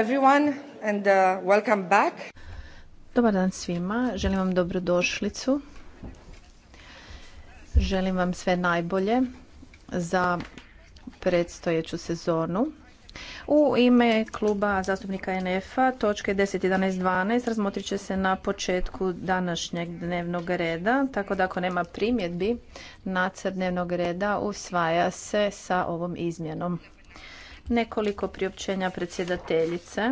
Uh, back. Dobar dan svima, želim vam dobrodošlicu. Želim vam sve najbolje za predstojeću sezonu. U ime kluba zastupnika NF-a točke 10, 11, 12 razmotrit će se na početku današnjeg dnevnog reda, tako da ako nema primjedbi, nacrt dnevnog reda usvaja se sa ovom izmjenom. Nekoliko priopćenja predsjedateljice.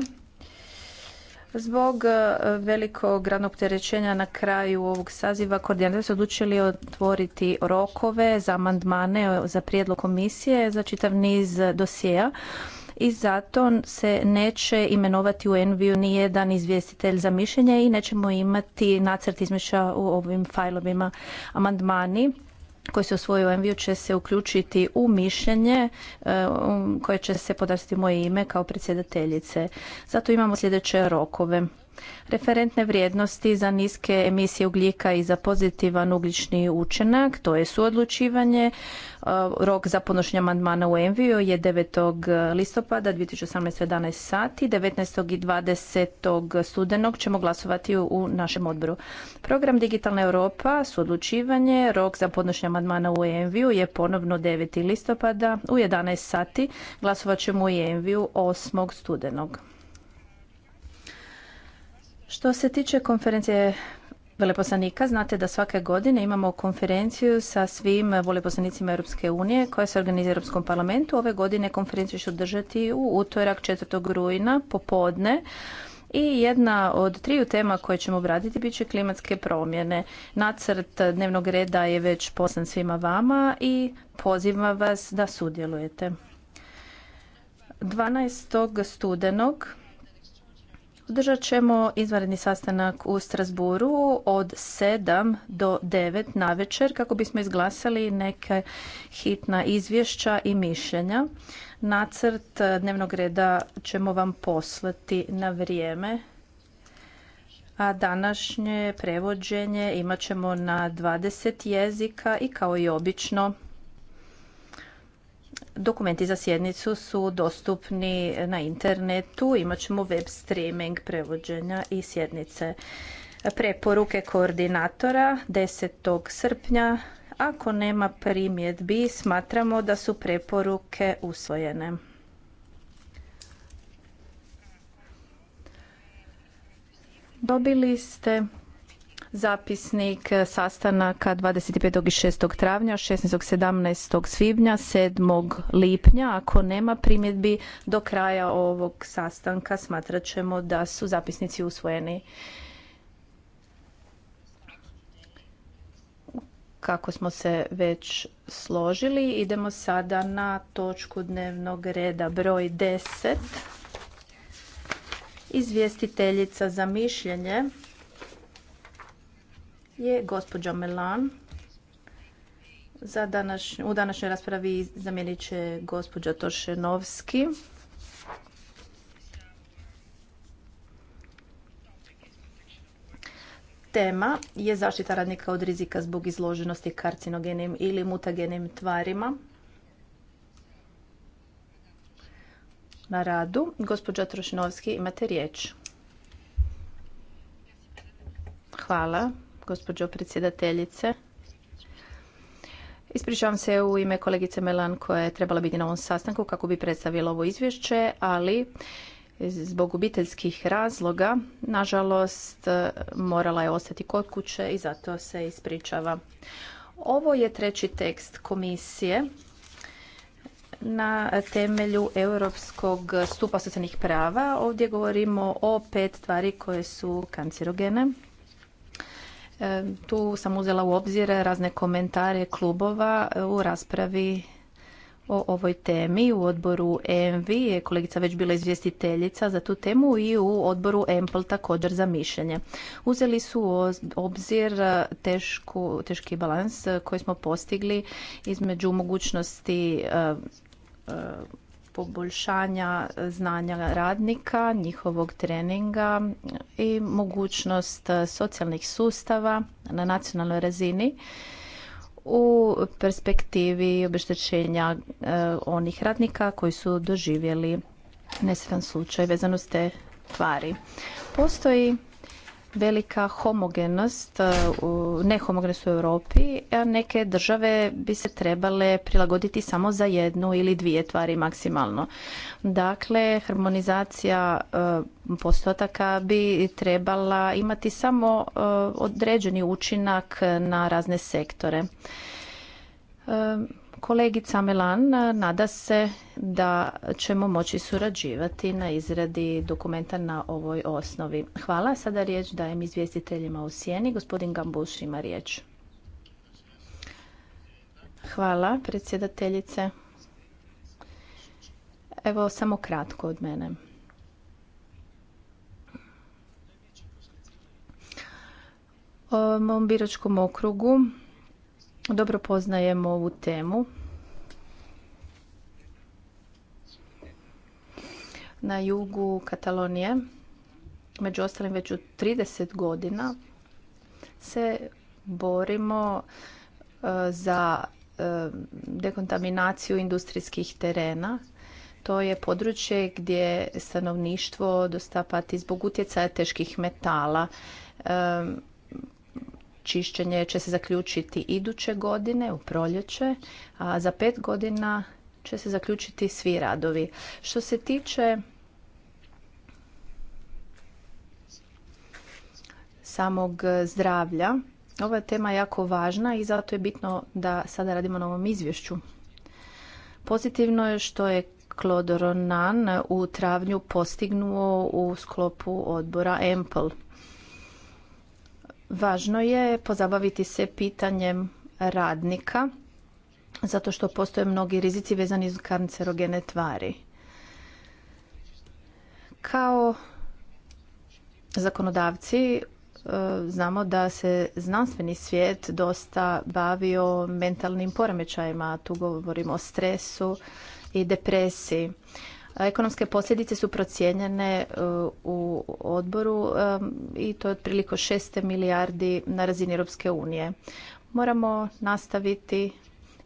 Zbog e, velikog radnog terećenja na kraju ovog saziva koordinatori su odlučili otvoriti rokove za amandmane e, za prijedlog komisije za čitav niz dosjea i zato se neće imenovati u Enviju ni jedan izvjestitelj za mišljenje i nećemo imati nacrt izmišlja u ovim fajlovima amandmani koji se osvojio u će se uključiti u mišljenje e, koje će se podastiti moje ime kao predsjedateljice. Zato imamo sljedeće rokove. Referentne vrijednosti za niske emisije ugljika i za pozitivan ugljični učinak, to je suodlučivanje. E, rok za podnošenje amandmana u Enviju je 9. listopada 2018. 11 sati. 19. i 20. studenog ćemo glasovati u našem odboru. Program Digitalna Europa, suodlučivanje, rok za podnošenje amandmana u Enviju je ponovno 9. listopada u 11 sati. Glasovat ćemo u Enviju 8. studenog. Što se tiče konferencije veleposlanika, znate da svake godine imamo konferenciju sa svim veleposlanicima Europske unije koja se organizira u Europskom parlamentu. Ove godine konferenciju ću održati u utorak 4. rujna popodne. I jedna od triju tema koje ćemo obraditi bit će klimatske promjene. Nacrt dnevnog reda je već poslan svima vama i pozivam vas da sudjelujete. 12. studenog Održat ćemo izvanredni sastanak u Strasburu od 7 do 9 na večer kako bismo izglasali neke hitna izvješća i mišljenja. Nacrt dnevnog reda ćemo vam poslati na vrijeme. A današnje prevođenje imat ćemo na 20 jezika i kao i obično Dokumenti za sjednicu su dostupni na internetu, imat ćemo web streaming prevođenja i sjednice. Preporuke koordinatora 10. srpnja. Ako nema primjedbi, smatramo da su preporuke usvojene. Dobili ste Zapisnik sastanaka 25. i 6. travnja, 16. 17. svibnja, 7. lipnja. Ako nema primjedbi do kraja ovog sastanka smatrat ćemo da su zapisnici usvojeni. kako smo se već složili. Idemo sada na točku dnevnog reda broj 10. Izvjestiteljica za mišljenje je gospođa Melan. Za u današnjoj raspravi zamijenit će gospođa Tošenovski. Tema je zaštita radnika od rizika zbog izloženosti karcinogenim ili mutagenim tvarima na radu. Gospođa Trošinovski, imate riječ. Hvala gospođo predsjedateljice. Ispričavam se u ime kolegice Melan koja je trebala biti na ovom sastanku kako bi predstavila ovo izvješće, ali zbog obiteljskih razloga, nažalost, morala je ostati kod kuće i zato se ispričava. Ovo je treći tekst komisije na temelju Europskog stupa socijalnih prava. Ovdje govorimo o pet stvari koje su kancerogene tu sam uzela u obzir razne komentare klubova u raspravi o ovoj temi u odboru EMV je kolegica već bila izvjestiteljica za tu temu i u odboru EMPL također za mišljenje. Uzeli su u obzir tešku, teški balans koji smo postigli između mogućnosti e, e, poboljšanja znanja radnika, njihovog treninga i mogućnost socijalnih sustava na nacionalnoj razini u perspektivi obeštećenja e, onih radnika koji su doživjeli nesretan slučaj vezano uz te tvari. Postoji velika homogenost, e, nehomogenost u Europi, a neke države bi se trebale prilagoditi samo za jednu ili dvije tvari maksimalno. Dakle, harmonizacija e, postotaka bi trebala imati samo e, određeni učinak na razne sektore. Kolegica Melan eh, nada se da ćemo moći surađivati na izradi dokumenta na ovoj osnovi. Hvala. Sada riječ dajem izvjestiteljima u sjeni. Gospodin Gambuš ima riječ. Hvala, predsjedateljice. Evo, samo kratko od mene. O mom biračkom okrugu dobro poznajemo ovu temu. Na jugu Katalonije, među ostalim već u 30 godina, se borimo e, za e, dekontaminaciju industrijskih terena. To je područje gdje stanovništvo dostapati zbog utjecaja teških metala, e, čišćenje će se zaključiti iduće godine u proljeće, a za pet godina će se zaključiti svi radovi. Što se tiče samog zdravlja, ova je tema jako važna i zato je bitno da sada radimo na ovom izvješću. Pozitivno je što je Claude Ronan u travnju postignuo u sklopu odbora EMPL. Važno je pozabaviti se pitanjem radnika, zato što postoje mnogi rizici vezani uz kancerogene tvari. Kao zakonodavci e, znamo da se znanstveni svijet dosta bavio mentalnim poremećajima, tu govorimo o stresu i depresiji. Ekonomske posljedice su procijenjene e, u odboru e, i to je otprilike šest milijardi na razini Europske unije. Moramo nastaviti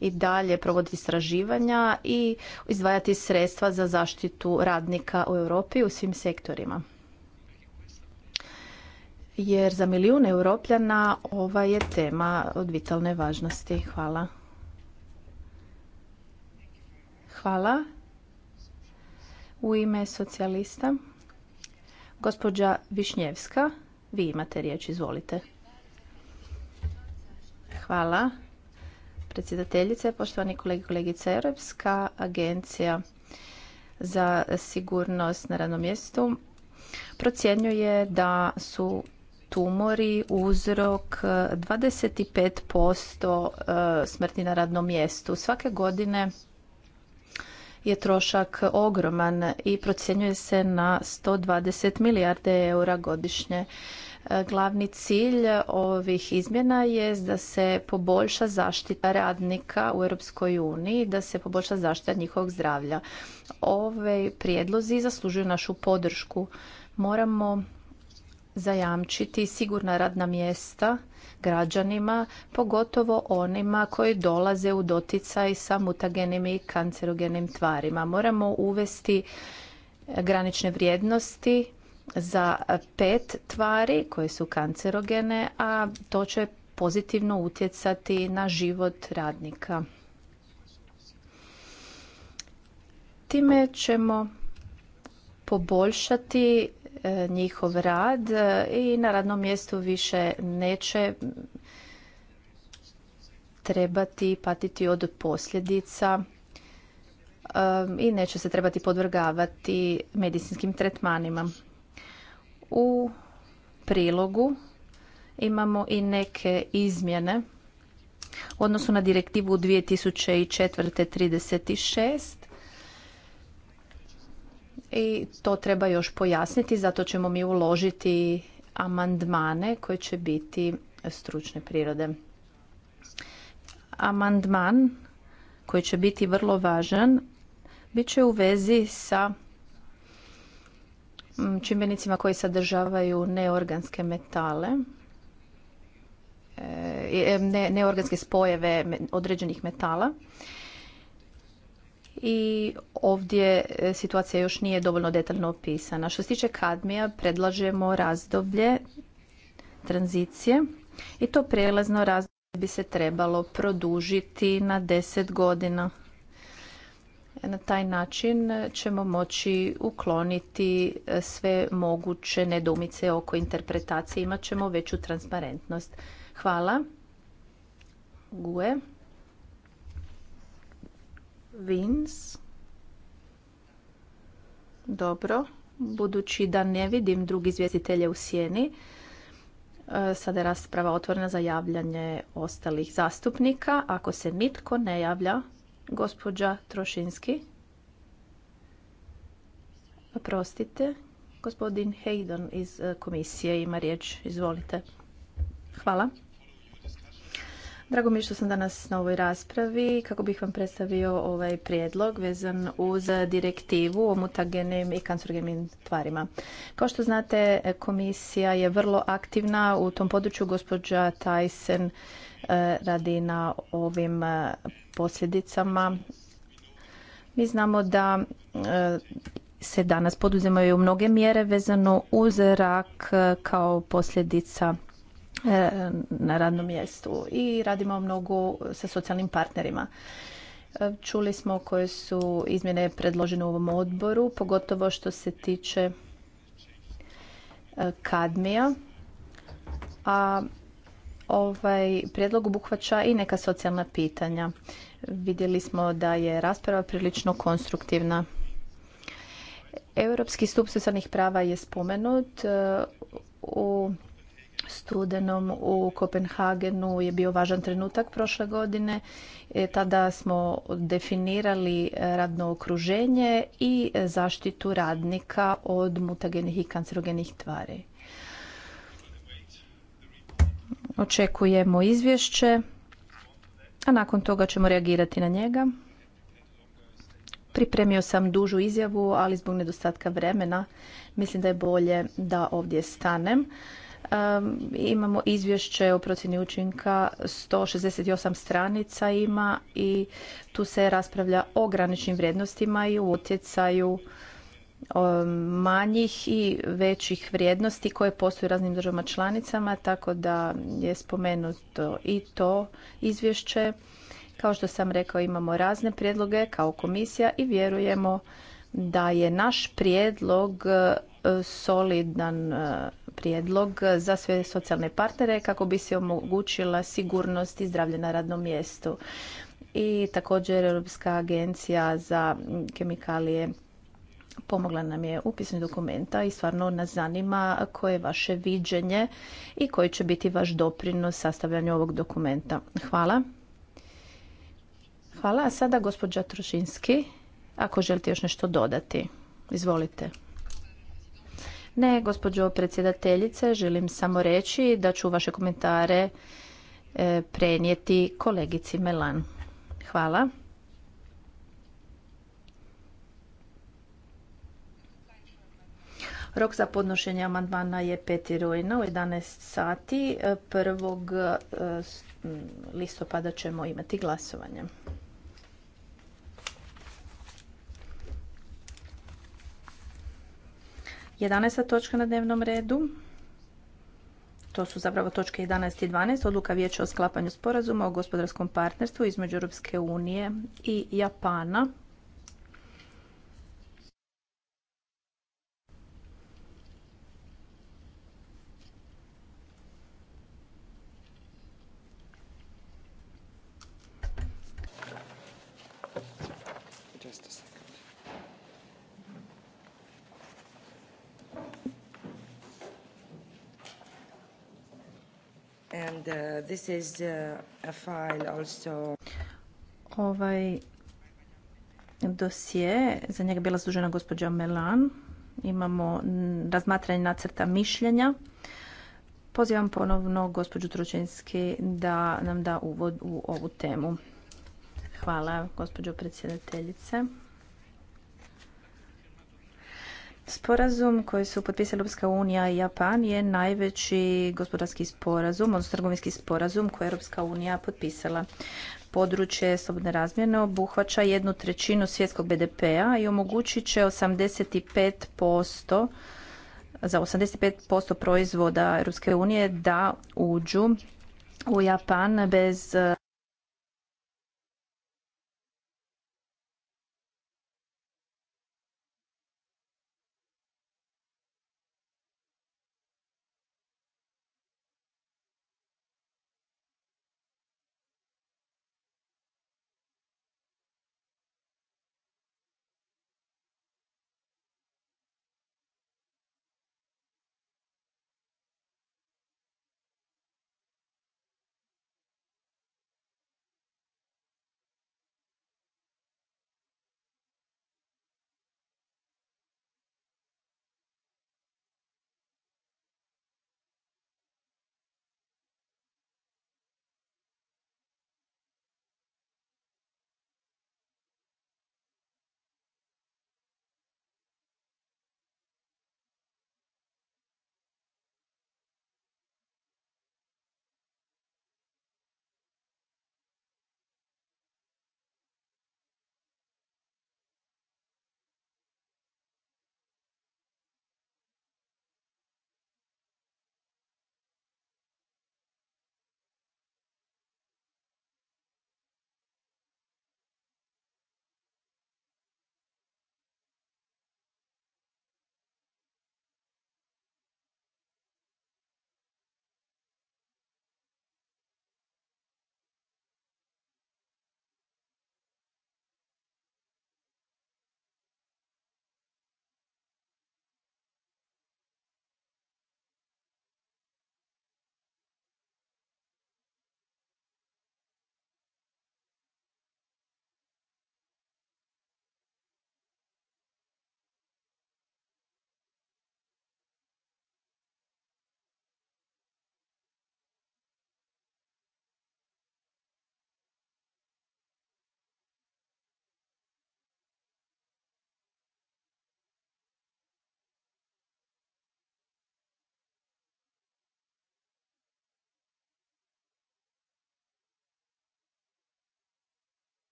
i dalje provoditi istraživanja i izdvajati sredstva za zaštitu radnika u Europi u svim sektorima. Jer za milijune europljana ova je tema od vitalne važnosti. Hvala. Hvala. U ime socijalista, gospođa Višnjevska, vi imate riječ, izvolite. Hvala. Predsjedateljice, poštovani kolegi i kolegice, Europska agencija za sigurnost na radnom mjestu procjenjuje da su tumori uzrok 25% e, smrti na radnom mjestu. Svake godine je trošak ogroman i procjenjuje se na 120 milijarde eura godišnje. E, glavni cilj ovih izmjena je da se poboljša zaštita radnika u Europskoj uniji, da se poboljša zaštita njihovog zdravlja. Ove prijedlozi zaslužuju našu podršku. Moramo zajamčiti sigurna radna mjesta građanima, pogotovo onima koji dolaze u doticaj sa mutagenim i kancerogenim tvarima. Moramo uvesti granične vrijednosti za pet tvari koje su kancerogene, a to će pozitivno utjecati na život radnika. Time ćemo poboljšati E, njihov rad e, i na radnom mjestu više neće trebati patiti od posljedica e, i neće se trebati podvrgavati medicinskim tretmanima. U prilogu imamo i neke izmjene u odnosu na direktivu 2004 36 i to treba još pojasniti, zato ćemo mi uložiti amandmane koje će biti stručne prirode. Amandman koji će biti vrlo važan bit će u vezi sa mm, čimbenicima koji sadržavaju neorganske metale, e, e, neorganske spojeve određenih metala i ovdje e, situacija još nije dovoljno detaljno opisana. Što se tiče kadmija, predlažemo razdoblje tranzicije i to prelazno razdoblje bi se trebalo produžiti na 10 godina. Na taj način ćemo moći ukloniti e, sve moguće nedumice oko interpretacije. Imat ćemo veću transparentnost. Hvala. Gue. Vins. Dobro. Budući da ne vidim drugi izvjestitelje u sjeni, e, sada je rasprava otvorena za javljanje ostalih zastupnika. Ako se nitko ne javlja, gospođa Trošinski. Oprostite, gospodin Hejdon iz e, komisije ima riječ. Izvolite. Hvala. Drago mi je što sam danas na ovoj raspravi kako bih vam predstavio ovaj prijedlog vezan uz direktivu o mutagenim i kancerogenim tvarima. Kao što znate, komisija je vrlo aktivna u tom području. Gospođa Tyson eh, radi na ovim eh, posljedicama. Mi znamo da eh, se danas poduzimaju mnoge mjere vezano uz rak kao posljedica E, na radnom mjestu i radimo mnogo sa socijalnim partnerima. E, čuli smo koje su izmjene predložene u ovom odboru, pogotovo što se tiče e, kadmija, a ovaj prijedlog obuhvaća i neka socijalna pitanja. Vidjeli smo da je rasprava prilično konstruktivna. Europski stup socijalnih prava je spomenut u studenom u Kopenhagenu je bio važan trenutak prošle godine. E, tada smo definirali radno okruženje i zaštitu radnika od mutagenih i kancerogenih tvari. Očekujemo izvješće, a nakon toga ćemo reagirati na njega. Pripremio sam dužu izjavu, ali zbog nedostatka vremena mislim da je bolje da ovdje stanem. Imamo izvješće o procjeni učinka, 168 stranica ima i tu se raspravlja o graničnim vrijednostima i utjecaju manjih i većih vrijednosti koje postoje u raznim državama članicama, tako da je spomenuto i to izvješće. Kao što sam rekao, imamo razne prijedloge kao komisija i vjerujemo da je naš prijedlog e, solidan e, prijedlog za sve socijalne partnere kako bi se omogućila sigurnost i zdravlje na radnom mjestu. I također Europska agencija za kemikalije pomogla nam je u dokumenta i stvarno nas zanima koje je vaše viđenje i koji će biti vaš doprinos sastavljanju ovog dokumenta. Hvala. Hvala. A sada gospođa trošinski ako želite još nešto dodati, izvolite. Ne, gospođo predsjedateljice, želim samo reći da ću vaše komentare e, prenijeti kolegici Melan. Hvala. Rok za podnošenje amandmana je 5. rujna u 11 sati. 1. E, e, listopada ćemo imati glasovanje. 11. točka na dnevnom redu. To su zapravo točke 11 i 12, odluka vijeća o sklapanju sporazuma o gospodarskom partnerstvu između Europske unije i Japana. Uh, this is uh, Ovaj dosje, za njega bila služena gospođa Melan. Imamo razmatranje nacrta mišljenja. Pozivam ponovno gospođu Tručinski da nam da uvod u ovu temu. Hvala gospođo predsjedateljice. Sporazum koji su potpisali Europska unija i Japan je najveći gospodarski sporazum, odnosno trgovinski sporazum koji je Europska unija potpisala. Područje slobodne razmjene obuhvaća jednu trećinu svjetskog BDP-a i omogućit će 85% za 85% proizvoda Europske unije da uđu u Japan bez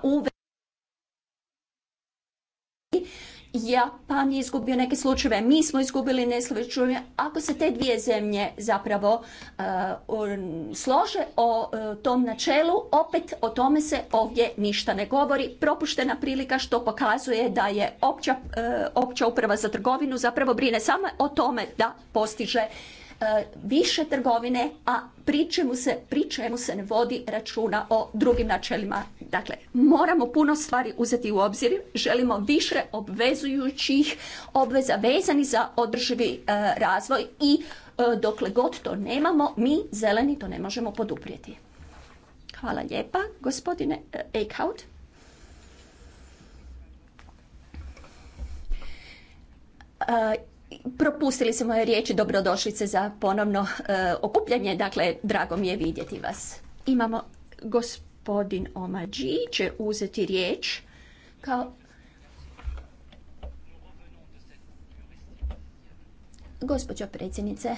bila u Japan izgubio neke slučajeve, mi smo izgubili neslučajeve. Ako se te dvije zemlje zapravo uh, slože o uh, tom načelu, opet o tome se ovdje ništa ne govori. Propuštena prilika što pokazuje da je opća, uh, opća uprava za trgovinu zapravo brine samo o tome da postiže E, više trgovine, a pri čemu se, se ne vodi računa o drugim načelima. Dakle, moramo puno stvari uzeti u obzir, želimo više obvezujućih obveza vezani za održivi e, razvoj i e, dokle god to nemamo, mi zeleni to ne možemo poduprijeti. Hvala lijepa, gospodine Eichhout propustili smo moje riječi dobrodošlice za ponovno e, okupljanje. Dakle, drago mi je vidjeti vas. Imamo gospodin Omađi će uzeti riječ kao Gospođo predsjednice,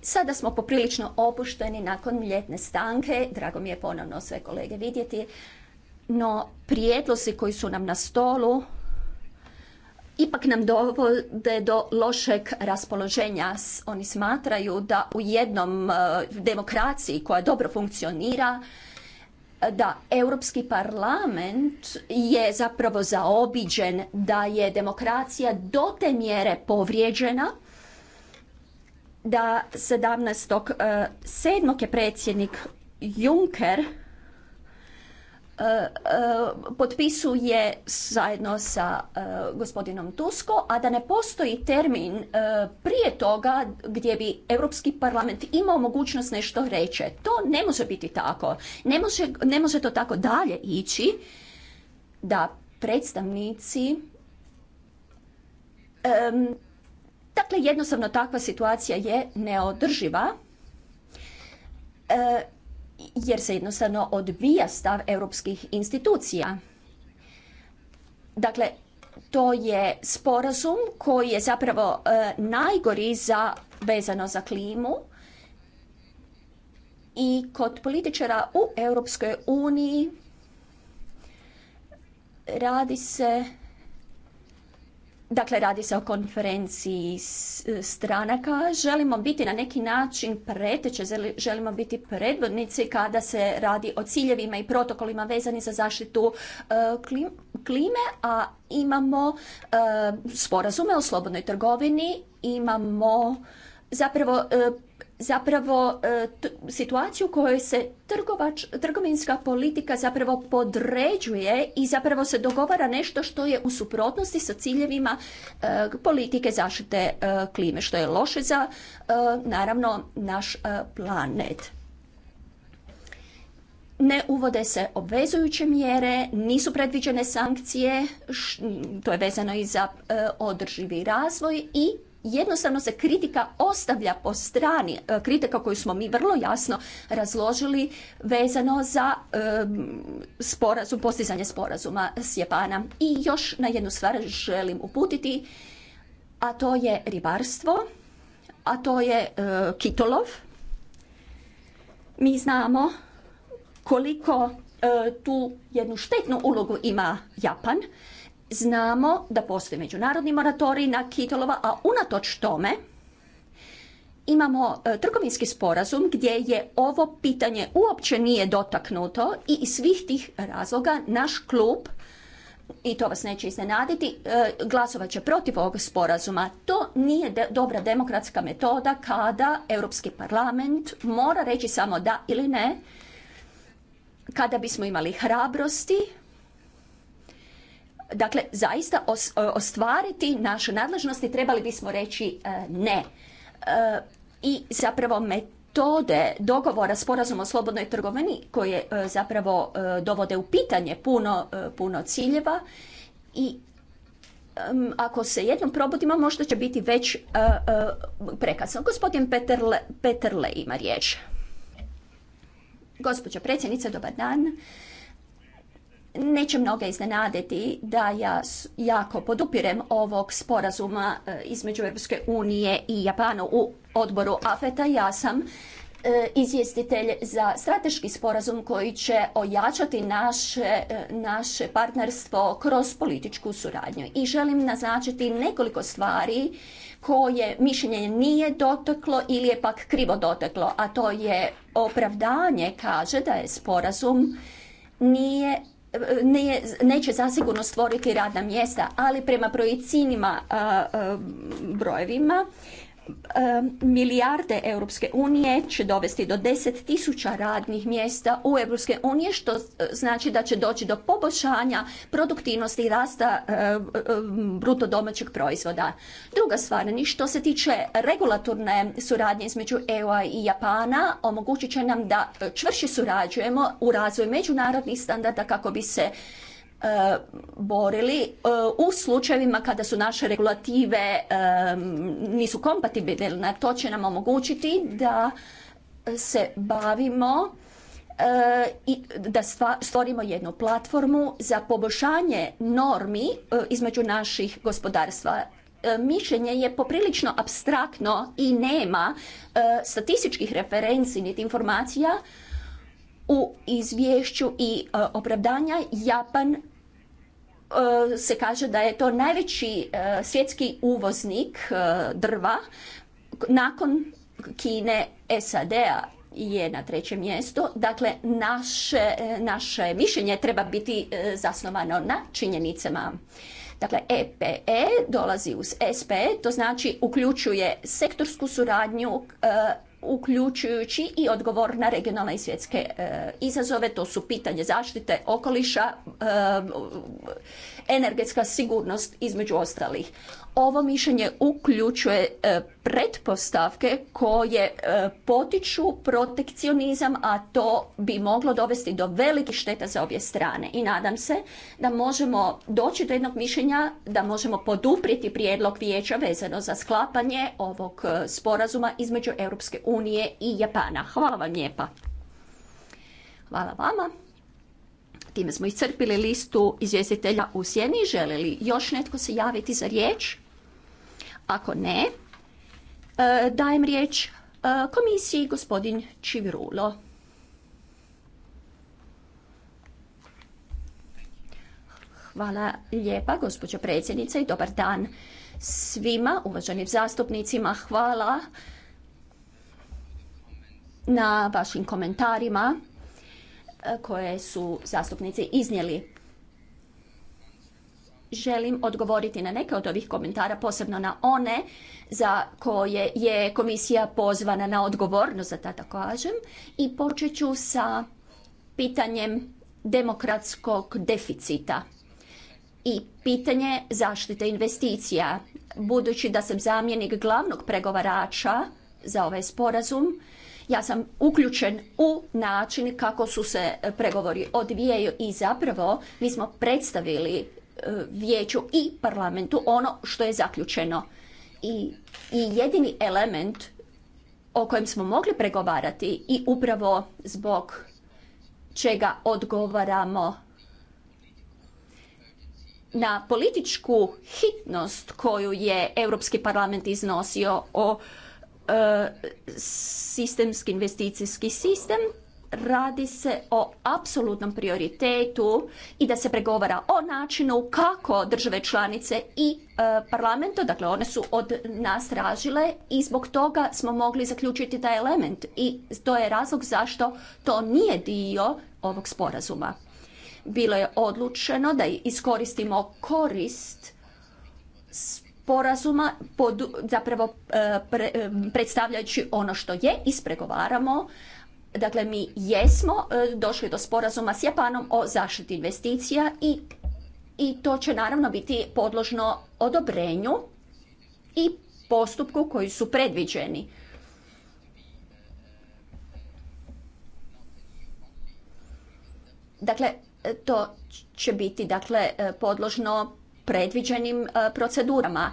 Sada smo poprilično opušteni nakon ljetne stanke, drago mi je ponovno sve kolege vidjeti, no prijedlozi koji su nam na stolu ipak nam dovode do lošeg raspoloženja. Oni smatraju da u jednom e, demokraciji koja dobro funkcionira, e, da Europski parlament je zapravo zaobiđen, da je demokracija do te mjere povrijeđena, da 17.7. E, je predsjednik Juncker E, e, potpisuje zajedno sa e, gospodinom Tusko, a da ne postoji termin prije toga gdje bi Europski parlament imao mogućnost nešto reći. To ne može biti tako. Ne može, ne može to tako dalje ići da predstavnici um, dakle jednostavno takva situacija je neodrživa. E, jer se jednostavno odbija stav europskih institucija. Dakle, to je sporazum koji je zapravo e, najgori za vezano za klimu i kod političara u Europskoj uniji radi se Dakle, radi se o konferenciji stranaka. Želimo biti na neki način preteče, želimo biti predvodnici kada se radi o ciljevima i protokolima vezani za zaštitu e, klime, a imamo e, sporazume o slobodnoj trgovini, imamo zapravo e, zapravo e, situaciju u kojoj se trgovinska politika zapravo podređuje i zapravo se dogovara nešto što je u suprotnosti sa ciljevima e, politike zaštite e, klime, što je loše za naravno naš planet. Ne uvode se obvezujuće mjere, nisu predviđene sankcije, to je vezano i za održivi razvoj i jednostavno se kritika ostavlja po strani, e, kritika koju smo mi vrlo jasno razložili vezano za e, sporazum, postizanje sporazuma s Japana. I još na jednu stvar želim uputiti, a to je ribarstvo, a to je e, kitolov. Mi znamo koliko tu jednu štetnu ulogu ima Japan znamo da postoji međunarodni moratorij na kitolova, a unatoč tome imamo e, trgovinski sporazum gdje je ovo pitanje uopće nije dotaknuto i iz svih tih razloga naš klub i to vas neće iznenaditi, e, glasovat će protiv ovog sporazuma. To nije dobra demokratska metoda kada Europski parlament mora reći samo da ili ne. Kada bismo imali hrabrosti dakle zaista e, ostvariti naše nadležnosti trebali bismo reći e, ne. E, I zapravo metode dogovora sporazuma o slobodnoj trgovini koje zapravo dovode u pitanje puno, puno ciljeva i ako se jednom probudimo možda će biti već uh, prekasno. Gospodin Peterle, Peterle ima riječ. Gospođo predsjednice, dobar dan. Neće mnoge iznenaditi da ja jako podupirem ovog sporazuma e, između Europske unije i Japana u odboru AFETA. Ja sam e, izvjestitelj za strateški sporazum koji će ojačati e, naše, partnerstvo kroz političku suradnju. I želim naznačiti nekoliko stvari koje mišljenje nije dotaklo ili je pak krivo doteklo, a to je opravdanje kaže da je sporazum nije neće zasigurno stvoriti radna mjesta, ali prema projicinima brojevima milijarde Europske unije će dovesti do 10 tisuća radnih mjesta u Europske unije, što e, znači da će doći do poboljšanja produktivnosti i rasta e, e, bruto domaćeg proizvoda. Druga stvar, ni što se tiče regulatorne suradnje između eu i Japana, omogućit će nam da čvršće surađujemo u razvoju međunarodnih standarda kako bi se E, borili e, u slučajevima kada su naše regulative e, nisu kompatibilne. To će nam omogućiti da se bavimo i da stvorimo jednu platformu za poboljšanje normi između naših gospodarstva mišljenje je poprilično abstraktno i nema statističkih referenci niti informacija u izvješću i opravdanja Japan Eh, se kaže da je to najveći eh, svjetski uvoznik eh, drva nakon Kine, SAD-a je na trećem mjestu. Dakle, naše, naše mišljenje treba biti zasnovano na činjenicama. Dakle, EPE e dolazi uz SPE, to znači uključuje sektorsku suradnju, uključujući i odgovor na regionalne i svjetske e, izazove, to su pitanje zaštite okoliša, e, energetska sigurnost između ostalih. Ovo mišljenje uključuje e, pretpostavke koje e, potiču protekcionizam, a to bi moglo dovesti do velikih šteta za obje strane. I nadam se da možemo doći do jednog mišljenja, da možemo poduprijeti prijedlog vijeća vezano za sklapanje ovog e, sporazuma između Europske unije i Japana. Hvala vam lijepa. Hvala vama. Time smo iscrpili listu izvjestitelja u sjeni. Želi li još netko se javiti za riječ? Ako ne, e, dajem riječ e, komisiji gospodin Čivirulo. Hvala lijepa, gospođo predsjednice, i dobar dan svima uvaženim zastupnicima. Hvala na vašim komentarima e, koje su zastupnici iznijeli želim odgovoriti na neke od ovih komentara, posebno na one za koje je komisija pozvana na odgovornost, da tako kažem, i počet ću sa pitanjem demokratskog deficita i pitanje zaštite investicija. Budući da sam zamjenik glavnog pregovarača za ovaj sporazum, ja sam uključen u način kako su se pregovori odvijaju i zapravo mi smo predstavili E, vijeću i parlamentu ono što je zaključeno. I, i jedini element o kojem smo mogli pregovarati i upravo zbog čega odgovaramo na političku hitnost koju je Europski parlament iznosio o e, sistemski investicijski sistem radi se o apsolutnom prioritetu i da se pregovara o načinu kako države članice i parlament, parlamento, dakle one su od nas tražile i zbog toga smo mogli zaključiti taj element i to je razlog zašto to nije dio ovog sporazuma. Bilo je odlučeno da iskoristimo korist sporazuma zapravo e, e, predstavljajući ono što je ispregovaramo Dakle, mi jesmo e, došli do sporazuma s Japanom o zaštiti investicija i, i to će naravno biti podložno odobrenju i postupku koji su predviđeni. Dakle, e, to će biti dakle e, podložno predviđenim procedurama.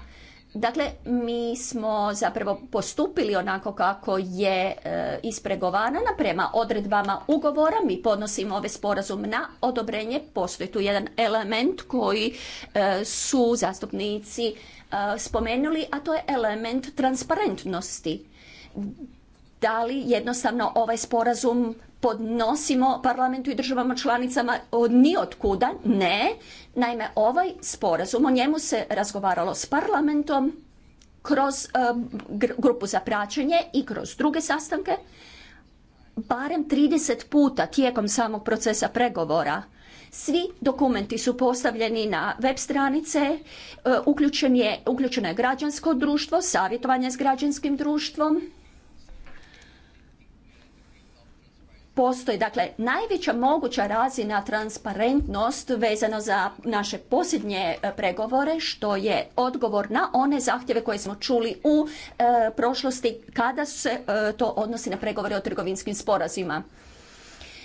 Dakle, mi smo zapravo postupili onako kako je e, ispregovarana prema odredbama ugovora. Mi podnosimo ovaj sporazum na odobrenje. Postoji tu jedan element koji e, su zastupnici e, spomenuli, a to je element transparentnosti. Da li jednostavno ovaj sporazum podnosimo parlamentu i državama članicama od niotkuda, ne. Naime, ovaj sporazum, o njemu se razgovaralo s parlamentom kroz eh, grupu za praćenje i kroz druge sastanke, barem 30 puta tijekom samog procesa pregovora. Svi dokumenti su postavljeni na web stranice, eh, uključen je, uključeno je građansko društvo, savjetovanje s građanskim društvom, postoji dakle najveća moguća razina transparentnost vezano za naše posljednje e, pregovore što je odgovor na one zahtjeve koje smo čuli u e, prošlosti kada se e, to odnosi na pregovore o trgovinskim sporazima.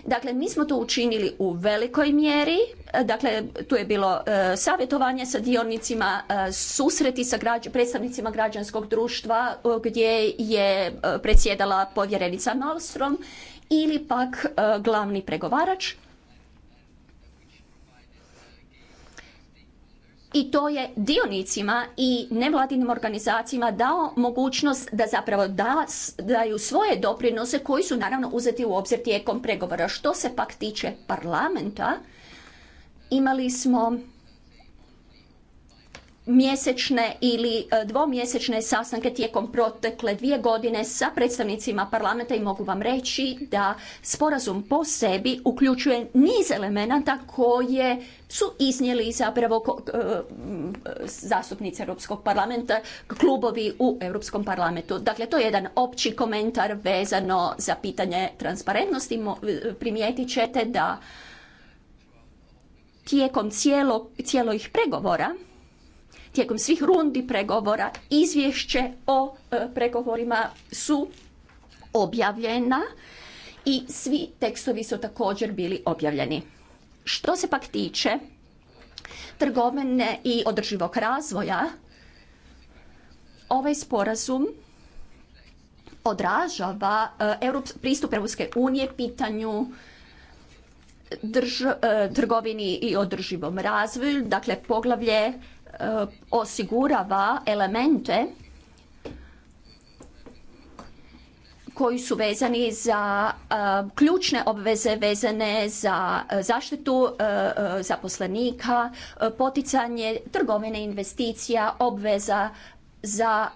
Dakle, mi smo to učinili u velikoj mjeri. Dakle, tu je bilo savjetovanje sa dionicima, susreti sa predstavnicima građanskog društva gdje je predsjedala povjerenica Malstrom ili pak e, glavni pregovarač i to je dionicima i nevladinim organizacijama dao mogućnost da zapravo da, daju svoje doprinose koji su naravno uzeti u obzir tijekom pregovora. Što se pak tiče parlamenta, imali smo mjesečne ili e, dvomjesečne sastanke tijekom protekle dvije godine sa predstavnicima parlamenta i mogu vam reći da sporazum po sebi uključuje niz elemenata koje su iznijeli zapravo e, zastupnici Europskog parlamenta, klubovi u Europskom parlamentu. Dakle, to je jedan opći komentar vezano za pitanje transparentnosti. E, primijetit ćete da tijekom ih pregovora tijekom svih rundi pregovora izvješće o e, pregovorima su objavljena i svi tekstovi su također bili objavljeni. Što se pak tiče trgovine i održivog razvoja, ovaj sporazum odražava e, pristup Europske unije pitanju e, trgovini i održivom razvoju, dakle poglavlje Eh, osigurava elemente koji su vezani za eh, ključne obveze vezane za eh, zaštitu zaposlenika, poticanje trgovine investicija, obveza za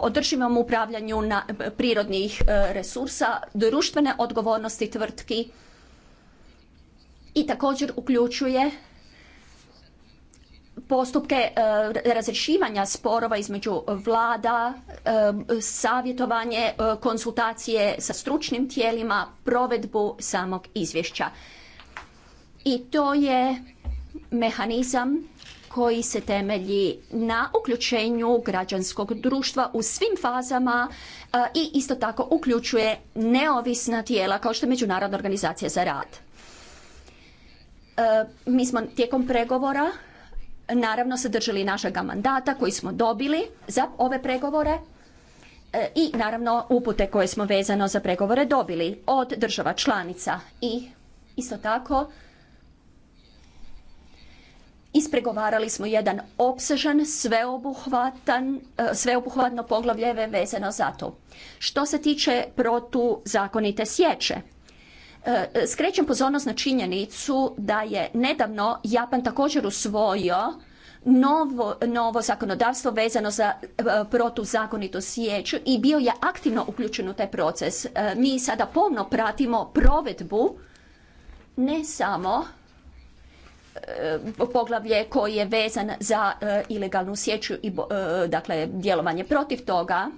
održivom upravljanju prirodnih resursa, društvene odgovornosti tvrtki i također uključuje postupke e, razrješivanja sporova između vlada, e, savjetovanje, e, konsultacije sa stručnim tijelima, provedbu samog izvješća. I to je mehanizam koji se temelji na uključenju građanskog društva u svim fazama i isto tako uključuje neovisna tijela kao što je Međunarodna organizacija za rad. Mi smo tijekom pregovora naravno se držali našega mandata koji smo dobili za ove pregovore e, i naravno upute koje smo vezano za pregovore dobili od država članica i isto tako Ispregovarali smo jedan opsežan, sveobuhvatan, e, sveobuhvatno poglavlje vezano za to. Što se tiče protuzakonite sječe, E, skrećem pozornost na činjenicu da je nedavno Japan također usvojio novo, novo zakonodavstvo vezano za e, protuzakonito sjeću i bio je aktivno uključen u taj proces. E, mi sada pomno pratimo provedbu ne samo poglavlje koji je vezan za ilegalnu sjeću i dakle djelovanje protiv toga.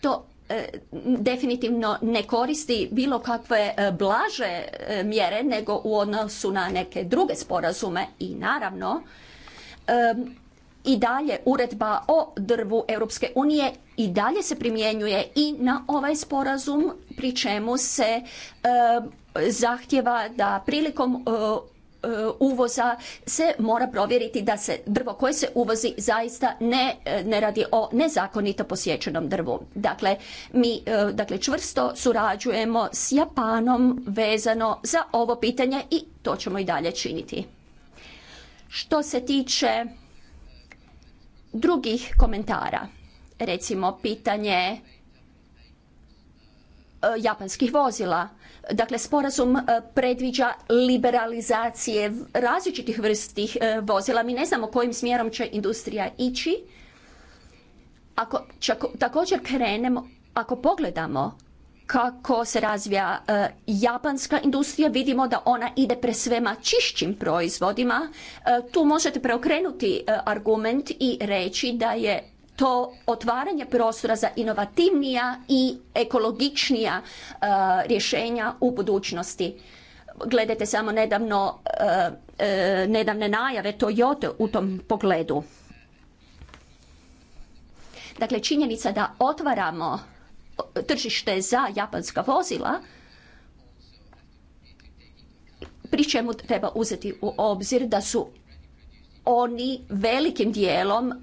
To E, definitivno ne koristi bilo kakve e, blaže e, mjere nego u odnosu na neke druge sporazume i naravno i dalje uredba o drvu Europske unije i dalje se primjenjuje i na ovaj sporazum pri čemu se zahtjeva da prilikom E, uvoza se mora provjeriti da se drvo koje se uvozi zaista ne, e, ne radi o nezakonito posjećenom drvu. Dakle, mi e, dakle, čvrsto surađujemo s Japanom vezano za ovo pitanje i to ćemo i dalje činiti. Što se tiče drugih komentara, recimo pitanje japanskih vozila, Dakle, sporazum e, predviđa liberalizacije različitih vrstih e, vozila. Mi ne znamo kojim smjerom će industrija ići. Ako također krenemo, ako pogledamo kako se razvija e, japanska industrija, vidimo da ona ide pre svema čišćim proizvodima. tu možete preokrenuti argument i reći da je to otvaranje prostora za inovativnija i ekologičnija e, rješenja u budućnosti. Gledajte samo nedavno, e, e, nedavne najave Toyota u tom pogledu. Dakle, činjenica da otvaramo tržište za japanska vozila, pri čemu treba uzeti u obzir da su oni velikim dijelom e,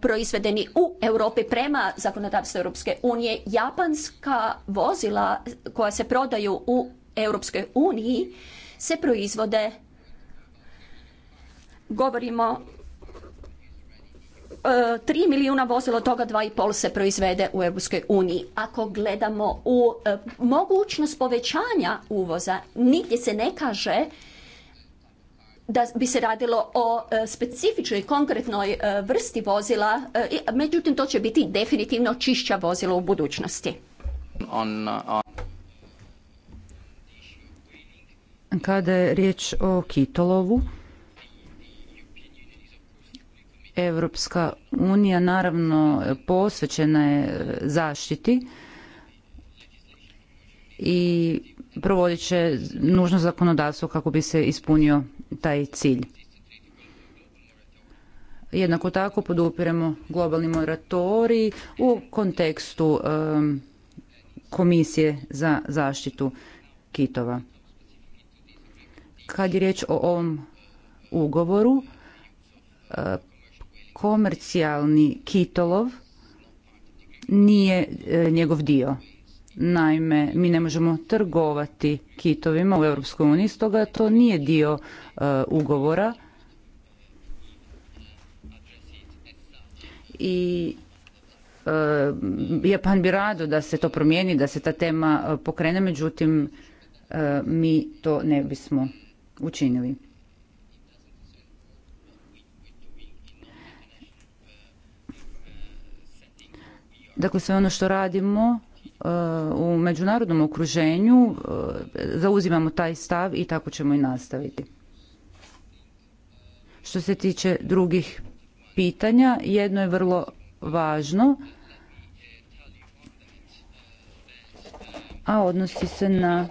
proizvedeni u Europi prema zakonodavstvu Europske unije. Japanska vozila koja se prodaju u Europskoj uniji se proizvode govorimo e, tri milijuna vozila, od toga dva i se proizvede u Europskoj uniji. Ako gledamo u e, mogućnost povećanja uvoza, nigdje se ne kaže da bi se radilo o e, specifičnoj konkretnoj e, vrsti vozila, e, međutim to će biti definitivno čišća vozila u budućnosti. Uh, Kada je riječ o kitolovu, Evropska unija naravno posvećena je zaštiti i provodit će nužno zakonodavstvo kako bi se ispunio taj cilj. Jednako tako podupiremo globalni moratorij u kontekstu Komisije za zaštitu kitova. Kad je riječ o ovom ugovoru, komercijalni kitolov nije e, njegov dio. Naime, mi ne možemo trgovati kitovima u Europskom stoga to nije dio e, ugovora. I e, Japan bi rado da se to promijeni, da se ta tema e, pokrene, međutim mi to ne bismo učinili. Dakle, sve ono što radimo u međunarodnom okruženju e, zauzimamo taj stav i tako ćemo i nastaviti. Što se tiče drugih pitanja, jedno je vrlo važno, a odnosi se na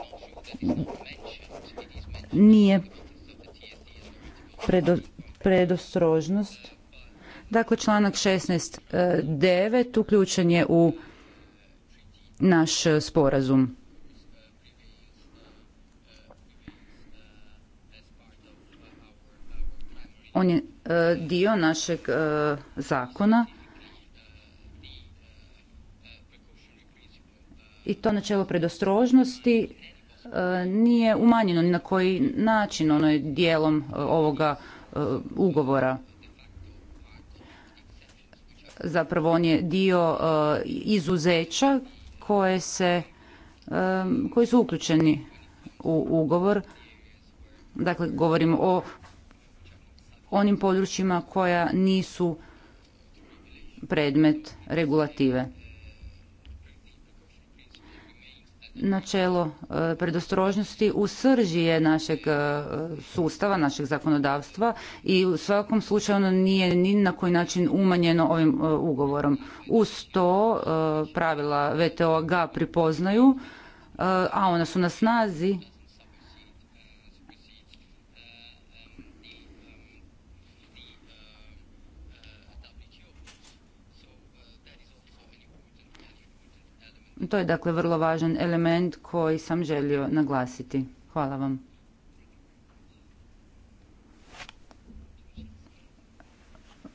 nije predostrožnost. Dakle, članak 16.9 e, uključen je u naš sporazum. On je e, dio našeg e, zakona i to načelo predostrožnosti e, nije umanjeno ni na koji način, ono je dijelom ovoga ugovora. Zapravo on je dio izuzeća koje se, koji su uključeni u ugovor. Dakle, govorimo o onim područjima koja nisu predmet regulative. načelo e, predostrožnosti u srži je našeg e, sustava, našeg zakonodavstva i u svakom slučaju ono nije ni na koji način umanjeno ovim e, ugovorom. Uz to pravila VTO ga pripoznaju, a ona su na snazi To je dakle vrlo važan element koji sam želio naglasiti. Hvala vam.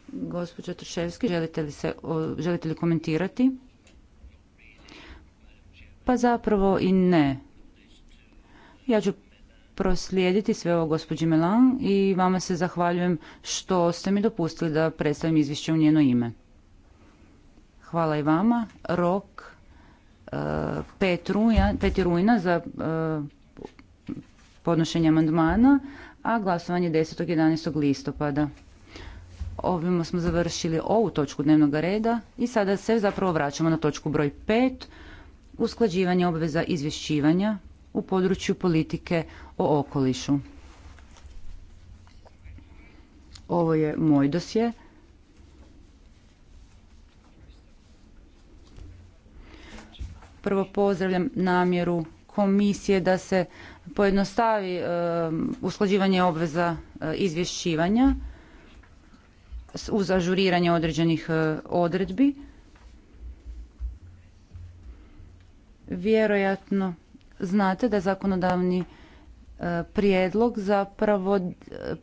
Gospođo Trševski, želite li, se, želite li komentirati? Pa zapravo i ne. Ja ću proslijediti sve ovo gospođi Melan i vama se zahvaljujem što ste mi dopustili da predstavim izvješće u njeno ime. Hvala i vama. Rok 5. rujna za e, podnošenje amandmana, a glasovanje 10. 11. listopada. Ovim smo završili ovu točku dnevnog reda i sada se zapravo vraćamo na točku broj 5. Usklađivanje obveza izvješćivanja u području politike o okolišu. Ovo je moj dosje. Prvo pozdravljam namjeru komisije da se pojednostavi e, usklađivanje obveza e, izvješćivanja uz ažuriranje određenih e, odredbi. Vjerojatno znate da zakonodavni prijedlog zapravo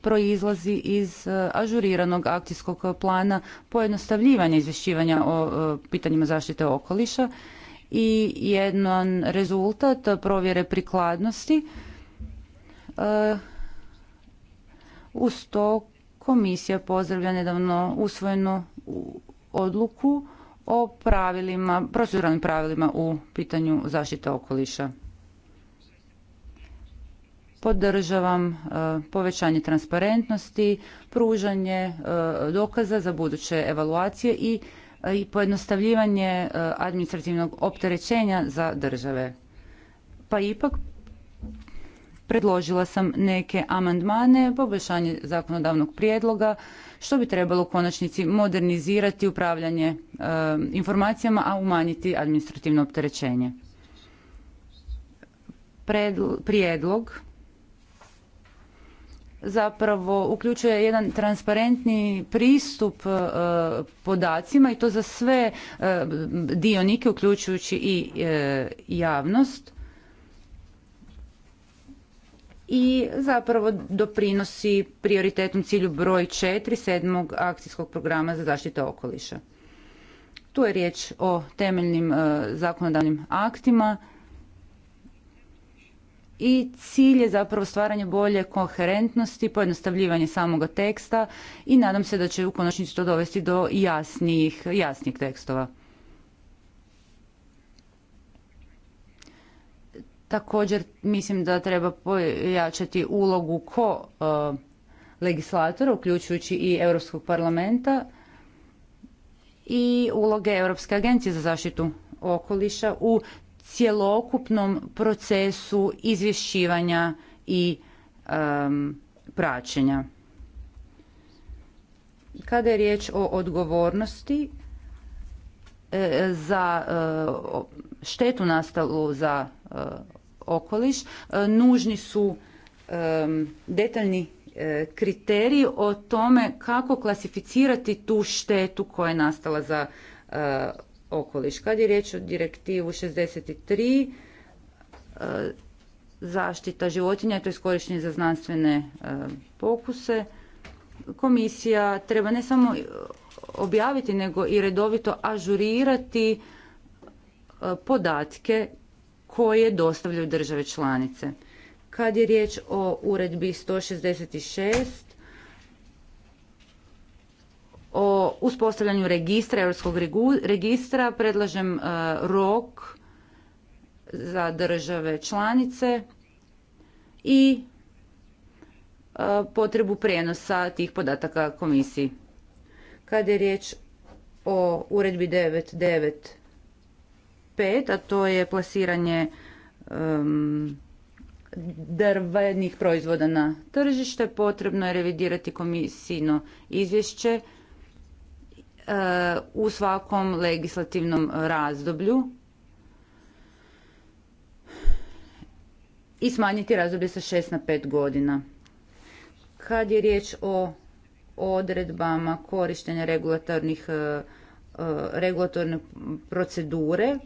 proizlazi iz ažuriranog akcijskog plana pojednostavljivanja izvješćivanja o pitanjima zaštite okoliša i jedan rezultat provjere prikladnosti. E, uz to komisija pozdravlja nedavno usvojenu odluku o pravilima, proceduralnim pravilima u pitanju zaštite okoliša. Podržavam e, povećanje transparentnosti, pružanje e, dokaza za buduće evaluacije i i pojednostavljivanje e, administrativnog opterećenja za države. Pa ipak predložila sam neke amandmane, poboljšanje zakonodavnog prijedloga, što bi trebalo u konačnici modernizirati upravljanje e, informacijama, a umanjiti administrativno opterećenje. Prijedlog zapravo uključuje jedan transparentni pristup e, podacima i to za sve e, dionike uključujući i e, javnost i zapravo doprinosi prioritetnom cilju broj 4 sedmog akcijskog programa za zaštitu okoliša. Tu je riječ o temeljnim zakonodavnim aktima i cilj je zapravo stvaranje bolje koherentnosti, pojednostavljivanje samoga teksta i nadam se da će u konačnici to dovesti do jasnijih, jasnijih tekstova. Također mislim da treba pojačati ulogu ko e, legislatora, uključujući i Europskog parlamenta i uloge Europske agencije za zaštitu okoliša u cjelokupnom procesu izvješćivanja i praćenja. Kada je riječ o odgovornosti e, za e, štetu nastalu za e, okoliš, nužni su detaljni kriteriji o tome kako klasificirati tu štetu koja je nastala za okoliš. Kad je riječ o direktivu 63, e, zaštita životinja, to je iskorištenje za znanstvene e, pokuse, komisija treba ne samo objaviti, nego i redovito ažurirati e, podatke koje dostavljaju države članice. Kad je riječ o uredbi 166, o uspostavljanju registra, europskog registra, predlažem e, rok za države članice i e, potrebu prijenosa tih podataka komisiji. Kad je riječ o uredbi 995, a to je plasiranje drvenih proizvoda na tržište, potrebno je revidirati komisijno izvješće u svakom legislativnom razdoblju i smanjiti razdoblje sa 6 na 5 godina. Kad je riječ o odredbama korištenja regulatornih e, e, regulatorne procedure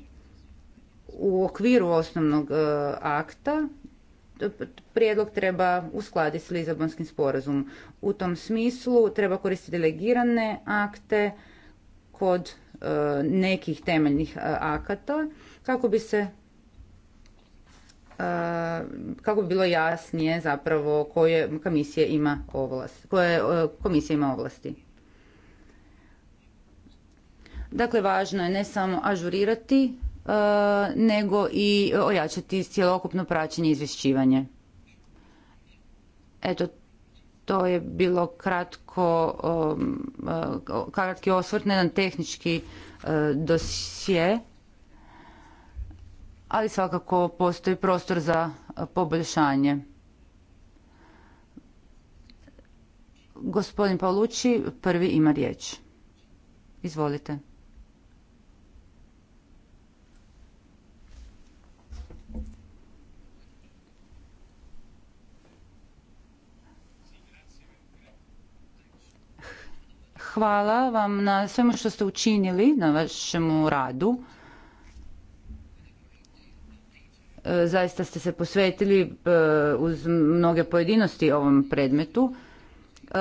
u okviru osnovnog e, akta prijedlog treba uskladiti s Lizabonskim sporazumom. U tom smislu treba koristiti delegirane akte kod e, nekih temeljnih e, akata kako bi se e, kako bi bilo jasnije zapravo koje komisije ima ovlast, koje komisija ima ovlasti. Dakle, važno je ne samo ažurirati E, nego i ojačati cjelokupno praćenje i izvješćivanje. Eto, to je bilo kratko, e, kratki osvrt na jedan tehnički e, dosje, ali svakako postoji prostor za poboljšanje. Gospodin poluči prvi ima riječ. Izvolite. hvala vam na svemu što ste učinili na vašemu radu. E, zaista ste se posvetili e, uz mnoge pojedinosti ovom predmetu. E,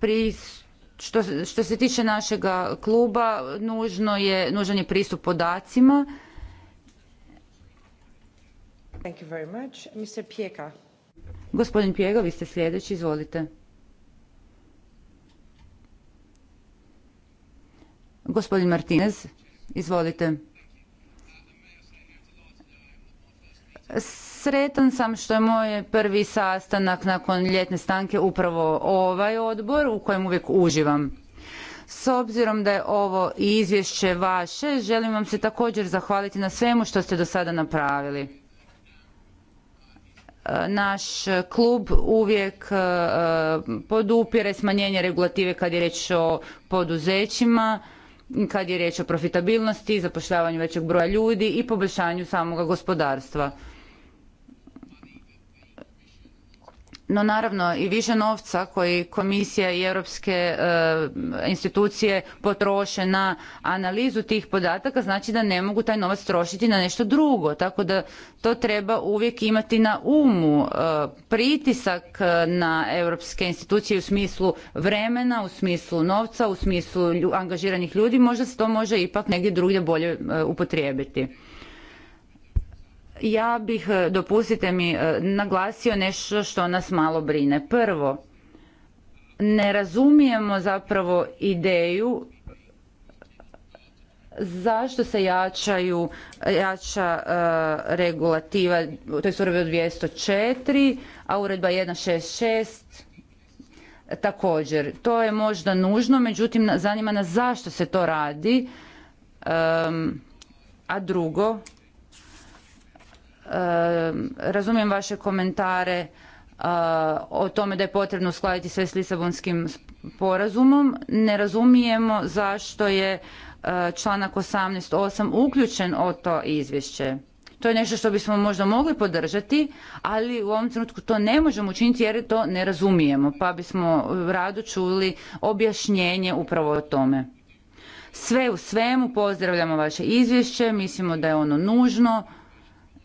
pri što, što se tiče našega kluba, nužno je, nužan je pristup podacima. Gospodin Pijega, vi ste sljedeći, izvolite. Gospodin Martinez, izvolite. Sretan sam što je moj prvi sastanak nakon ljetne stanke upravo ovaj odbor u kojem uvijek uživam. S obzirom da je ovo izvješće vaše, želim vam se također zahvaliti na svemu što ste do sada napravili. Naš klub uvijek e, podupire smanjenje regulative kad je reč o poduzećima kad je riječ o profitabilnosti, zapošljavanju većeg broja ljudi i poboljšanju samoga gospodarstva. no naravno i više novca koji komisija i europske eh, institucije potroše na analizu tih podataka znači da ne mogu taj novac trošiti na nešto drugo tako da to treba uvijek imati na umu eh, pritisak eh, na europske institucije u smislu vremena u smislu novca u smislu angažiranih ljudi možda se to može ipak negdje drugdje bolje upotrijebiti ja bih, e, dopustite mi, e, naglasio nešto što nas malo brine. Prvo, ne razumijemo zapravo ideju zašto se jačaju, jača e, regulativa, to je uredba 204, a uredba 166 također. To je možda nužno, međutim zanima nas zašto se to radi, a drugo, Razumijem vaše komentare o tome da je potrebno uskladiti sve s Lisabonskim porazumom. Ne razumijemo zašto je e, članak 18.8 uključen o to izvješće. To je nešto što bismo možda mogli podržati, ali u ovom trenutku to ne možemo učiniti jer to ne razumijemo, pa bismo rado čuli objašnjenje upravo o tome. Sve u svemu pozdravljamo vaše izvješće, mislimo da je ono nužno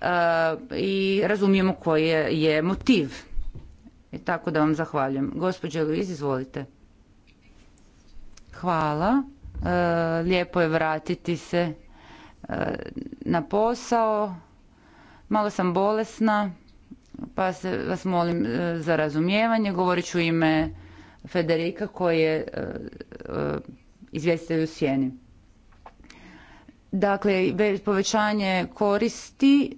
E, i razumijemo koji je motiv. I tako da vam zahvaljujem. Gospođo Luiz, izvolite. Hvala. E, lijepo je vratiti se e, na posao. Malo sam bolesna, pa se vas molim za razumijevanje. Govorit ću ime Federika koji je izvjestitelj u sjeni. Dakle, povećanje koristi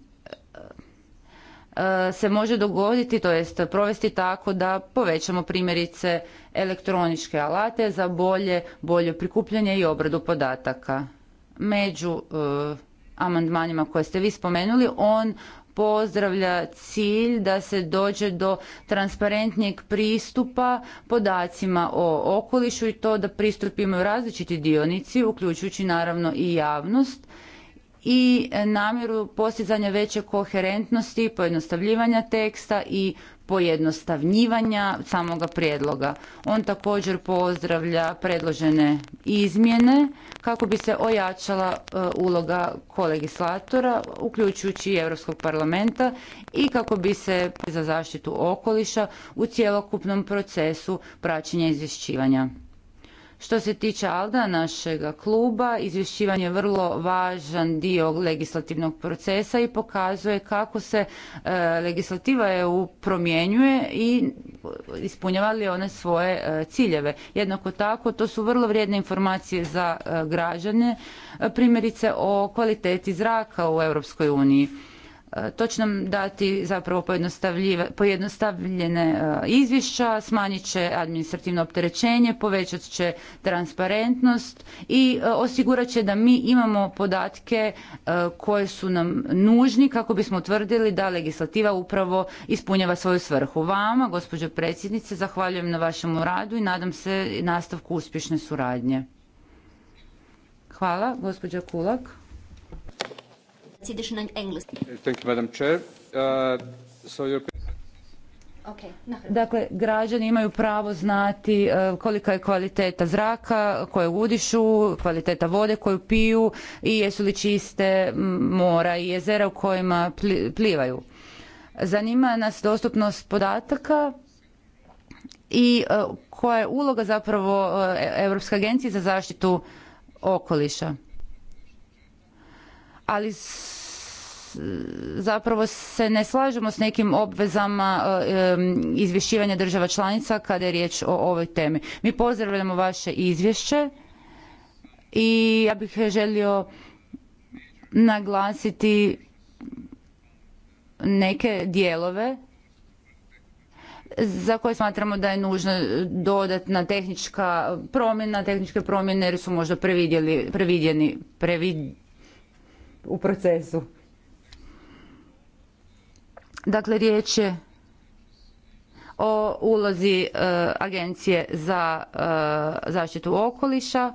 se može dogoditi, to jest provesti tako da povećamo primjerice elektroničke alate za bolje, bolje prikupljanje i obradu podataka. Među eh, amandmanima koje ste vi spomenuli, on pozdravlja cilj da se dođe do transparentnijeg pristupa podacima o okolišu i to da pristup imaju različiti dionici, uključujući naravno i javnost i namjeru postizanja veće koherentnosti, pojednostavljivanja teksta i pojednostavnjivanja samoga prijedloga. On također pozdravlja predložene izmjene kako bi se ojačala e, uloga kolegislatora, uključujući i Europskog parlamenta i kako bi se za zaštitu okoliša u cjelokupnom procesu praćenja izvješćivanja. Što se tiče ALDA, našega kluba, izvješćivanje je vrlo važan dio legislativnog procesa i pokazuje kako se e, legislativa EU promjenjuje i ispunjava li one svoje e, ciljeve. Jednako tako, to su vrlo vrijedne informacije za e, građane, primjerice o kvaliteti zraka u eu uniji. E, to će nam dati zapravo pojednostavljene e, izvješća, smanjit će administrativno opterećenje, povećat će transparentnost i e, osigurat će da mi imamo podatke koje su nam nužni kako bismo utvrdili da legislativa upravo ispunjava svoju svrhu. Vama, gospođo predsjednice, zahvaljujem na vašem radu i nadam se nastavku uspješne suradnje. Hvala, gospođo Kulak. Thank you, Madam Chair. Uh, dakle, građani imaju pravo znati uh, kolika je kvaliteta zraka koje udišu, kvaliteta vode koju piju i jesu li čiste mora i jezera u kojima plivaju. Zanima nas dostupnost podataka i uh, koja je uloga zapravo Europske agencije za zaštitu okoliša. Ali zapravo se ne slažemo s nekim obvezama e, izvješćivanja država članica kada je riječ o ovoj temi. Mi pozdravljamo vaše izvješće i ja bih želio naglasiti neke dijelove za koje smatramo da je nužna dodatna tehnička promjena, tehničke promjene jer su možda previdjeni, u procesu. Dakle, riječ je o ulozi e, Agencije za e, zaštitu okoliša.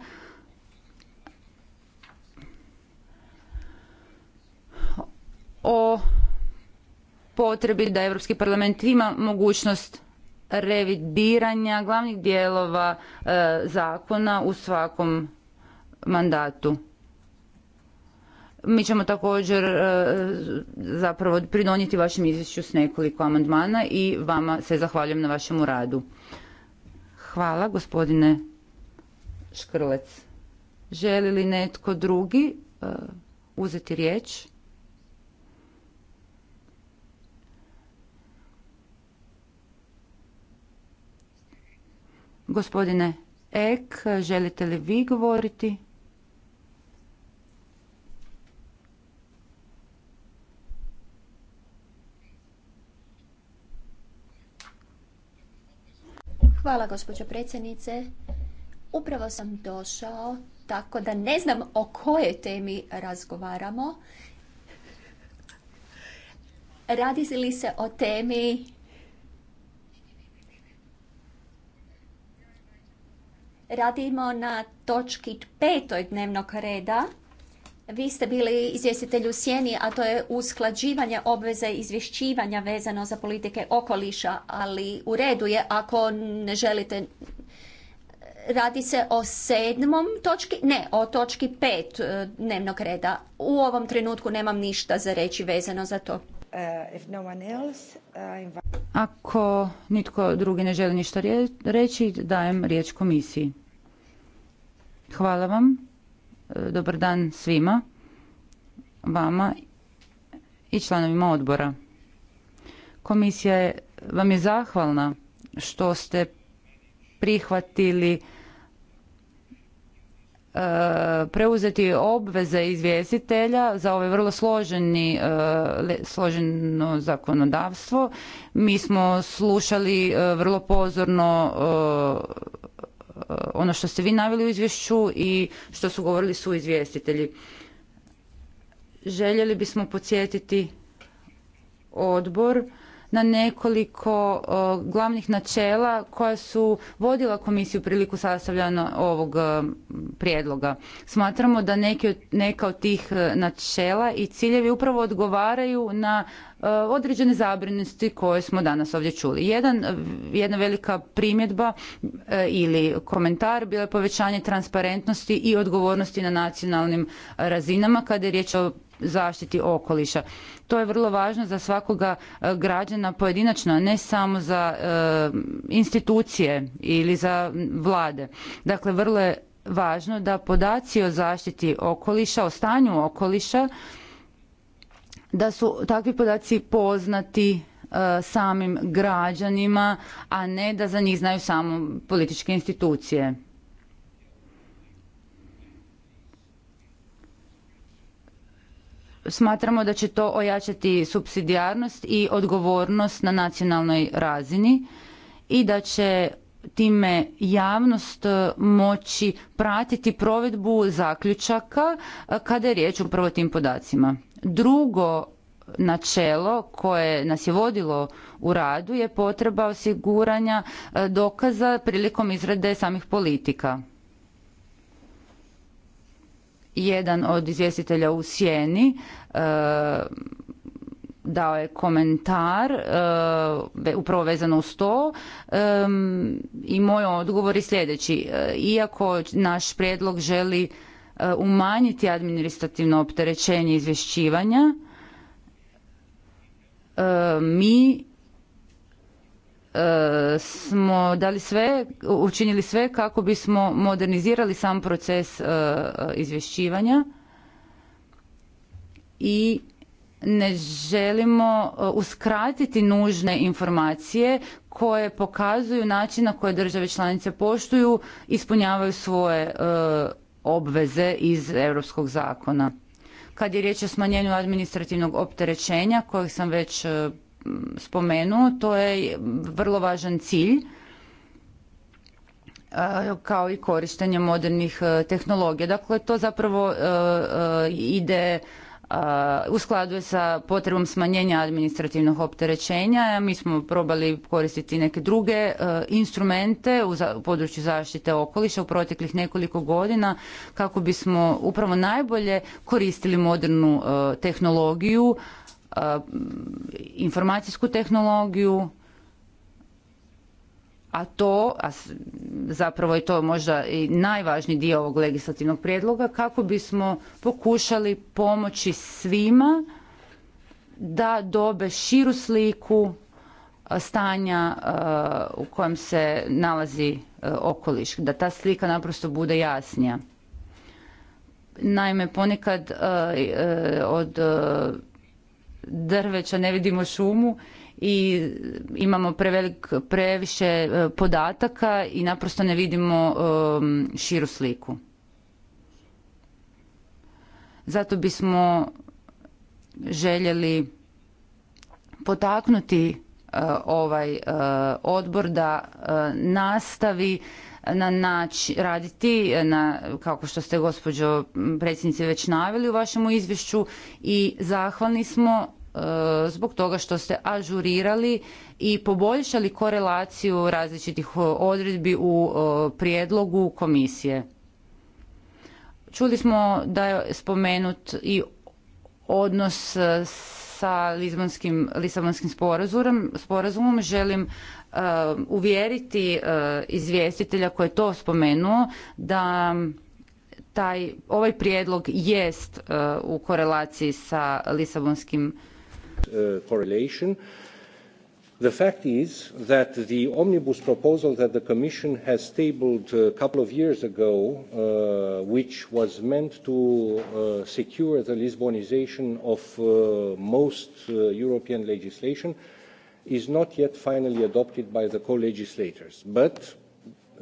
O potrebi da Europski parlament ima mogućnost revidiranja glavnih dijelova e, zakona u svakom mandatu. Mi ćemo također e, zapravo pridonijeti vašem izvješću s nekoliko amandmana i vama se zahvaljujem na vašem radu. Hvala gospodine Škrlec. Želi li netko drugi e, uzeti riječ? Gospodine Ek, želite li vi govoriti? Hvala gospođo predsjednice. Upravo sam došao, tako da ne znam o kojoj temi razgovaramo. Radi li se o temi Radimo na točki petoj dnevnog reda. Vi ste bili izvjestitelj u sjeni, a to je usklađivanje obveze izvješćivanja vezano za politike okoliša, ali u redu je ako ne želite radi se o sedmom točki, ne, o točki pet e, dnevnog reda. U ovom trenutku nemam ništa za reći vezano za to. Uh, uh, ako nitko drugi ne želi ništa reći, dajem riječ komisiji. Hvala vam. E, dobar dan svima, vama i članovima odbora. Komisija vam je zahvalna što ste prihvatili e, preuzeti obveze izvjestitelja za ovaj vrlo složeni, e, složeno zakonodavstvo. Mi smo slušali vrlo pozorno Eh, ono što ste vi naveli u izvješću i što su govorili su izvjestitelji. Željeli bismo podsjetiti odbor na nekoliko glavnih načela koja su vodila komisiju priliku sastavljanja ovog prijedloga. Smatramo da neka od tih e, načela i ciljevi upravo odgovaraju na e, određene zabrinosti koje smo danas ovdje čuli. Jedan, e, jedna velika primjedba ili komentar bilo je povećanje transparentnosti i odgovornosti na nacionalnim razinama kada je riječ o zaštiti okoliša. To je vrlo važno za svakoga e, građana pojedinačno, ne samo za e, institucije ili za vlade. Dakle, vrlo je važno da podaci o zaštiti okoliša, o stanju okoliša, da su takvi podaci poznati e, samim građanima, a ne da za njih znaju samo političke institucije. Smatramo da će to ojačati subsidijarnost i odgovornost na nacionalnoj razini i da će time javnost e, moći pratiti provedbu zaključaka e, kada je riječ upravo o tim podacima. Drugo načelo koje nas je vodilo u radu je potreba osiguranja e, dokaza prilikom izrade samih politika jedan od izvjestitelja u sjeni e, dao je komentar e, upravo vezano uz to e, i moj odgovor je sljedeći. E, iako naš prijedlog želi umanjiti administrativno opterećenje izvješćivanja, mi smo dali sve, učinili sve kako bismo modernizirali sam proces e, izvješćivanja i ne želimo e, uskratiti nužne informacije koje pokazuju način na koje države članice poštuju, ispunjavaju svoje e, obveze iz europskog zakona. Kad je riječ o smanjenju administrativnog opterećenja kojeg sam već spomenuo, to je vrlo važan cilj e, kao i korištenje modernih e, tehnologija. Dakle, to zapravo e, ide u skladu je sa potrebom smanjenja administrativnog opterećenja. Mi smo probali koristiti neke druge instrumente u području zaštite okoliša u proteklih nekoliko godina kako bismo upravo najbolje koristili modernu tehnologiju Eh, informacijsku tehnologiju, a to, a zapravo je to možda i najvažniji dio ovog legislativnog prijedloga, kako bismo pokušali pomoći svima da dobe širu sliku eh, stanja eh, u kojem se nalazi okoliš, da ta slika naprosto bude jasnija. Naime, ponekad od drveća, ne vidimo šumu i imamo prevelik, previše e, podataka i naprosto ne vidimo e, širu sliku. Zato bismo željeli potaknuti e, ovaj odbor da nastavi na način raditi, eh, na, kako što ste gospođo mm, predsjednice već naveli u vašemu izvješću i zahvalni smo eh, zbog toga što ste ažurirali i poboljšali korelaciju različitih eh, odredbi u prijedlogu komisije. Čuli smo da je spomenut i odnos sa Lisabonskim sporazumom. Želim Um, uvjeriti uh, izvjestitelja koji je to spomenuo da taj ovaj prijedlog jest uh, u korelaciji sa lisabonskim uh, correlation the fact is that the omnibus proposal that the commission has tabled a couple of years ago uh, which was meant to uh, secure the lisbonization of uh, most european legislation is not yet finally adopted by the co-legislators. But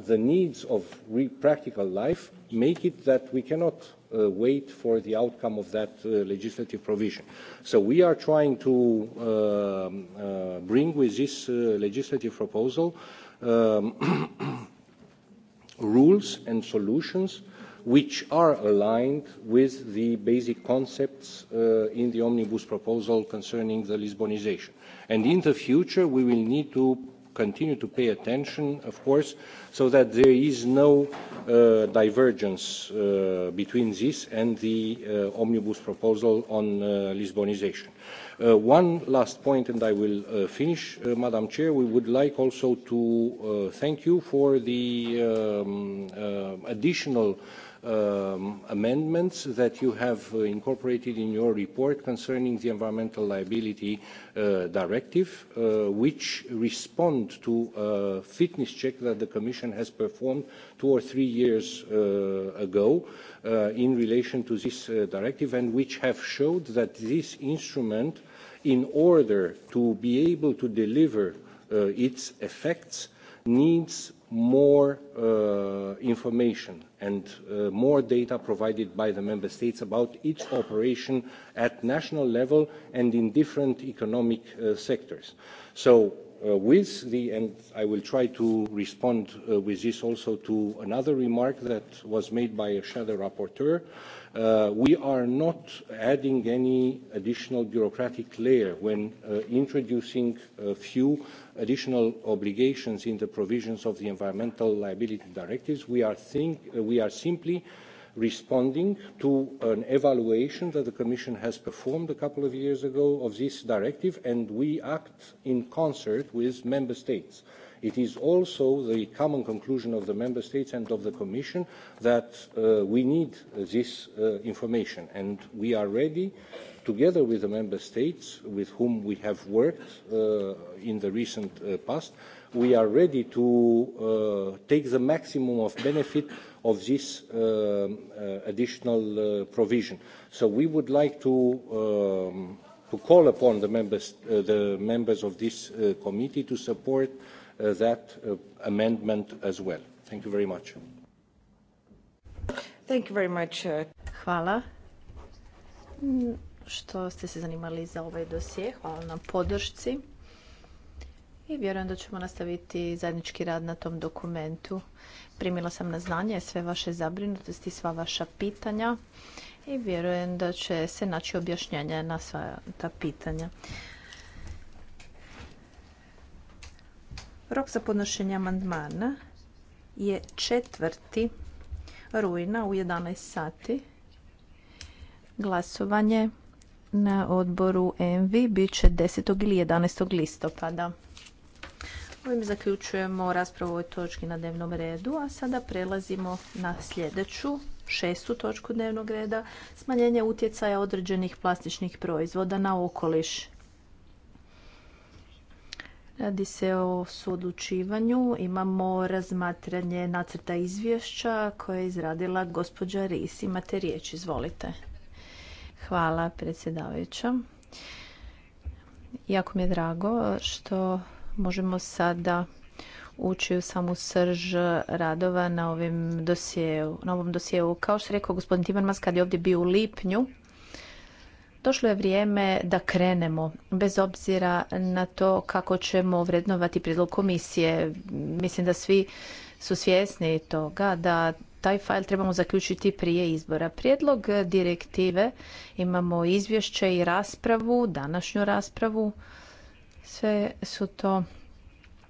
the needs of real practical life make it that we cannot uh, wait for the outcome of that uh, legislative provision. So we are trying to um, uh, bring with this uh, legislative proposal um, rules and solutions which are aligned with the basic concepts uh, in the omnibus proposal concerning the Lisbonization. And in the future, we will need to continue to pay attention, of course, so that there is no uh, divergence uh, between this and the omnibus proposal on Lisbonization. One last point, and I will finish, Madam Chair. We would like also to thank you for the um, additional um, amendments that you have uh, incorporated in your report concerning the environmental liability uh, directive, uh, which respond to a fitness check that the Commission has performed two or three years ago in relation to this directive and which have showed that this instrument in order to be able to deliver uh, its effects needs more uh, information and uh, more data provided by the member states about its operation at national level and in different economic uh, sectors so uh, with the and i will try to respond uh, with this also to another remark that was made by a shadow rapporteur Uh, we are not adding any additional bureaucratic layer when uh, introducing a few additional obligations in the provisions of the environmental liability directives. We are, think, uh, we are simply responding to an evaluation that the Commission has performed a couple of years ago of this directive, and we act in concert with member states. It is also the common conclusion of the Member States and of the Commission that uh, we need uh, this uh, information and we are ready together with the Member States with whom we have worked in the recent past, we are ready to take the maximum of benefit of this um, additional provision. So we would like to um, to call upon the members the members of this committee to support Uh, that uh, amendment as well. Thank you very much. Thank you very much. Uh, hvala mm, što ste se zanimali za ovaj dosje. Hvala na podršci. I vjerujem da ćemo nastaviti zajednički rad na tom dokumentu. Primila sam na znanje sve vaše zabrinutosti, sva vaša pitanja i vjerujem da će se naći objašnjenje na sva ta pitanja. Rok za podnošenje amandmana je 4. rujna u 11 sati. Glasovanje na odboru ENVI bit će 10. ili 11. listopada. Ovim zaključujemo raspravu o ovoj točki na dnevnom redu, a sada prelazimo na sljedeću, šestu točku dnevnog reda, smanjenje utjecaja određenih plastičnih proizvoda na okoliš. Radi se o suodlučivanju. Imamo razmatranje nacrta izvješća koje je izradila gospođa Ris. Imate riječ, izvolite. Hvala, predsjedavajuća. Jako mi je drago što možemo sada ući u samu srž radova na, ovim na ovom dosjeu. Kao što je rekao gospodin Timmermans kad je ovdje bio u lipnju, Došlo je vrijeme da krenemo, bez obzira na to kako ćemo vrednovati prijedlog komisije. Mislim da svi su svjesni toga da taj fajl trebamo zaključiti prije izbora. Prijedlog direktive imamo izvješće i raspravu, današnju raspravu. Sve su to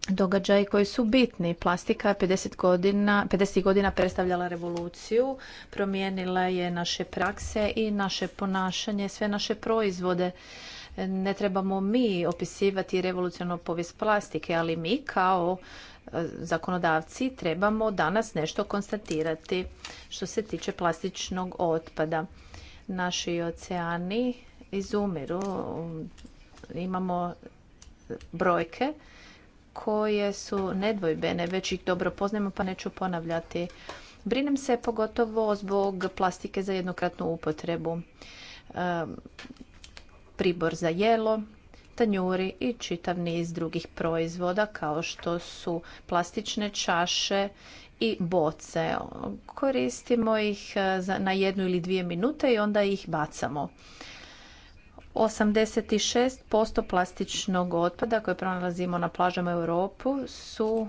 događaji koji su bitni. Plastika 50 godina, 50 godina predstavljala revoluciju, promijenila je naše prakse i naše ponašanje, sve naše proizvode. Ne trebamo mi opisivati revolucionalnu povijest plastike, ali mi kao e, zakonodavci trebamo danas nešto konstatirati što se tiče plastičnog otpada. Naši oceani izumiru, imamo brojke koje su nedvojbene, već ih dobro poznajemo pa neću ponavljati. Brinem se pogotovo zbog plastike za jednokratnu upotrebu, pribor za jelo, tanjuri i čitav niz drugih proizvoda kao što su plastične čaše i boce. Koristimo ih eh, na jednu ili dvije minute i onda ih bacamo. 86% plastičnog otpada koje pronalazimo na plažama Europu su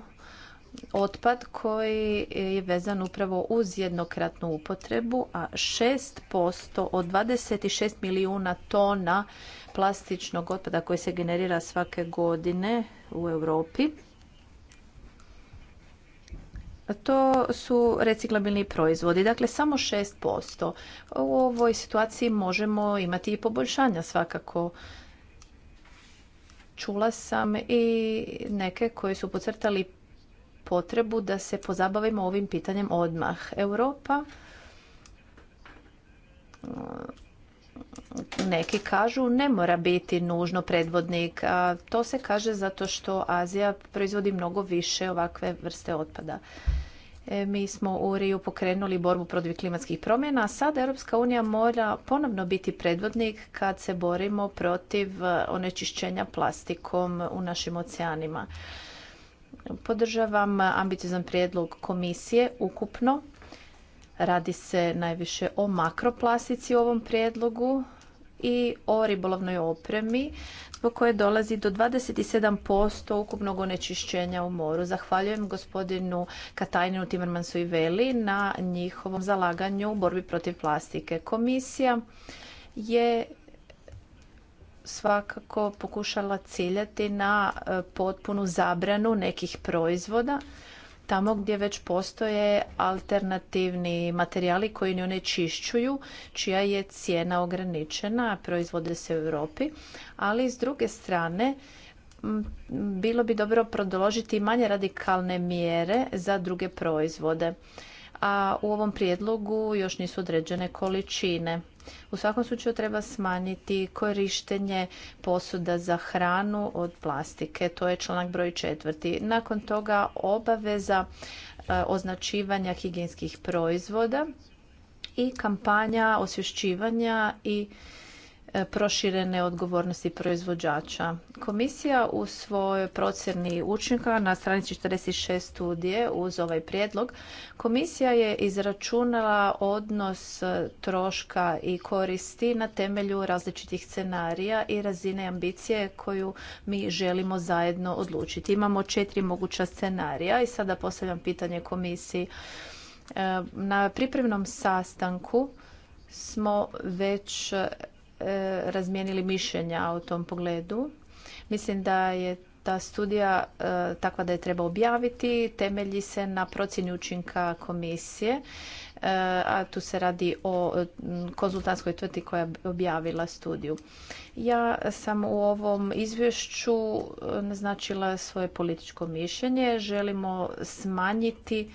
otpad koji je vezan upravo uz jednokratnu upotrebu, a 6% od 26 milijuna tona plastičnog otpada koji se generira svake godine u Europi to su reciklabilni proizvodi, dakle samo 6%. U ovoj situaciji možemo imati i poboljšanja svakako. Čula sam i neke koji su pocrtali potrebu da se pozabavimo ovim pitanjem odmah. Europa neki kažu ne mora biti nužno predvodnik. A to se kaže zato što Azija proizvodi mnogo više ovakve vrste otpada. E, mi smo u Riju pokrenuli borbu protiv klimatskih promjena, a sad Europska unija mora ponovno biti predvodnik kad se borimo protiv e, onečišćenja plastikom u našim oceanima. Podržavam ambiciozan prijedlog komisije ukupno Radi se najviše o makroplastici u ovom prijedlogu i o ribolovnoj opremi zbog koje dolazi do 27% ukupnog onečišćenja u moru. Zahvaljujem gospodinu Katajninu, Timmermansu i Veli na njihovom zalaganju u borbi protiv plastike. Komisija je svakako pokušala ciljati na e, potpunu zabranu nekih proizvoda tamo gdje već postoje alternativni materijali koji ne onečišćuju, čija je cijena ograničena, proizvode se u Europi, ali s druge strane bilo bi dobro prodoložiti manje radikalne mjere za druge proizvode a u ovom prijedlogu još nisu određene količine. U svakom slučaju treba smanjiti korištenje posuda za hranu od plastike, to je članak broj četvrti. Nakon toga obaveza e, označivanja higijenskih proizvoda i kampanja osvješćivanja i E, proširene odgovornosti proizvođača. Komisija u svojoj procjeni učinka na stranici 46 studije uz ovaj prijedlog, komisija je izračunala odnos troška i koristi na temelju različitih scenarija i razine ambicije koju mi želimo zajedno odlučiti. Imamo četiri moguća scenarija i sada postavljam pitanje komisiji. E, na pripremnom sastanku smo već E, razmijenili mišljenja u tom pogledu. Mislim da je ta studija e, takva da je treba objaviti, temelji se na procjeni učinka komisije, e, a tu se radi o konzultantskoj tvrtki koja je objavila studiju. Ja sam u ovom izvješću naznačila svoje političko mišljenje. Želimo smanjiti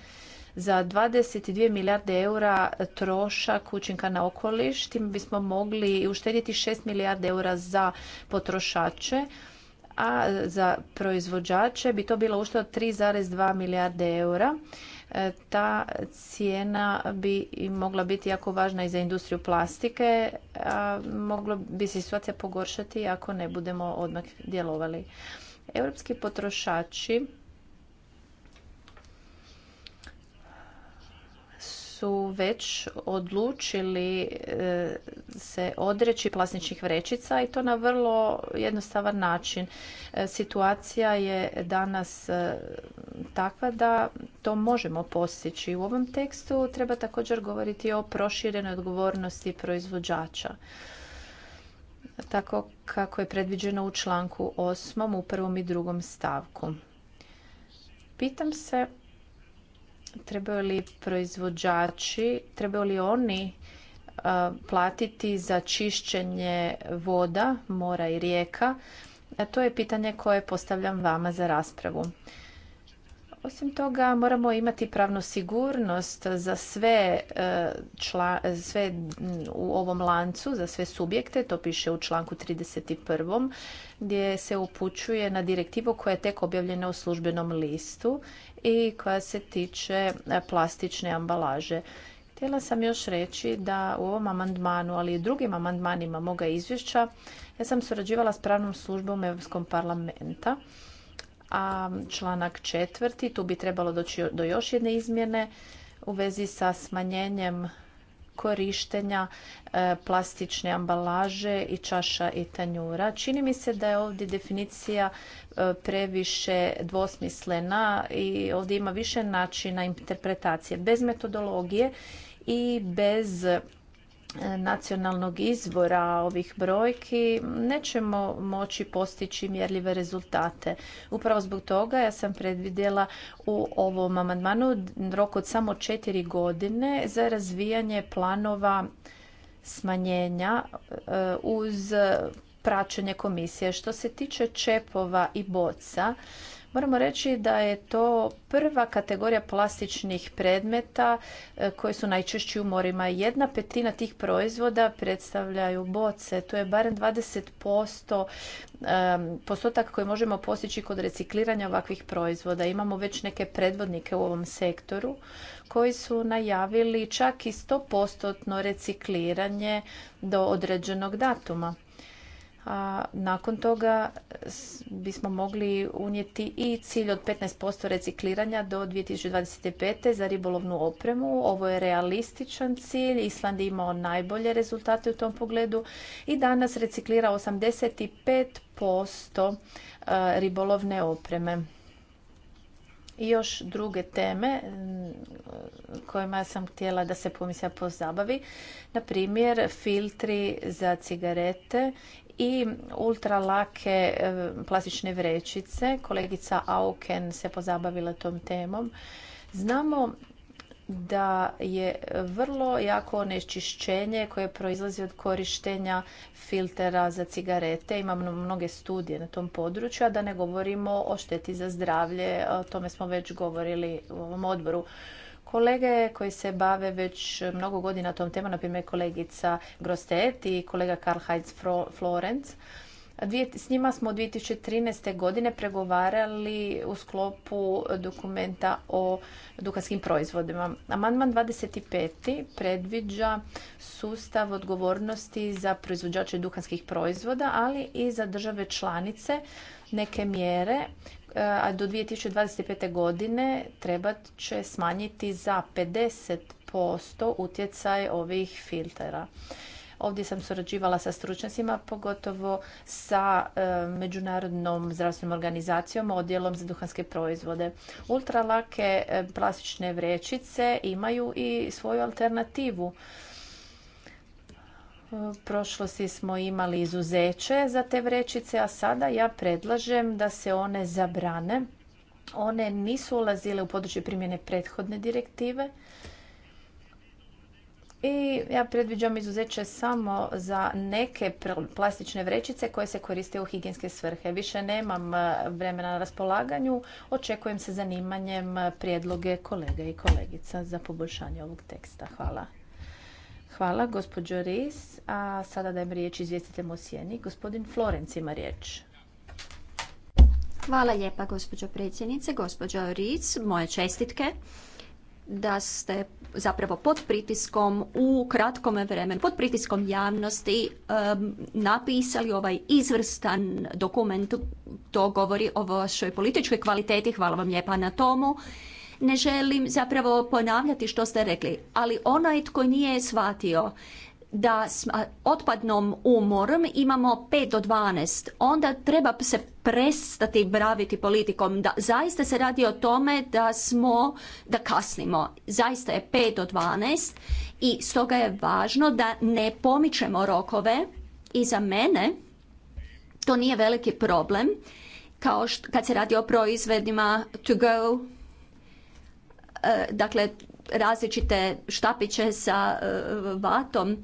za 22 milijarde eura trošak učinka na okoliš. Tim bismo mogli uštedjeti 6 milijarde eura za potrošače a za proizvođače bi to bilo ušto 3,2 milijarde eura. E, ta cijena bi mogla biti jako važna i za industriju plastike, a moglo bi se situacija pogoršati ako ne budemo odmah djelovali. Europski potrošači su već odlučili e, se odreći plastičnih vrećica i to na vrlo jednostavan način. E, situacija je danas e, takva da to možemo postići. U ovom tekstu treba također govoriti o proširenoj odgovornosti proizvođača tako kako je predviđeno u članku 8. u prvom i drugom stavku. Pitam se Trebaju li proizvođači, trebaju li oni e, platiti za čišćenje voda, mora i rijeka? E, to je pitanje koje postavljam vama za raspravu. Osim toga, moramo imati pravnu sigurnost za sve, e, sve u ovom lancu, za sve subjekte, to piše u članku 31. gdje se upućuje na direktivu koja je tek objavljena u službenom listu i koja se tiče e, plastične ambalaže. Htjela sam još reći da u ovom amandmanu, ali i drugim amandmanima moga izvješća, ja sam surađivala s pravnom službom Europskog parlamenta, a članak četvrti, tu bi trebalo doći do još jedne izmjene u vezi sa smanjenjem korištenja e, plastične ambalaže i čaša i tanjura. Čini mi se da je ovdje definicija e, previše dvosmislena i ovdje ima više načina interpretacije bez metodologije i bez nacionalnog izbora ovih brojki nećemo moći postići mjerljive rezultate. Upravo zbog toga ja sam predvidjela u ovom amandmanu rok od samo četiri godine za razvijanje planova smanjenja e, uz praćenje komisije. Što se tiče čepova i boca, Moramo reći da je to prva kategorija plastičnih predmeta e, koje su najčešći u morima. Jedna petina tih proizvoda predstavljaju boce. To je barem 20% postotak koji možemo postići kod recikliranja ovakvih proizvoda. Imamo već neke predvodnike u ovom sektoru koji su najavili čak i 100% recikliranje do određenog datuma a nakon toga bismo mogli unijeti i cilj od 15% recikliranja do 2025. za ribolovnu opremu. Ovo je realističan cilj, Island je imao najbolje rezultate u tom pogledu i danas reciklira 85% e, ribolovne opreme. I još druge teme kojima sam htjela da se komisija pozabavi. Na primjer, filtri za cigarete i ultralake e, plastične vrećice. Kolegica Auken se pozabavila tom temom. Znamo da je vrlo jako onečišćenje koje proizlazi od korištenja filtera za cigarete. Imamo mnoge studije na tom području, a da ne govorimo o šteti za zdravlje. O tome smo već govorili u ovom odboru kolege koji se bave već mnogo godina tom temom, na primjer kolegica Grostet i kolega Karl Heinz Florenz. S njima smo 2013. godine pregovarali u sklopu dokumenta o duhanskim proizvodima. Amandman 25. predviđa sustav odgovornosti za proizvođače duhanskih proizvoda, ali i za države članice neke mjere E, a do 2025. godine trebat će smanjiti za 50% utjecaj ovih filtera. Ovdje sam surađivala sa stručnjacima, pogotovo sa e, Međunarodnom zdravstvenom organizacijom, odjelom za duhanske proizvode. Ultralake e, plastične vrećice imaju i svoju alternativu prošlosti smo imali izuzeće za te vrećice, a sada ja predlažem da se one zabrane. One nisu ulazile u područje primjene prethodne direktive i ja predviđam izuzeće samo za neke plastične vrećice koje se koriste u higijenske svrhe. Više nemam e, vremena na raspolaganju. Očekujem se zanimanjem prijedloge kolega i kolegica za poboljšanje ovog teksta. Hvala. Hvala, gospođo Ris. A sada dajem riječ izvjestitelj o sjeni. Gospodin Florenc ima riječ. Hvala lijepa, gospođo predsjednice. Gospođo Ric, moje čestitke da ste zapravo pod pritiskom u kratkom vremenu, pod pritiskom javnosti napisali ovaj izvrstan dokument. To govori o vašoj političkoj kvaliteti. Hvala vam lijepa na tomu. Ne želim zapravo ponavljati što ste rekli, ali onaj tko nije shvatio da s otpadnom umorom imamo 5 do 12, onda treba se prestati braviti politikom. Da, zaista se radi o tome da smo, da kasnimo. Zaista je 5 do 12 i stoga je važno da ne pomičemo rokove i za mene to nije veliki problem kao kad se radi o proizvedima to go E, dakle različite štapiće sa e, vatom.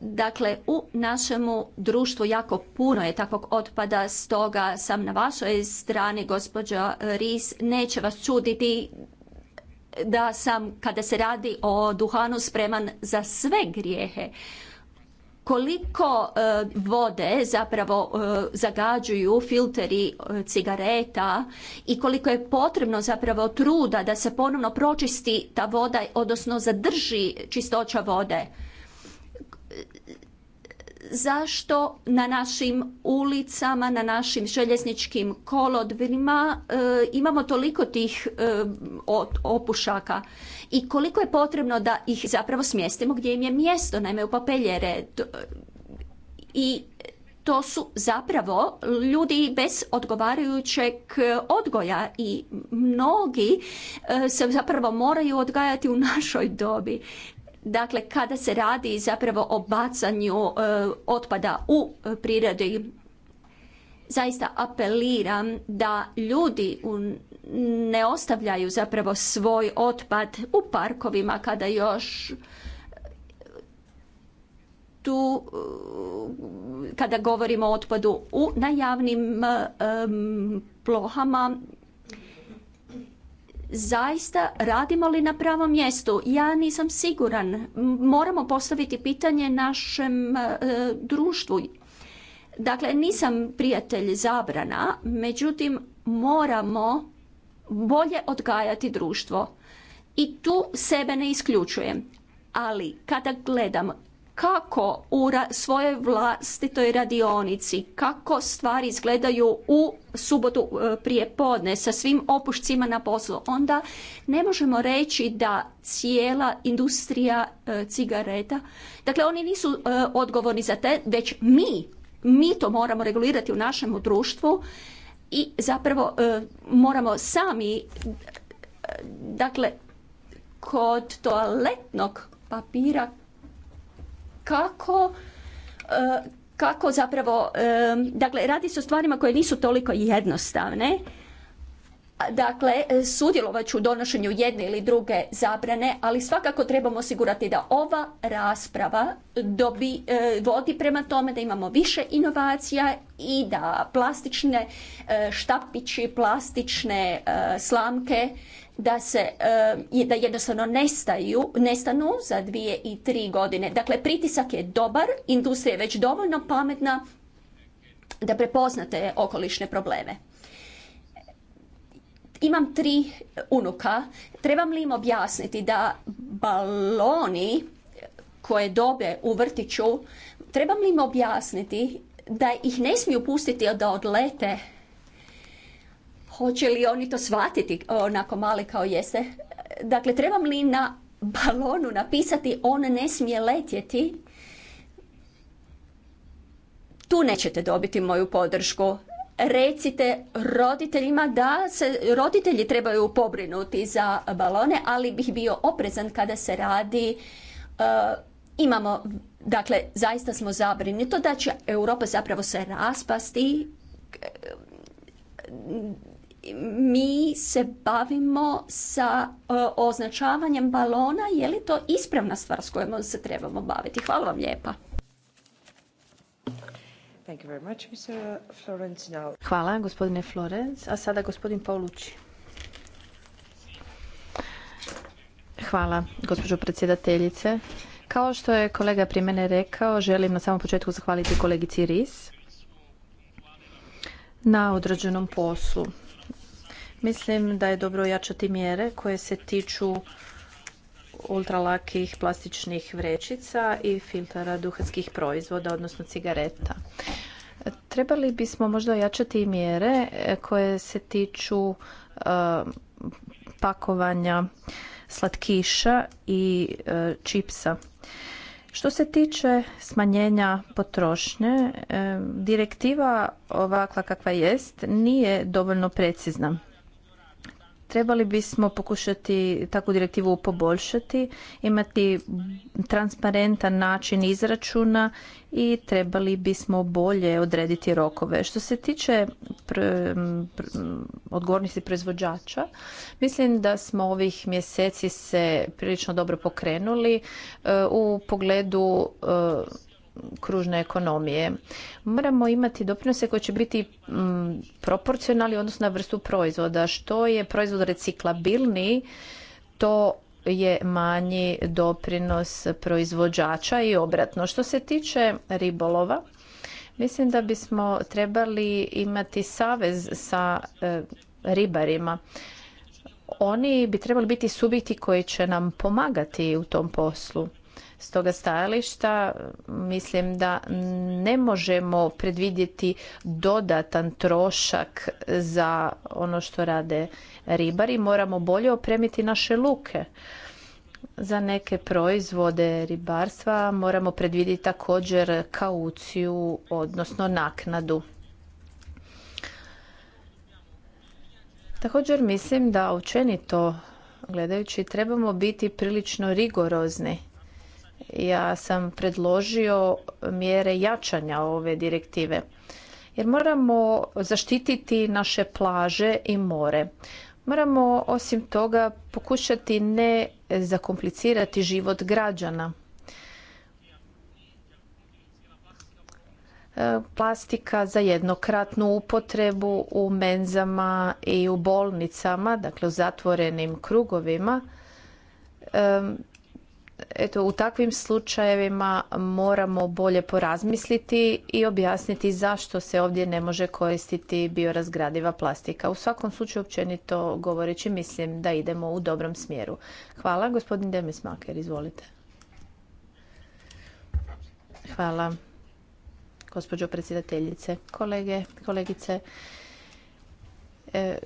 Dakle, u našemu društvu jako puno je takvog otpada, stoga sam na vašoj strani, gospođa Ris, neće vas čuditi da sam, kada se radi o duhanu, spreman za sve grijehe koliko e, vode zapravo e, zagađuju filteri e, cigareta i koliko je potrebno zapravo truda da se ponovno pročisti ta voda odnosno zadrži čistoća vode zašto na našim ulicama, na našim željezničkim kolodvima e, imamo toliko tih e, opušaka i koliko je potrebno da ih zapravo smjestimo gdje im je mjesto, naime u papeljere. I to su zapravo ljudi bez odgovarajućeg odgoja i mnogi e, se zapravo moraju odgajati u našoj dobi. Dakle, kada se radi zapravo o bacanju e, otpada u e, prirodi, zaista apeliram da ljudi ne ostavljaju zapravo svoj otpad u parkovima kada još tu e, kada govorimo o otpadu u, na javnim plohama zaista radimo li na pravom mjestu? Ja nisam siguran. Moramo postaviti pitanje našem e, društvu. Dakle, nisam prijatelj zabrana, međutim moramo bolje odgajati društvo. I tu sebe ne isključujem. Ali kada gledam kako u svojoj vlastitoj radionici, kako stvari izgledaju u subotu e, prije podne sa svim opušcima na poslu, onda ne možemo reći da cijela industrija e, cigareta, dakle oni nisu e, odgovorni za te, već mi, mi to moramo regulirati u našem društvu i zapravo moramo sami, dakle, kod toaletnog papira kako e, kako zapravo, e, dakle radi se o stvarima koje nisu toliko jednostavne. Dakle, e, sudjelovat ću u donošenju jedne ili druge zabrane, ali svakako trebamo osigurati da ova rasprava dobi, vodi prema tome da imamo više inovacija i da plastične štapići, plastične slamke da se e, da jednostavno nestaju, nestanu za dvije i tri godine. Dakle, pritisak je dobar, industrija je već dovoljno pametna da prepoznate okolišne probleme. Imam tri unuka. Trebam li im objasniti da baloni koje dobe u vrtiću, trebam li im objasniti da ih ne smiju pustiti da odlete hoće li oni to shvatiti onako mali kao jeste? Dakle, trebam li na balonu napisati on ne smije letjeti? Tu nećete dobiti moju podršku. Recite roditeljima da se roditelji trebaju pobrinuti za balone, ali bih bio oprezan kada se radi e, imamo dakle zaista smo zabrinuti to da će Europa zapravo se raspasti mi se bavimo sa e, označavanjem balona, je li to ispravna stvar s kojom se trebamo baviti? Hvala vam lijepa. Hvala, gospodine Florence. A sada gospodin Paulucci. Hvala, gospođo predsjedateljice. Kao što je kolega prije mene rekao, želim na samom početku zahvaliti kolegici Ris na odrađenom poslu. Mislim da je dobro ojačati mjere koje se tiču ultralakih plastičnih vrećica i filtara duhatskih proizvoda, odnosno cigareta. Trebali bismo možda ojačati i mjere koje se tiču eh, pakovanja slatkiša i eh, čipsa. Što se tiče smanjenja potrošnje, eh, direktiva ovakva kakva jest nije dovoljno precizna. Trebali bismo pokušati takvu direktivu poboljšati, imati transparentan način izračuna i trebali bismo bolje odrediti rokove. Što se tiče odgovornosti proizvođača, mislim da smo ovih mjeseci se prilično dobro pokrenuli e, u pogledu e, kružne ekonomije. Moramo imati doprinose koji će biti mm, proporcionalni odnosno na vrstu proizvoda. Što je proizvod reciklabilni, to je manji doprinos proizvođača i obratno. Što se tiče ribolova, mislim da bismo trebali imati savez sa e, ribarima. Oni bi trebali biti subjekti koji će nam pomagati u tom poslu. S toga stajališta mislim da ne možemo predvidjeti dodatan trošak za ono što rade ribari. Moramo bolje opremiti naše luke. Za neke proizvode ribarstva moramo predvidjeti također kauciju, odnosno naknadu. Također mislim da učenito gledajući trebamo biti prilično rigorozni ja sam predložio mjere jačanja ove direktive. Jer moramo zaštititi naše plaže i more. Moramo osim toga pokušati ne zakomplicirati život građana. E, plastika za jednokratnu upotrebu u menzama i u bolnicama, dakle u zatvorenim krugovima, e, Eto, u takvim slučajevima moramo bolje porazmisliti i objasniti zašto se ovdje ne može koristiti biorazgradiva plastika. U svakom slučaju, općenito govoreći, mislim da idemo u dobrom smjeru. Hvala, gospodin Demis izvolite. Hvala, gospođo predsjedateljice, kolege, kolegice. E,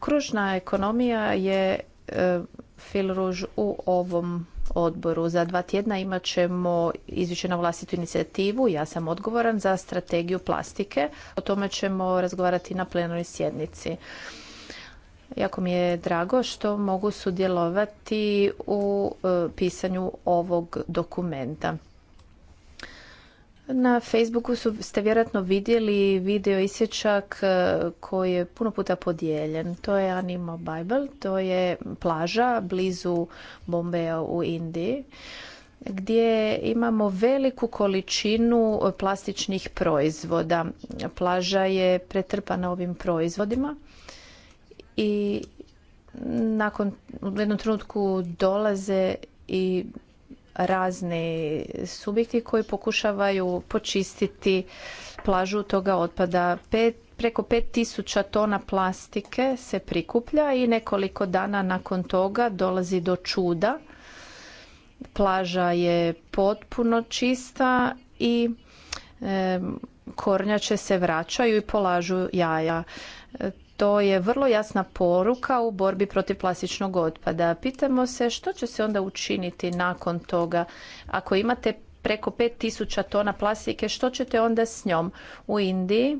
kružna ekonomija je e, Filruž u ovom odboru. Za dva tjedna imat ćemo izvješće na vlastitu inicijativu. Ja sam odgovoran za strategiju plastike. O tome ćemo razgovarati na plenoj sjednici. Jako mi je drago što mogu sudjelovati u e, pisanju ovog dokumenta. Na Facebooku su, ste vjerojatno vidjeli video isječak e, koji je puno puta podijeljen. To je Animo Bible, to je plaža blizu Bombeja u Indiji gdje imamo veliku količinu plastičnih proizvoda. Plaža je pretrpana ovim proizvodima i nakon u jednom trenutku dolaze i razni subjekti koji pokušavaju počistiti plažu toga otpada. preko 5000 tona plastike se prikuplja i nekoliko dana nakon toga dolazi do čuda. Plaža je potpuno čista i kornjače se vraćaju i polažu jaja to je vrlo jasna poruka u borbi protiv plastičnog otpada. Pitamo se što će se onda učiniti nakon toga ako imate preko 5000 tona plastike, što ćete onda s njom? U Indiji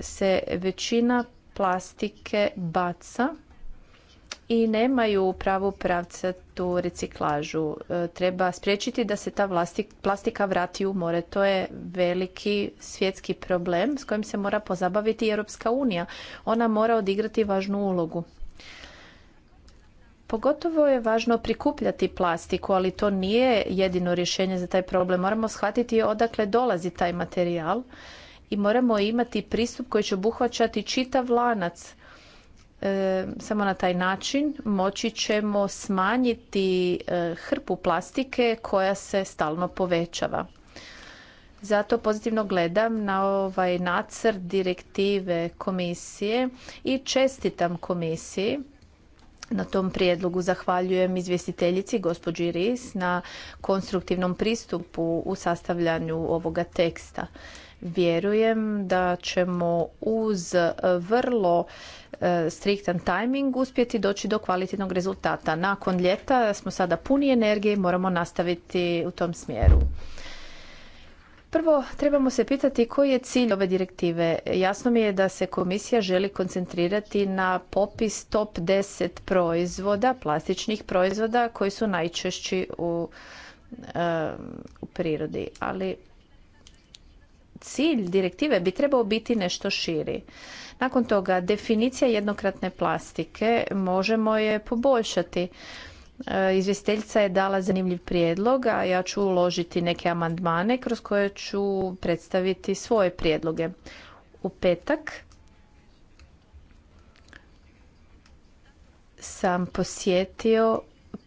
se većina plastike baca i nemaju pravu pravca tu reciklažu. E, treba spriječiti da se ta plastika vrati u more. To je veliki svjetski problem s kojim se mora pozabaviti i Europska unija. Ona mora odigrati važnu ulogu. Pogotovo je važno prikupljati plastiku, ali to nije jedino rješenje za taj problem. Moramo shvatiti odakle dolazi taj materijal i moramo imati pristup koji će obuhvaćati čitav lanac E, samo na taj način moći ćemo smanjiti e, hrpu plastike koja se stalno povećava. Zato pozitivno gledam na ovaj nacrt direktive komisije i čestitam komisiji na tom prijedlogu zahvaljujem izvjestiteljici gospođi Ris na konstruktivnom pristupu u sastavljanju ovoga teksta. Vjerujem da ćemo uz vrlo E, striktan timing uspjeti doći do kvalitetnog rezultata. Nakon ljeta smo sada puni energije i moramo nastaviti u tom smjeru. Prvo, trebamo se pitati koji je cilj ove direktive. Jasno mi je da se komisija želi koncentrirati na popis top 10 proizvoda, plastičnih proizvoda koji su najčešći u, e, u prirodi. Ali cilj direktive bi trebao biti nešto širi. Nakon toga, definicija jednokratne plastike možemo je poboljšati. E, izvjestiteljica je dala zanimljiv prijedlog, a ja ću uložiti neke amandmane kroz koje ću predstaviti svoje prijedloge. U petak sam posjetio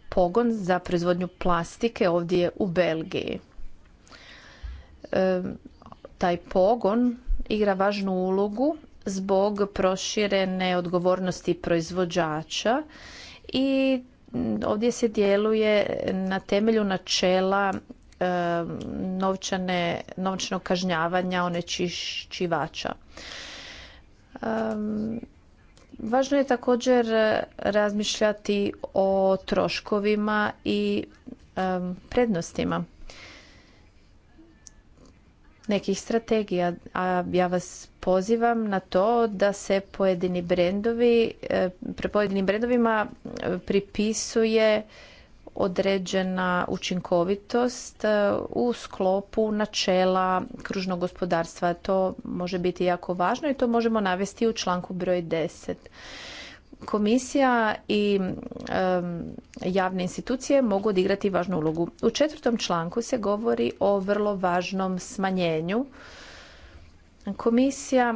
pogon za proizvodnju plastike ovdje u Belgiji. E, taj pogon igra važnu ulogu zbog proširene odgovornosti proizvođača i ovdje se djeluje na temelju načela e, novčane, novčanog kažnjavanja onečišćivača. E, važno je također razmišljati o troškovima i e, prednostima nekih strategija, a ja vas pozivam na to da se pojedini brendovi, e, pre pojedinim brendovima e, pripisuje određena učinkovitost e, u sklopu načela kružnog gospodarstva. To može biti jako važno i to možemo navesti u članku broj 10 komisija i javne institucije mogu odigrati važnu ulogu. U četvrtom članku se govori o vrlo važnom smanjenju. Komisija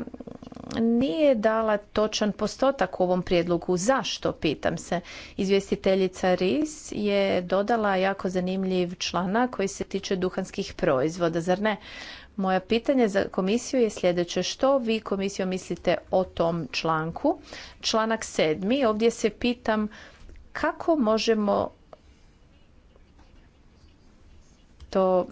nije dala točan postotak u ovom prijedlogu. Zašto, pitam se. Izvjestiteljica RIS je dodala jako zanimljiv članak koji se tiče duhanskih proizvoda, zar ne? Moja pitanje za komisiju je sljedeće. Što vi komisijo mislite o tom članku? Članak sedmi, ovdje se pitam kako možemo to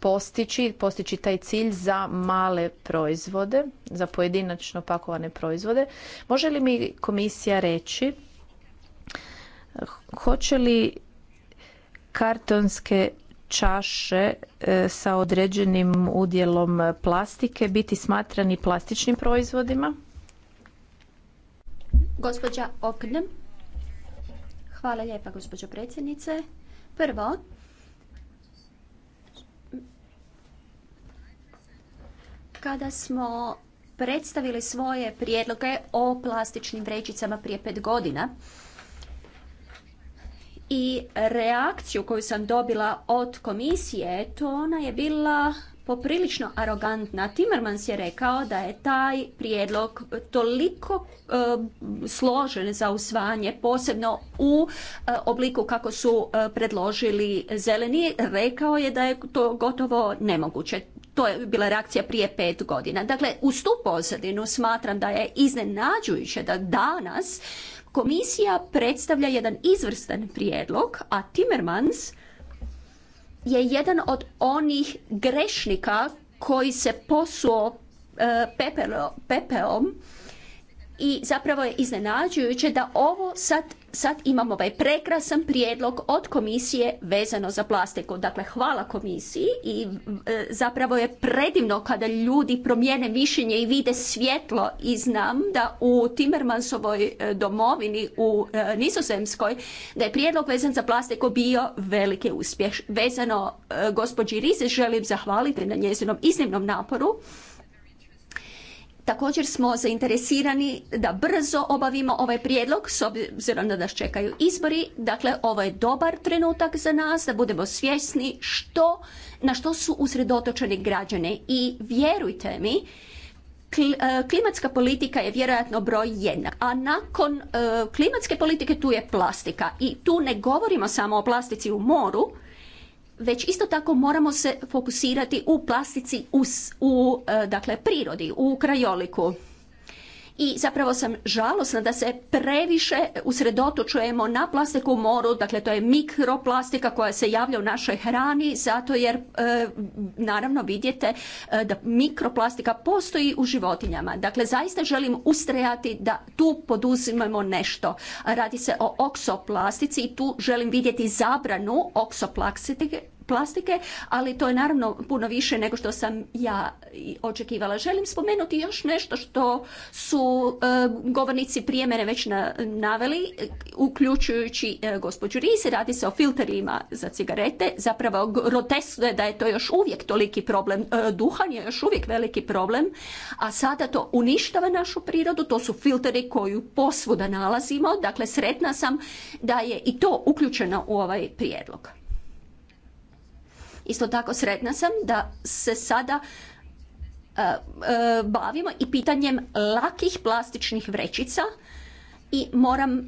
postići, postići taj cilj za male proizvode, za pojedinačno pakovane proizvode. Može li mi komisija reći hoće li kartonske čaše e, sa određenim udjelom plastike biti smatrani plastičnim proizvodima? Gospođa Oknem. Hvala lijepa, gospođo predsjednice. Prvo, kada smo predstavili svoje prijedloge o plastičnim vrećicama prije pet godina, i reakciju koju sam dobila od komisije, to ona je bila poprilično arogantna. Timmermans je rekao da je taj prijedlog toliko e, složen za usvajanje, posebno u e, obliku kako su e, predložili zeleni. Rekao je da je to gotovo nemoguće. To je bila reakcija prije pet godina. Dakle, uz tu pozadinu smatram da je iznenađujuće da danas Komisija predstavlja jedan izvrstan prijedlog, a Timmermans je jedan od onih grešnika koji se posuo e, pepeom. pepelom i zapravo je iznenađujuće da ovo sad, sad imamo ovaj prekrasan prijedlog od komisije vezano za plastiku. Dakle, hvala komisiji i e, zapravo je predivno kada ljudi promijene mišljenje i vide svjetlo i znam da u Timmermansovoj e, domovini u e, Nizozemskoj da je prijedlog vezan za plastiku bio veliki uspjeh. Vezano gospođi Rize želim zahvaliti na njezinom iznimnom naporu Također smo zainteresirani da brzo obavimo ovaj prijedlog s obzirom da nas čekaju izbori. Dakle, ovo je dobar trenutak za nas da budemo svjesni što, na što su usredotočeni građane. I vjerujte mi, e, klimatska politika je vjerojatno broj jedna. a nakon e, klimatske politike tu je plastika. I tu ne govorimo samo o plastici u moru, već isto tako moramo se fokusirati u plastici u, u e, dakle, prirodi, u krajoliku i zapravo sam žalosna da se previše usredotočujemo na plastiku u moru, dakle to je mikroplastika koja se javlja u našoj hrani zato jer e, naravno vidite e, da mikroplastika postoji u životinjama. Dakle zaista želim ustrajati da tu poduzimamo nešto. Radi se o oksoplastici i tu želim vidjeti zabranu oksoplastike plastike, ali to je naravno puno više nego što sam ja očekivala. Želim spomenuti još nešto što su e, govornici prije mene već na, naveli, uključujući e, gospođu Riz, radi se o filterima za cigarete. Zapravo grotesno je da je to još uvijek toliki problem. E, duhan je još uvijek veliki problem, a sada to uništava našu prirodu. To su filteri koju posvuda nalazimo. Dakle, sretna sam da je i to uključeno u ovaj prijedlog. Isto tako sretna sam da se sada e, e, bavimo i pitanjem lakih plastičnih vrećica i moram e,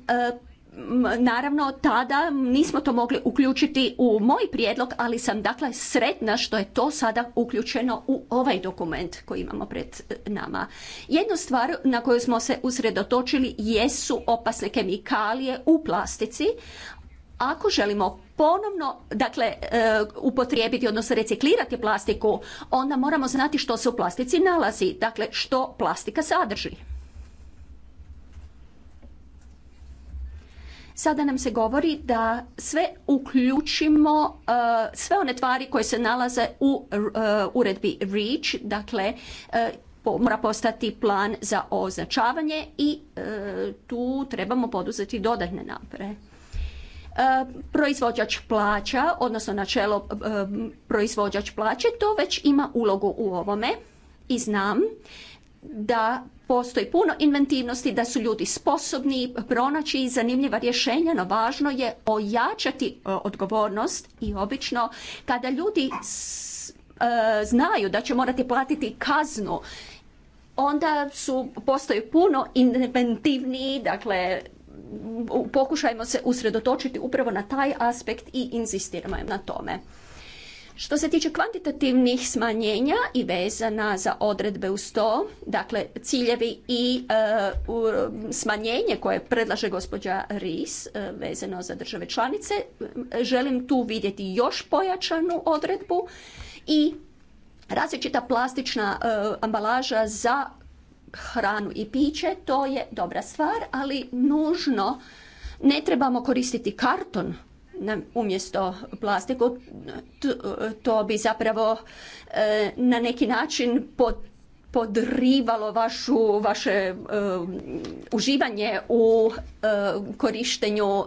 naravno tada nismo to mogli uključiti u moj prijedlog, ali sam dakle sretna što je to sada uključeno u ovaj dokument koji imamo pred nama. Jednu stvar na koju smo se usredotočili jesu opasne kemikalije u plastici, ako želimo ponovno, dakle, e, upotrijebiti, odnosno reciklirati plastiku, onda moramo znati što se u plastici nalazi, dakle, što plastika sadrži. Sada nam se govori da sve uključimo, e, sve one tvari koje se nalaze u e, uredbi REACH, dakle, mora postati plan za označavanje i tu trebamo poduzeti dodatne napore. E, proizvođač plaća, odnosno načelo e, proizvođač plaće, to već ima ulogu u ovome i znam da postoji puno inventivnosti, da su ljudi sposobni pronaći zanimljiva rješenja, no važno je ojačati e, odgovornost i obično kada ljudi znaju da će morati platiti kaznu, onda su, postoji puno inventivniji, dakle, pokušajmo se usredotočiti upravo na taj aspekt i inzistiramo na tome. Što se tiče kvantitativnih smanjenja i vezana za odredbe u to, dakle ciljevi i e, smanjenje koje predlaže gospođa Ris e, vezano za države članice, e, želim tu vidjeti još pojačanu odredbu i različita plastična ambalaža za hranu i piće, to je dobra stvar, ali nužno ne trebamo koristiti karton umjesto plastiku, to bi zapravo e, na neki način podrivalo vašu, vaše e, uživanje u e, korištenju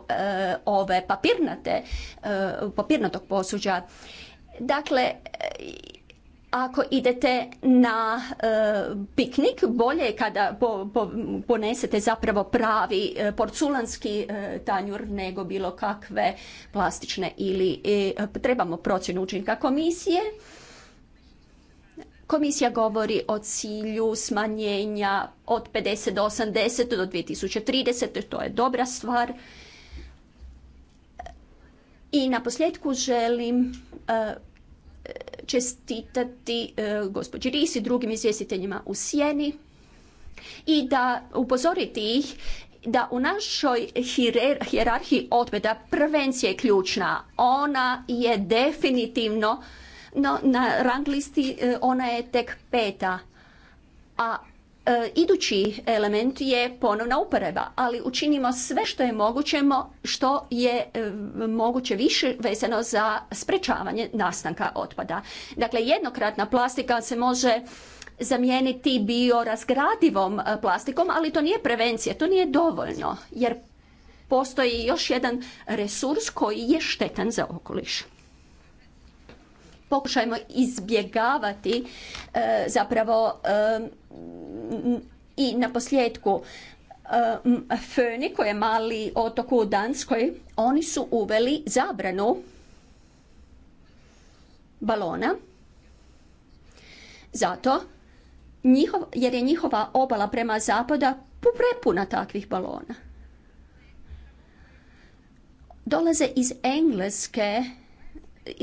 ove papirnate, papirnatog posuđa. Dakle, ako idete na e, piknik, bolje je kada po, ponesete zapravo pravi e, porculanski e, tanjur nego bilo kakve plastične ili trebamo procjenu učinka komisije. Komisija govori o cilju smanjenja od 50 do 80 do 2030, to je dobra stvar. I na posljedku želim čestitati e, gospođi Ris i drugim izvjestiteljima u Sjeni i da upozoriti ih da u našoj hijerarhiji otpada prevencija je ključna. Ona je definitivno no, na rang listi e, ona je tek peta. A E, idući element je ponovna uporaba, ali učinimo sve što je moguće, što je e, moguće više vezano za sprečavanje nastanka otpada. Dakle, jednokratna plastika se može zamijeniti biorazgradivom e, plastikom, ali to nije prevencija, to nije dovoljno, jer postoji još jedan resurs koji je štetan za okoliš pokušajmo izbjegavati e, zapravo e, i na posljedku e, Föni koji je mali otok u Danskoj, oni su uveli zabranu balona zato jer je njihova obala prema zapada prepuna takvih balona. Dolaze iz Engleske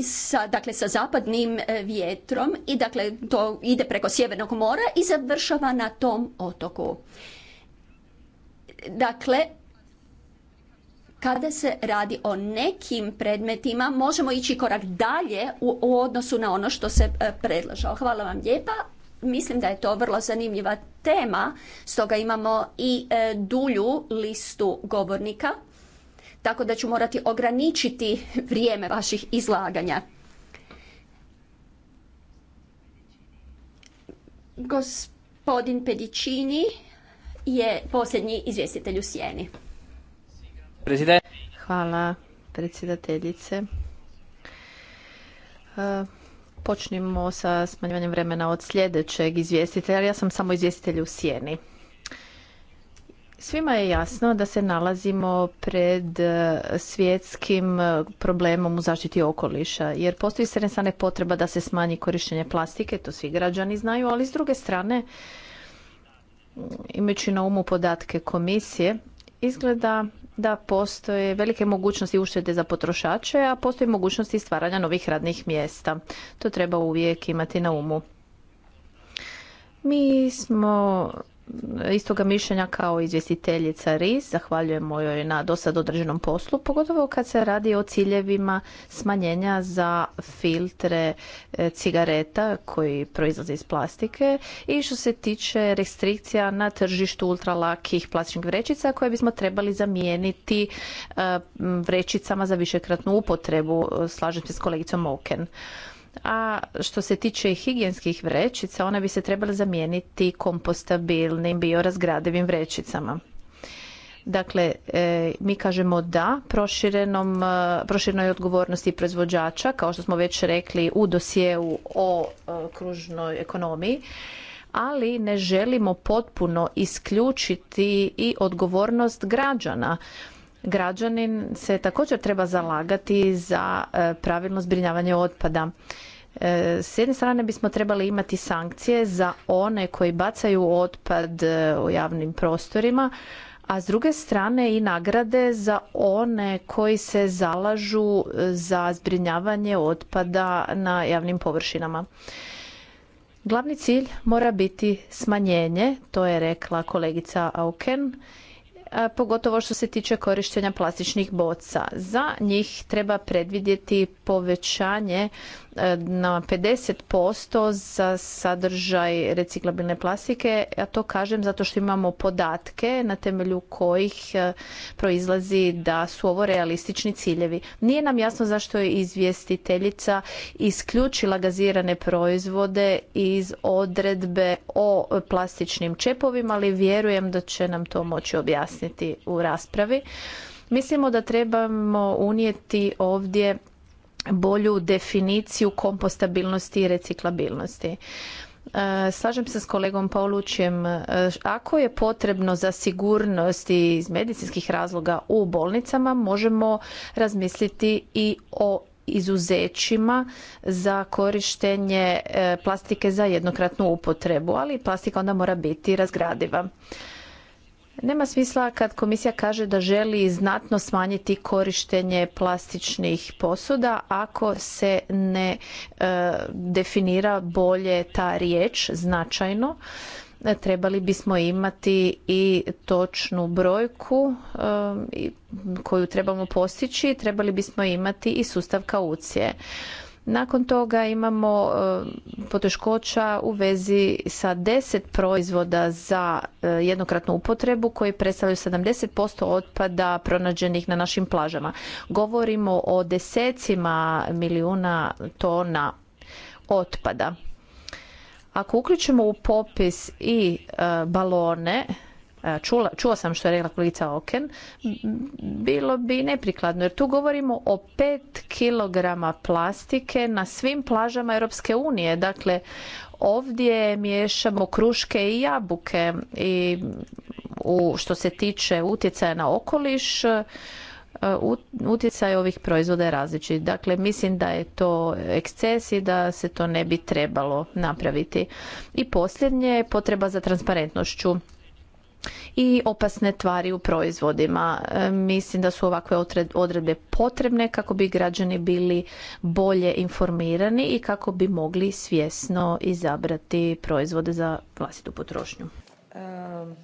sa, dakle, sa zapadnim e, vjetrom i dakle to ide preko Sjevernog mora i završava na tom otoku. Dakle, kada se radi o nekim predmetima možemo ići korak dalje u, odnosu na ono što se e, predlažao. Hvala vam lijepa. Mislim da je to vrlo zanimljiva tema, stoga imamo i e, dulju listu govornika tako da ću morati ograničiti vrijeme vaših izlaganja. Gospodin Pedicini je posljednji izvjestitelj u sjeni. Hvala predsjedateljice. E, počnimo sa smanjivanjem vremena od sljedećeg izvjestitelja, ja sam samo izvjestitelj u sjeni. Svima je jasno da se nalazimo pred e, svjetskim e, problemom u zaštiti okoliša, jer postoji s jedne strane potreba da se smanji korištenje plastike, to svi građani znaju, ali s druge strane, imajući na umu podatke komisije, izgleda da postoje velike mogućnosti uštede za potrošače, a postoje mogućnosti stvaranja novih radnih mjesta. To treba uvijek imati na umu. Mi smo istoga mišljenja kao izvjestiteljica RIS. Zahvaljujemo joj na dosad određenom poslu, pogotovo kad se radi o ciljevima smanjenja za filtre e, cigareta koji proizlaze iz plastike i što se tiče restrikcija na tržištu ultralakih plastičnih vrećica koje bismo trebali zamijeniti e, vrećicama za višekratnu upotrebu. E, slažem se s kolegicom Oken a što se tiče higijenskih vrećica, one bi se trebale zamijeniti kompostabilnim biorazgradivim vrećicama. Dakle, e, mi kažemo da proširenom, e, proširenoj odgovornosti proizvođača, kao što smo već rekli u dosjeu o e, kružnoj ekonomiji, ali ne želimo potpuno isključiti i odgovornost građana građanin se također treba zalagati za e, pravilno zbrinjavanje otpada. E, s jedne strane bismo trebali imati sankcije za one koji bacaju otpad e, u javnim prostorima, a s druge strane i nagrade za one koji se zalažu za zbrinjavanje otpada na javnim površinama. Glavni cilj mora biti smanjenje, to je rekla kolegica Auken E, pogotovo što se tiče korištenja plastičnih boca. Za njih treba predvidjeti povećanje E, na 50% za sadržaj reciklabilne plastike. Ja to kažem zato što imamo podatke na temelju kojih e, proizlazi da su ovo realistični ciljevi. Nije nam jasno zašto je izvjestiteljica isključila gazirane proizvode iz odredbe o plastičnim čepovima, ali vjerujem da će nam to moći objasniti u raspravi. Mislimo da trebamo unijeti ovdje bolju definiciju kompostabilnosti i reciklabilnosti. E, slažem se s kolegom Paulućem, e, ako je potrebno za sigurnost iz medicinskih razloga u bolnicama, možemo razmisliti i o izuzećima za korištenje e, plastike za jednokratnu upotrebu, ali plastika onda mora biti razgradiva. Nema smisla kad komisija kaže da želi znatno smanjiti korištenje plastičnih posuda ako se ne e, definira bolje ta riječ značajno. E, trebali bismo imati i točnu brojku e, koju trebamo postići, trebali bismo imati i sustav kaucije. Nakon toga imamo e, poteškoća u vezi sa 10 proizvoda za e, jednokratnu upotrebu koji predstavljaju 70% otpada pronađenih na našim plažama. Govorimo o desecima milijuna tona otpada. Ako uključimo u popis i e, balone, E, čula, čuo sam što je rekla kolica Oken, bilo bi neprikladno jer tu govorimo o 5 kilograma plastike na svim plažama Europske unije. Dakle, ovdje miješamo kruške i jabuke i što se tiče utjecaja na okoliš, e, utjecaj ovih proizvoda je različit. Dakle, mislim da je to eksces i da se to ne bi trebalo napraviti. I posljednje potreba za transparentnošću i opasne tvari u proizvodima. E, mislim da su ovakve odredbe potrebne kako bi građani bili bolje informirani i kako bi mogli svjesno izabrati proizvode za vlastitu potrošnju. Um,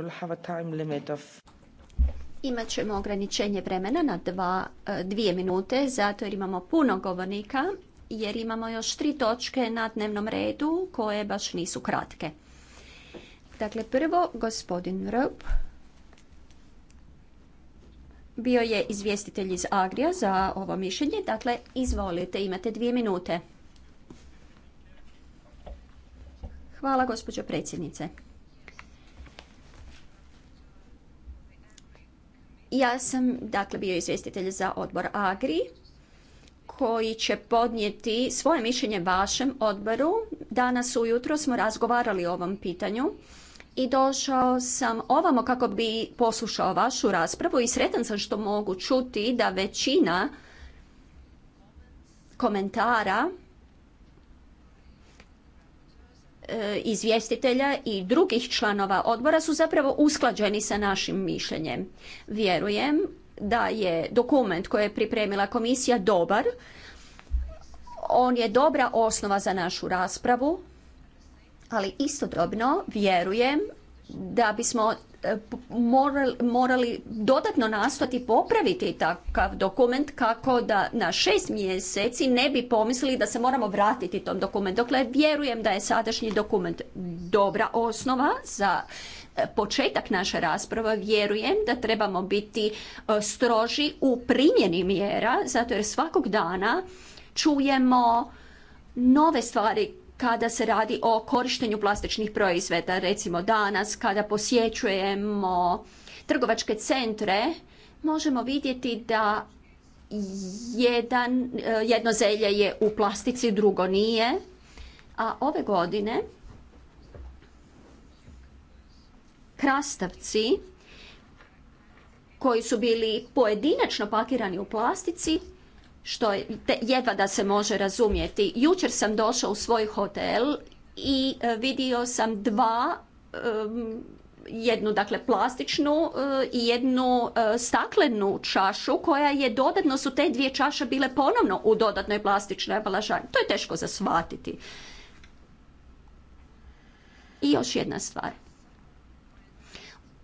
uh, Imat ćemo ograničenje vremena na dva, e, dvije minute, zato jer imamo puno govornika jer imamo još tri točke na dnevnom redu koje baš nisu kratke. Dakle, prvo, gospodin Rup bio je izvjestitelj iz Agrija za ovo mišljenje. Dakle, izvolite, imate dvije minute. Hvala, gospođo predsjednice. Ja sam, dakle, bio izvjestitelj za odbor Agri koji će podnijeti svoje mišljenje vašem odboru. Danas ujutro smo razgovarali o ovom pitanju i došao sam ovamo kako bi poslušao vašu raspravu i sretan sam što mogu čuti da većina komentara e, izvjestitelja i drugih članova odbora su zapravo usklađeni sa našim mišljenjem. Vjerujem da je dokument koji je pripremila komisija dobar. On je dobra osnova za našu raspravu, ali istodobno vjerujem da bismo e, morali dodatno nastati popraviti takav dokument kako da na šest mjeseci ne bi pomislili da se moramo vratiti tom dokumentu. Dakle, vjerujem da je sadašnji dokument dobra osnova za E, početak naše rasprava, vjerujem da trebamo biti e, stroži u primjeni mjera, zato jer svakog dana čujemo nove stvari kada se radi o korištenju plastičnih proizveda. Recimo danas kada posjećujemo trgovačke centre, možemo vidjeti da jedan, e, jedno zelje je u plastici, drugo nije. A ove godine krastavci koji su bili pojedinačno pakirani u plastici, što je jedva da se može razumjeti. Jučer sam došao u svoj hotel i e, vidio sam dva jednu dakle plastičnu e, i jednu e, staklenu čašu koja je dodatno su te dvije čaše bile ponovno u dodatnoj plastičnoj ambalažani. To je teško za shvatiti. I još jedna stvar.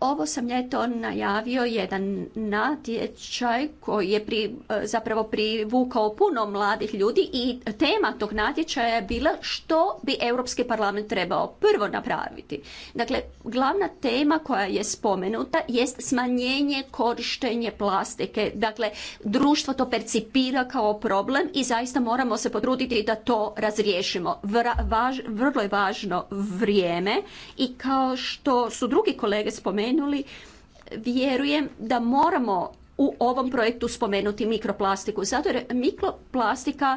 Ovo sam ljeto najavio jedan natječaj koji je pri, e, zapravo privukao puno mladih ljudi i tema tog natječaja je bila što bi Europski parlament trebao prvo napraviti. Dakle, glavna tema koja je spomenuta jest smanjenje korištenje plastike. Dakle, društvo to percipira kao problem i zaista moramo se potruditi da to razriješimo. vrlo je važno vrijeme i kao što su drugi kolege spomenuli, spomenuli, vjerujem da moramo u ovom projektu spomenuti mikroplastiku, zato jer mikroplastika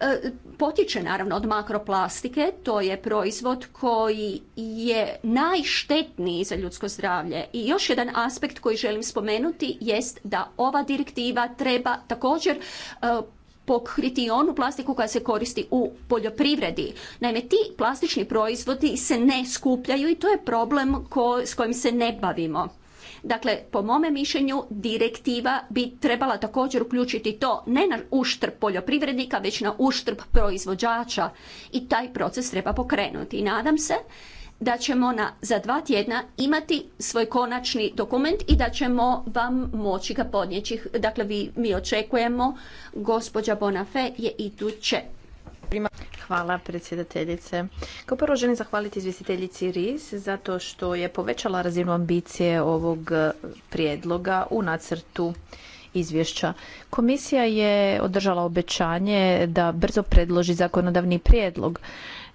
e, potiče naravno od makroplastike, to je proizvod koji je najštetniji za ljudsko zdravlje. I još jedan aspekt koji želim spomenuti jest da ova direktiva treba također e, pokriti i onu plastiku koja se koristi u poljoprivredi. Naime, ti plastični proizvodi se ne skupljaju i to je problem ko, s kojim se ne bavimo. Dakle, po mome mišljenju, direktiva bi trebala također uključiti to ne na uštrb poljoprivrednika, već na uštrb proizvođača i taj proces treba pokrenuti. Nadam se da ćemo na, za dva tjedna imati svoj konačni dokument i da ćemo vam moći ga podnijeći. Dakle, vi, mi očekujemo, gospođa Bonafe je iduće. Hvala predsjedateljice. Kao prvo želim zahvaliti izvjestiteljici RIS zato što je povećala razinu ambicije ovog e, prijedloga u nacrtu izvješća. Komisija je održala obećanje da brzo predloži zakonodavni prijedlog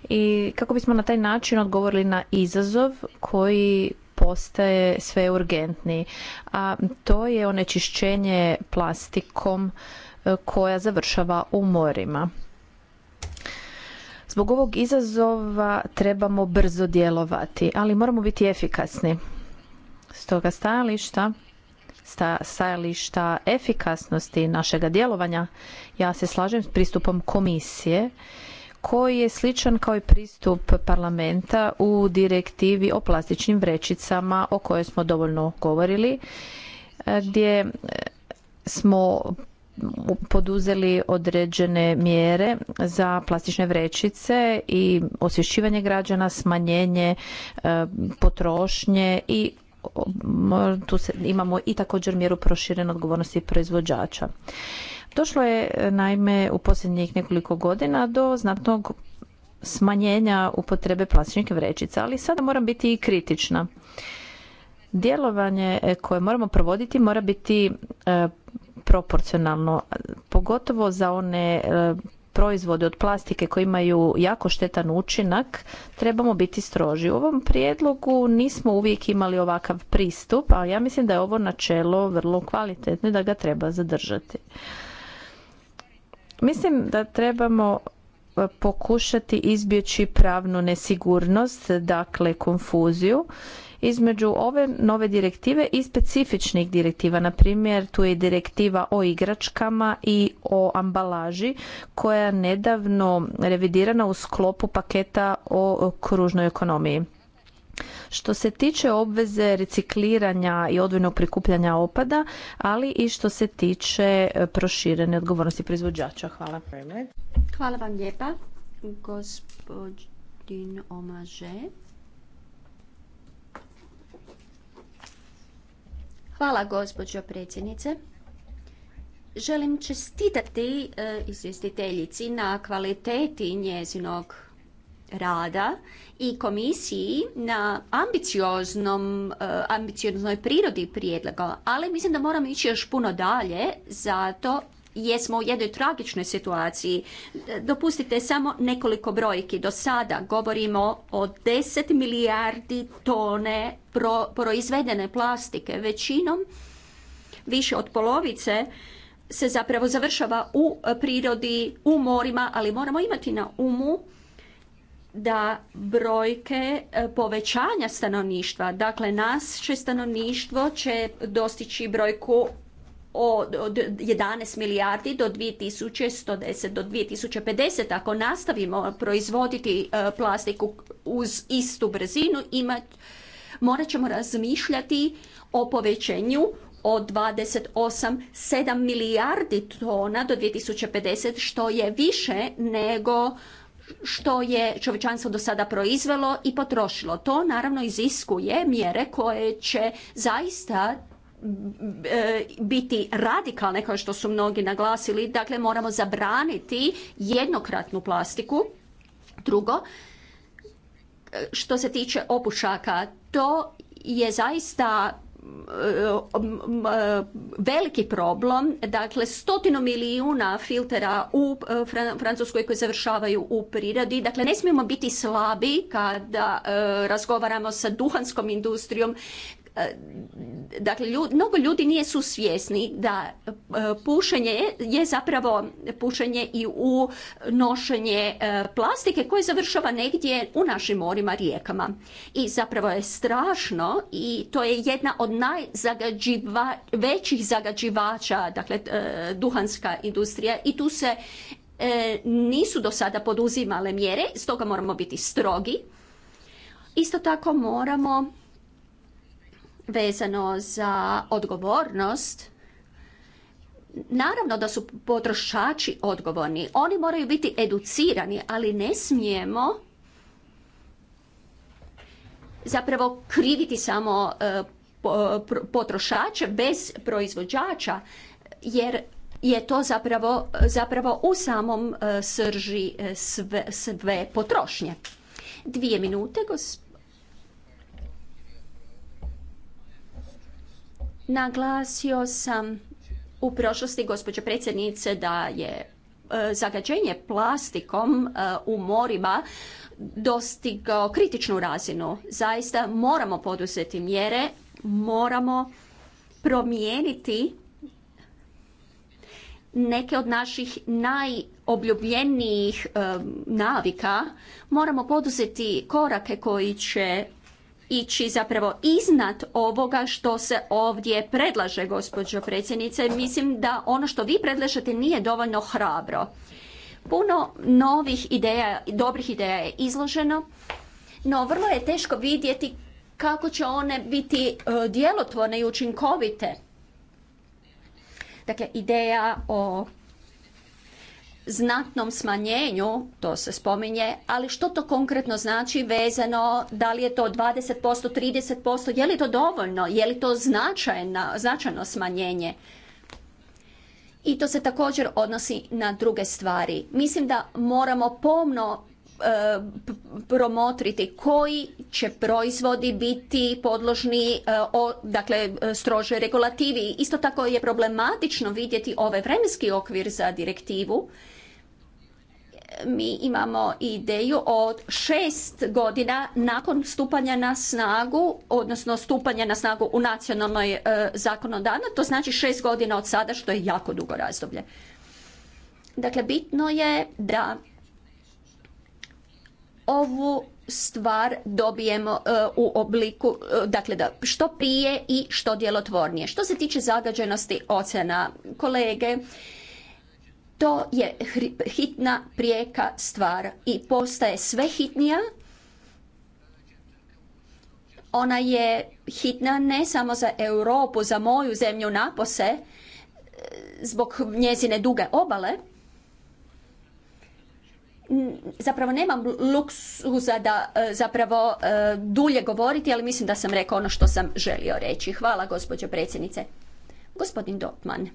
i kako bismo na taj način odgovorili na izazov koji postaje sve urgentniji, a to je onečišćenje plastikom e, koja završava u morima. Zbog ovog izazova trebamo brzo djelovati, ali moramo biti efikasni. Stoga stajališta stajališta efikasnosti našega djelovanja, ja se slažem s pristupom komisije koji je sličan kao i pristup parlamenta u direktivi o plastičnim vrećicama o kojoj smo dovoljno govorili e, gdje e, smo poduzeli određene mjere za plastične vrećice i osvješćivanje građana, smanjenje e, potrošnje i tu imamo i također mjeru proširene odgovornosti proizvođača. Došlo je e, naime u posljednjih nekoliko godina do znatnog smanjenja upotrebe plastičnih vrećica, ali sada moram biti i kritična. Djelovanje e, koje moramo provoditi mora biti e, proporcionalno, pogotovo za one proizvode od plastike koji imaju jako štetan učinak, trebamo biti stroži. U ovom prijedlogu nismo uvijek imali ovakav pristup, ali ja mislim da je ovo načelo vrlo kvalitetno i da ga treba zadržati. Mislim da trebamo e, pokušati izbjeći pravnu nesigurnost, dakle konfuziju između ove nove direktive i specifičnih direktiva. Na primjer, tu je direktiva o igračkama i o ambalaži koja je nedavno revidirana u sklopu paketa o kružnoj ekonomiji. Što se tiče obveze recikliranja i odvojenog prikupljanja opada, ali i što se tiče e, proširene odgovornosti proizvođača. Hvala. Hvala vam lijepa. Gospodin Omaže. Hvala gospođo predsjednice. Želim čestitati e, izvjestiteljici na kvaliteti njezinog rada i komisiji na ambicioznom, e, ambicioznoj prirodi prijedloga, ali mislim da moramo ići još puno dalje zato jesmo u jednoj tragičnoj situaciji. Dopustite samo nekoliko brojki. Do sada govorimo o 10 milijardi tone proizvedene plastike. Većinom više od polovice se zapravo završava u prirodi, u morima, ali moramo imati na umu da brojke e, povećanja stanovništva, dakle naše stanovništvo će dostići brojku od 11 milijardi do 2110 do 2050 ako nastavimo proizvoditi e, plastiku uz istu brzinu imat morat ćemo razmišljati o povećenju od 28 7 milijardi tona do 2050 što je više nego što je čovječanstvo do sada proizvelo i potrošilo. To naravno iziskuje mjere koje će zaista e, biti radikalne kao što su mnogi naglasili, dakle moramo zabraniti jednokratnu plastiku. Drugo, e, što se tiče opušaka, to je zaista veliki problem, dakle stotinu milijuna filtera u e, Francuskoj koji završavaju u prirodi. Dakle, ne smijemo biti slabi kada e, razgovaramo sa duhanskom industrijom E, dakle, ljud, mnogo ljudi nije su svjesni da e, pušenje je zapravo pušenje i u nošenje e, plastike koje završava negdje u našim morima, rijekama. I zapravo je strašno i to je jedna od najzagađiva, većih zagađivača, dakle duhanska industrija i tu se nisu do sada poduzimale mjere, stoga moramo biti strogi. Isto tako moramo vezano za odgovornost, naravno da su potrošači odgovorni. Oni moraju biti educirani, ali ne smijemo zapravo kriviti samo e, potrošače bez proizvođača, jer je to zapravo, zapravo u samom e, srži e, sve, sve potrošnje. Dvije minute, gospodin Naglasio sam u prošlosti, gospođo predsjednice, da je e, zagađenje plastikom e, u morima dostigao kritičnu razinu. Zaista moramo poduzeti mjere, moramo promijeniti neke od naših najobljubljenijih e, navika, moramo poduzeti korake koji će ići zapravo iznad ovoga što se ovdje predlaže, gospođo predsjednice. Mislim da ono što vi predlažete nije dovoljno hrabro. Puno novih ideja, dobrih ideja je izloženo, no vrlo je teško vidjeti kako će one biti e, djelotvorne i učinkovite. Dakle, ideja o znatnom smanjenju, to se spominje, ali što to konkretno znači vezano, da li je to 20%, 30%, je li to dovoljno, je li to značajno, značajno smanjenje? I to se također odnosi na druge stvari. Mislim da moramo pomno e, promotriti koji će proizvodi biti podložni e, o, dakle e, strožoj regulativi. Isto tako je problematično vidjeti ovaj vremenski okvir za direktivu mi imamo ideju od šest godina nakon stupanja na snagu, odnosno stupanja na snagu u nacionalnoj e, zakonodavno, to znači šest godina od sada što je jako dugo razdoblje. Dakle, bitno je da ovu stvar dobijemo e, u obliku, e, dakle da što prije i što djelotvornije. Što se tiče zagađenosti ocjena kolege to je hitna, prijeka stvar i postaje sve hitnija. Ona je hitna ne samo za Europu, za moju zemlju napose, e, zbog njezine duge obale, zapravo nemam luksuza da e, zapravo e, dulje govoriti, ali mislim da sam rekao ono što sam želio reći. Hvala, gospođo predsjednice. Gospodin Dotman.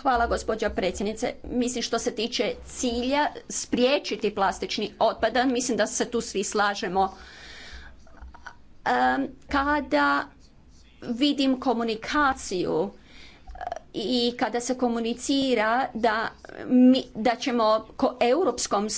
Hvala gospođa predsjednice. Mislim što se tiče cilja spriječiti plastični otpad. mislim da se tu svi slažemo. Kada vidim komunikaciju i kada se komunicira da, mi, da ćemo ko europskom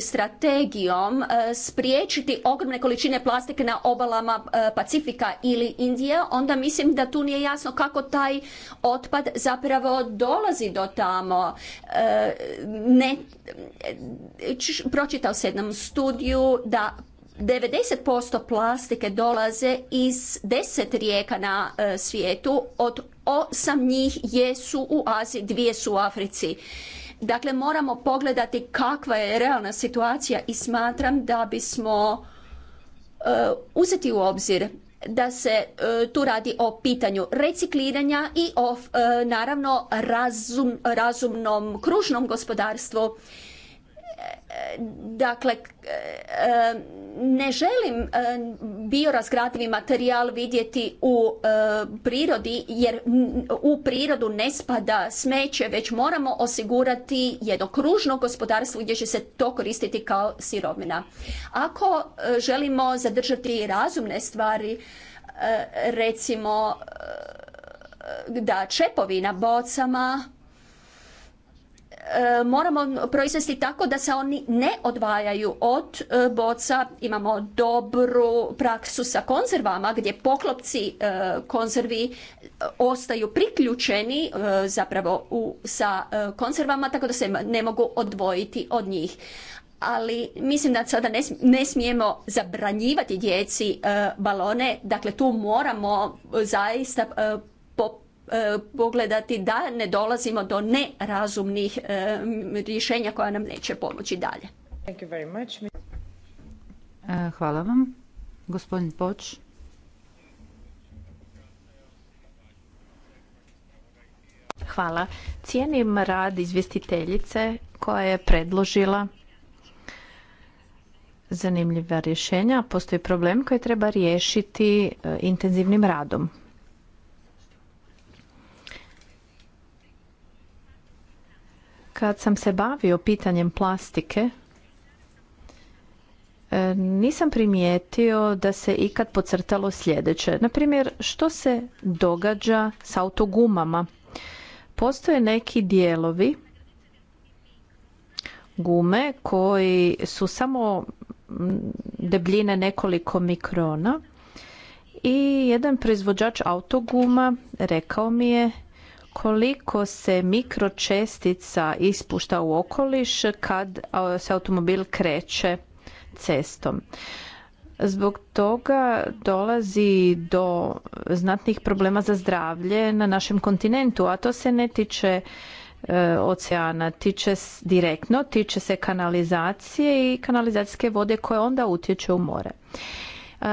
strategijom e, spriječiti ogromne količine plastike na obalama e, Pacifika ili Indije, onda mislim da tu nije jasno kako taj otpad zapravo dolazi do tamo. E, ne, pročitao se jednom studiju da 90% plastike dolaze iz 10 rijeka na svijetu od osam njih jesu u Aziji, dvije su u Africi. Dakle, moramo pogledati kakva je realna situacija i smatram da bismo e, uzeti u obzir da se e, tu radi o pitanju recikliranja i o e, naravno razumnom kružnom gospodarstvu dakle e, e, ne želim e, biorazgradivi materijal vidjeti u prirodi jer u prirodu ne spada smeće već moramo osigurati jedno kružno gospodarstvo gdje će se to koristiti kao sirovina. Ako želimo zadržati razumne stvari recimo da čepovi na bocama E, moramo proizvesti tako da se oni ne odvajaju od e, boca. Imamo dobru praksu sa konzervama gdje poklopci e, konzervi ostaju priključeni zapravo u, sa konzervama tako da se ne mogu odvojiti od njih ali mislim da sada ne smijemo zabranjivati djeci balone dakle tu moramo zaista E, pogledati da ne dolazimo do nerazumnih e, rješenja koja nam neće pomoći dalje. E, hvala vam. Gospodin Poč. Hvala. Cijenim rad izvjestiteljice koja je predložila zanimljiva rješenja. Postoji problem koji treba riješiti intenzivnim radom. Kad sam se bavio pitanjem plastike, e, nisam primijetio da se ikad pocrtalo sljedeće. Naprimjer, što se događa s autogumama? Postoje neki dijelovi gume koji su samo debljine nekoliko mikrona i jedan proizvođač autoguma rekao mi je koliko se mikročestica ispušta u okoliš kad se automobil kreće cestom. Zbog toga dolazi do znatnih problema za zdravlje na našem kontinentu, a to se ne tiče e, oceana, tiče direktno, tiče se kanalizacije i kanalizacijske vode koje onda utječe u more.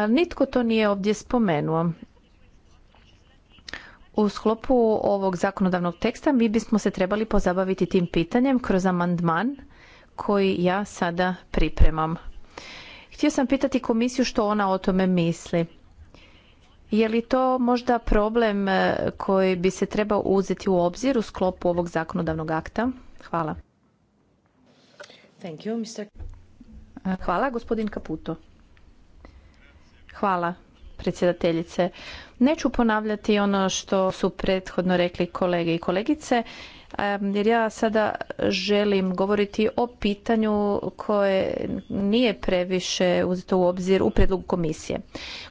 nitko to nije ovdje spomenuo, u sklopu ovog zakonodavnog teksta mi bismo se trebali pozabaviti tim pitanjem kroz amandman koji ja sada pripremam. Htio sam pitati komisiju što ona o tome misli. Je li to možda problem e, koji bi se trebao uzeti u obzir u sklopu ovog zakonodavnog akta? Hvala. Hvala, gospodin Kaputo. Hvala predsjedateljice. Neću ponavljati ono što su prethodno rekli kolege i kolegice, jer ja sada želim govoriti o pitanju koje nije previše uzeto u obzir u predlogu komisije.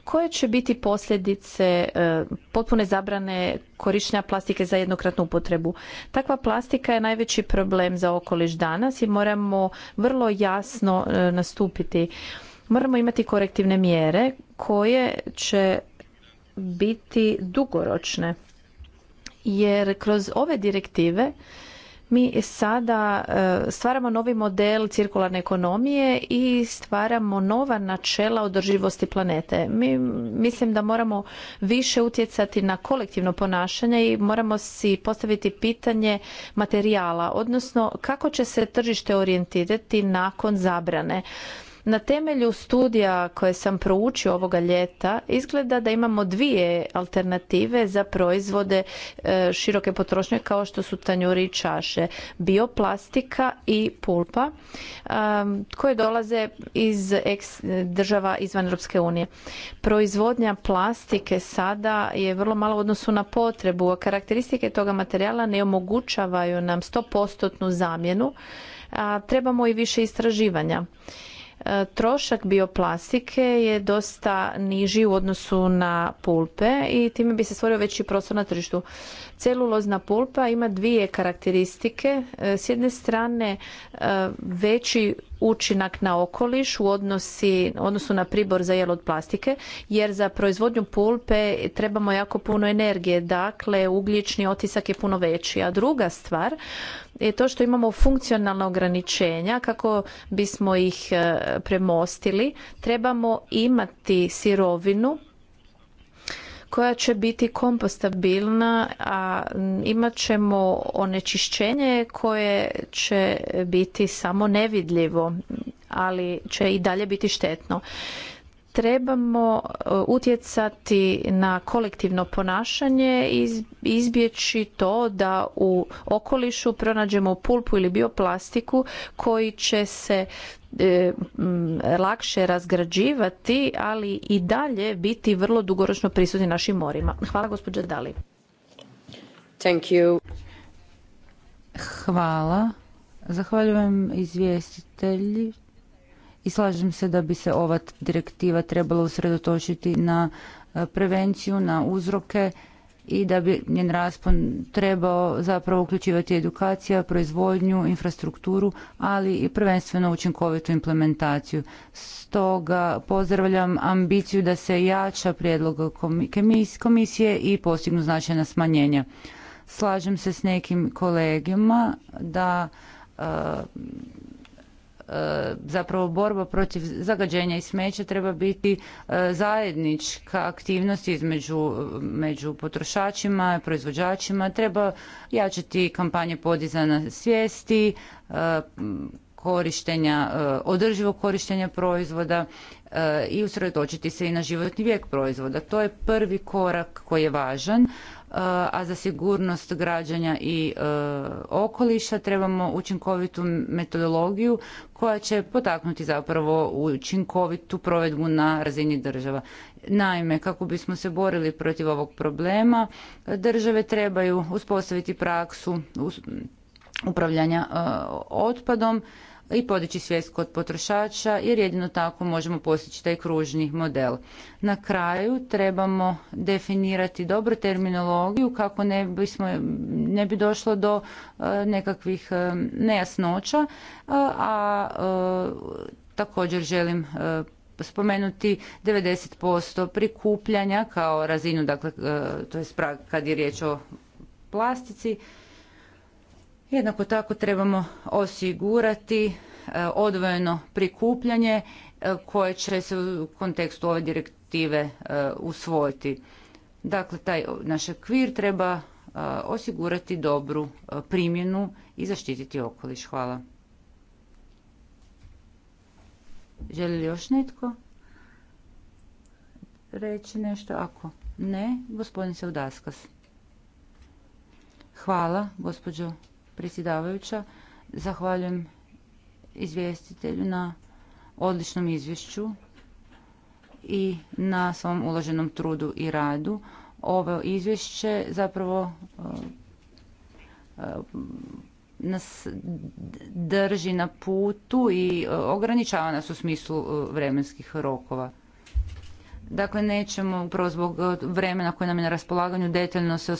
Koje će biti posljedice e, potpune zabrane korištenja plastike za jednokratnu upotrebu? Takva plastika je najveći problem za okoliš danas i moramo vrlo jasno e, nastupiti moramo imati korektivne mjere koje će biti dugoročne jer kroz ove direktive mi sada e, stvaramo novi model cirkularne ekonomije i stvaramo nova načela održivosti planete. Mi mislim da moramo više utjecati na kolektivno ponašanje i moramo si postaviti pitanje materijala, odnosno kako će se tržište orijentirati nakon zabrane. Na temelju studija koje sam proučio ovoga ljeta izgleda da imamo dvije alternative za proizvode e, široke potrošnje kao što su tanjuri i čaše, bioplastika i pulpa e, koje dolaze iz država izvan Europske unije. Proizvodnja plastike sada je vrlo malo u odnosu na potrebu, a karakteristike toga materijala ne omogućavaju nam 100% zamjenu, trebamo i više istraživanja. E, trošak bioplastike je dosta niži u odnosu na pulpe i time bi se stvorio veći prostor na tržištu. Celulozna pulpa ima dvije karakteristike. E, s jedne strane e, veći učinak na okoliš u odnosi, odnosu na pribor za jelo od plastike, jer za proizvodnju pulpe trebamo jako puno energije, dakle ugljični otisak je puno veći. A druga stvar, je to što imamo funkcionalna ograničenja kako bismo ih e, premostili trebamo imati sirovinu koja će biti kompostabilna, a imat ćemo onečišćenje koje će biti samo nevidljivo, ali će i dalje biti štetno trebamo e, utjecati na kolektivno ponašanje i izbjeći to da u okolišu pronađemo pulpu ili bioplastiku koji će se e, lakše razgrađivati, ali i dalje biti vrlo dugoročno prisutni našim morima. Hvala gospođa Dali. Thank you. Hvala. Zahvaljujem izvjestitelji slažem se da bi se ova direktiva trebala usredotočiti na e, prevenciju, na uzroke i da bi njen raspon trebao zapravo uključivati edukacija, proizvodnju, infrastrukturu, ali i prvenstveno učinkovitu implementaciju. Stoga pozdravljam ambiciju da se jača prijedlog komisije i postignu značajna smanjenja. Slažem se s nekim kolegima da e, E, zapravo borba protiv zagađenja i smeća treba biti e, zajednička aktivnost između među potrošačima, proizvođačima, treba jačati kampanje podizana svijesti, e, korištenja, održivog korištenja proizvoda i usredotočiti se i na životni vijek proizvoda. To je prvi korak koji je važan a za sigurnost građanja i e, okoliša trebamo učinkovitu metodologiju koja će potaknuti zapravo učinkovitu provedbu na razini država. Naime, kako bismo se borili protiv ovog problema, države trebaju uspostaviti praksu upravljanja e, otpadom i podići svijest kod potrošača jer jedino tako možemo postići taj kružni model. Na kraju trebamo definirati dobru terminologiju kako ne, bismo, ne bi došlo do e, nekakvih e, nejasnoća, e, a također želim spomenuti 90% prikupljanja kao razinu, dakle, to je kad je riječ o plastici, Jednako tako trebamo osigurati e, odvojeno prikupljanje e, koje će se u kontekstu ove direktive e, usvojiti. Dakle, taj naš kvir treba osigurati dobru primjenu i zaštititi okoliš. Hvala. Želi li još netko reći nešto? Ako ne, gospodin Seudaskas. Hvala, gospođo predsjedavajuća. Zahvaljujem izvjestitelju na odličnom izvješću i na svom uloženom trudu i radu. Ovo izvješće zapravo e, e, nas drži na putu i e, ograničava nas u smislu vremenskih rokova. Dakle, nećemo upravo zbog e, vremena koje nam je na raspolaganju detaljno se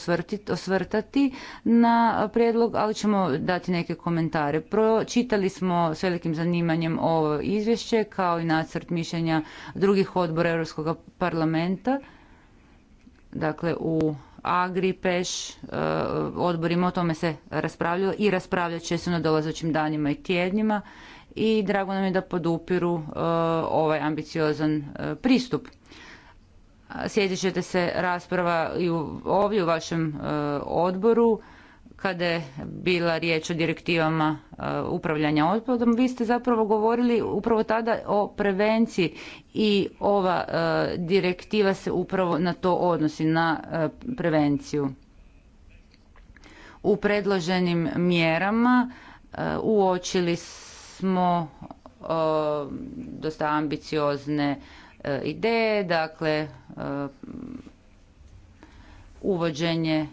osvrtati na prijedlog, ali ćemo dati neke komentare. Pročitali smo s velikim zanimanjem ovo izvješće kao i nacrt mišljenja drugih odbora Europskog parlamenta. Dakle, u Agri, Peš, e, odborima o tome se raspravljalo i raspravljat će se na dolazećim danima i tjednima i drago nam je da podupiru e, ovaj ambiciozan pristup Sjetit ćete se rasprava i ovdje u vašem e, odboru kada je bila riječ o direktivama e, upravljanja otpadom, vi ste zapravo govorili upravo tada o prevenciji i ova e, direktiva se upravo na to odnosi, na prevenciju. U predloženim mjerama uočili smo dosta ambiciozne E, ideje, dakle e, uvođenje e,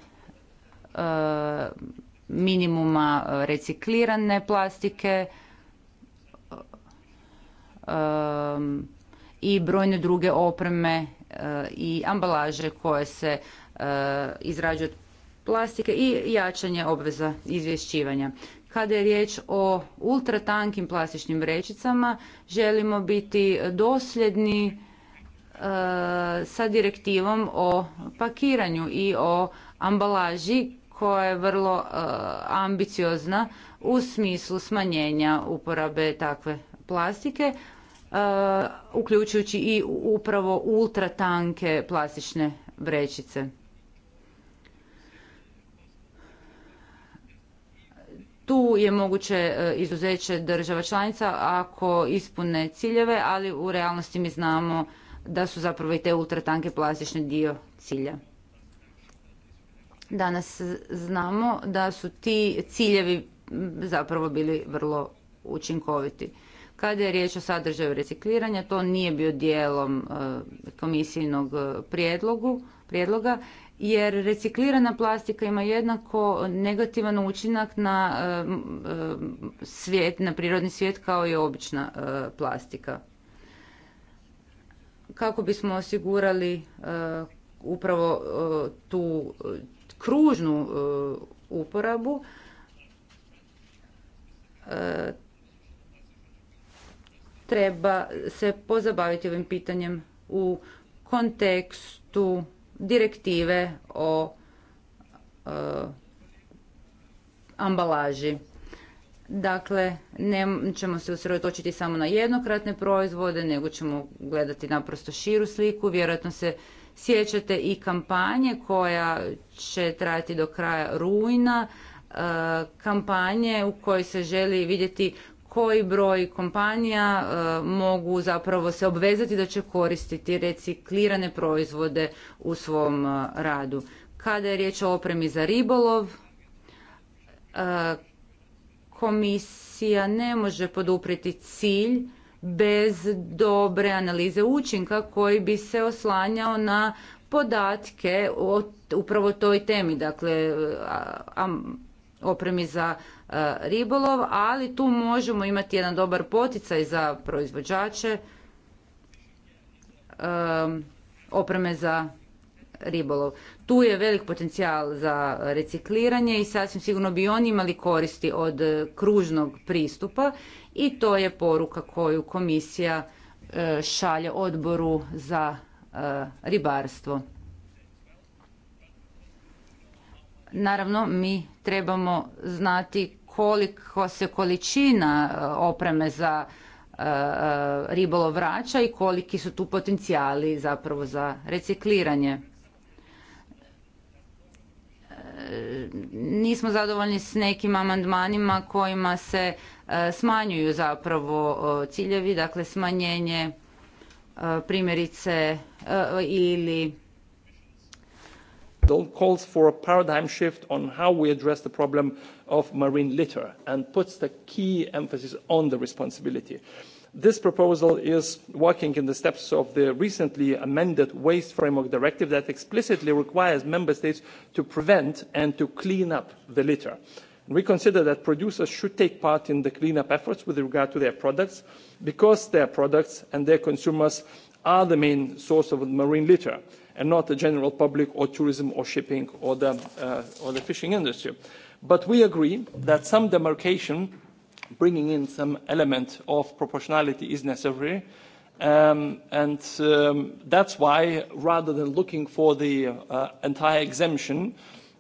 minimuma reciklirane plastike i brojne druge opreme i ambalaže koje se izrađuju od plastike i jačanje obveza izvješćivanja. Kada je riječ o ultratankim plastičnim vrećicama, želimo biti dosljedni e, sa direktivom o pakiranju i o ambalaži koja je vrlo e, ambiciozna u smislu smanjenja uporabe takve plastike, e, uključujući i upravo ultratanke plastične vrećice. Tu je moguće e, izuzeće država članica ako ispune ciljeve, ali u realnosti mi znamo da su zapravo i te ultratanke plastične dio cilja. Danas znamo da su ti ciljevi zapravo bili vrlo učinkoviti. Kada je riječ o sadržaju recikliranja, to nije bio dijelom e, komisijnog e, prijedloga jer reciklirana plastika ima jednako negativan učinak na svijet, na prirodni svijet kao i obična e, plastika. Kako bismo osigurali e, upravo e, tu kružnu uporabu, treba se pozabaviti ovim pitanjem u kontekstu direktive o e, ambalaži. Dakle, nećemo se usredotočiti samo na jednokratne proizvode, nego ćemo gledati naprosto širu sliku. Vjerojatno se sjećate i kampanje koja će trajati do kraja rujna, e, kampanje u kojoj se želi vidjeti koji broj kompanija e, mogu zapravo se obvezati da će koristiti reciklirane proizvode u svom e, radu. Kada je riječ o opremi za ribolov, e, komisija ne može poduprijeti cilj bez dobre analize učinka koji bi se oslanjao na podatke o upravo toj temi, dakle opremi za E, ribolov, ali tu možemo imati jedan dobar poticaj za proizvođače e, opreme za ribolov. Tu je velik potencijal za recikliranje i sasvim sigurno bi oni imali koristi od kružnog pristupa i to je poruka koju komisija e, šalje odboru za ribarstvo. Naravno, mi trebamo znati koliko se količina e, opreme za e, e, ribolov vraća i koliki su tu potencijali zapravo za recikliranje. Nismo zadovoljni s nekim amandmanima kojima se smanjuju zapravo ciljevi, dakle smanjenje primjerice ili calls for of marine litter and puts the key emphasis on the responsibility. This proposal is working in the steps of the recently amended Waste Framework Directive that explicitly requires member states to prevent and to clean up the litter. We consider that producers should take part in the clean up efforts with regard to their products because their products and their consumers are the main source of marine litter and not the general public or tourism or shipping or the uh, fishing industry but we agree that some demarcation bringing in some element of proportionality is necessary um, and um, that's why rather than looking for the uh, entire exemption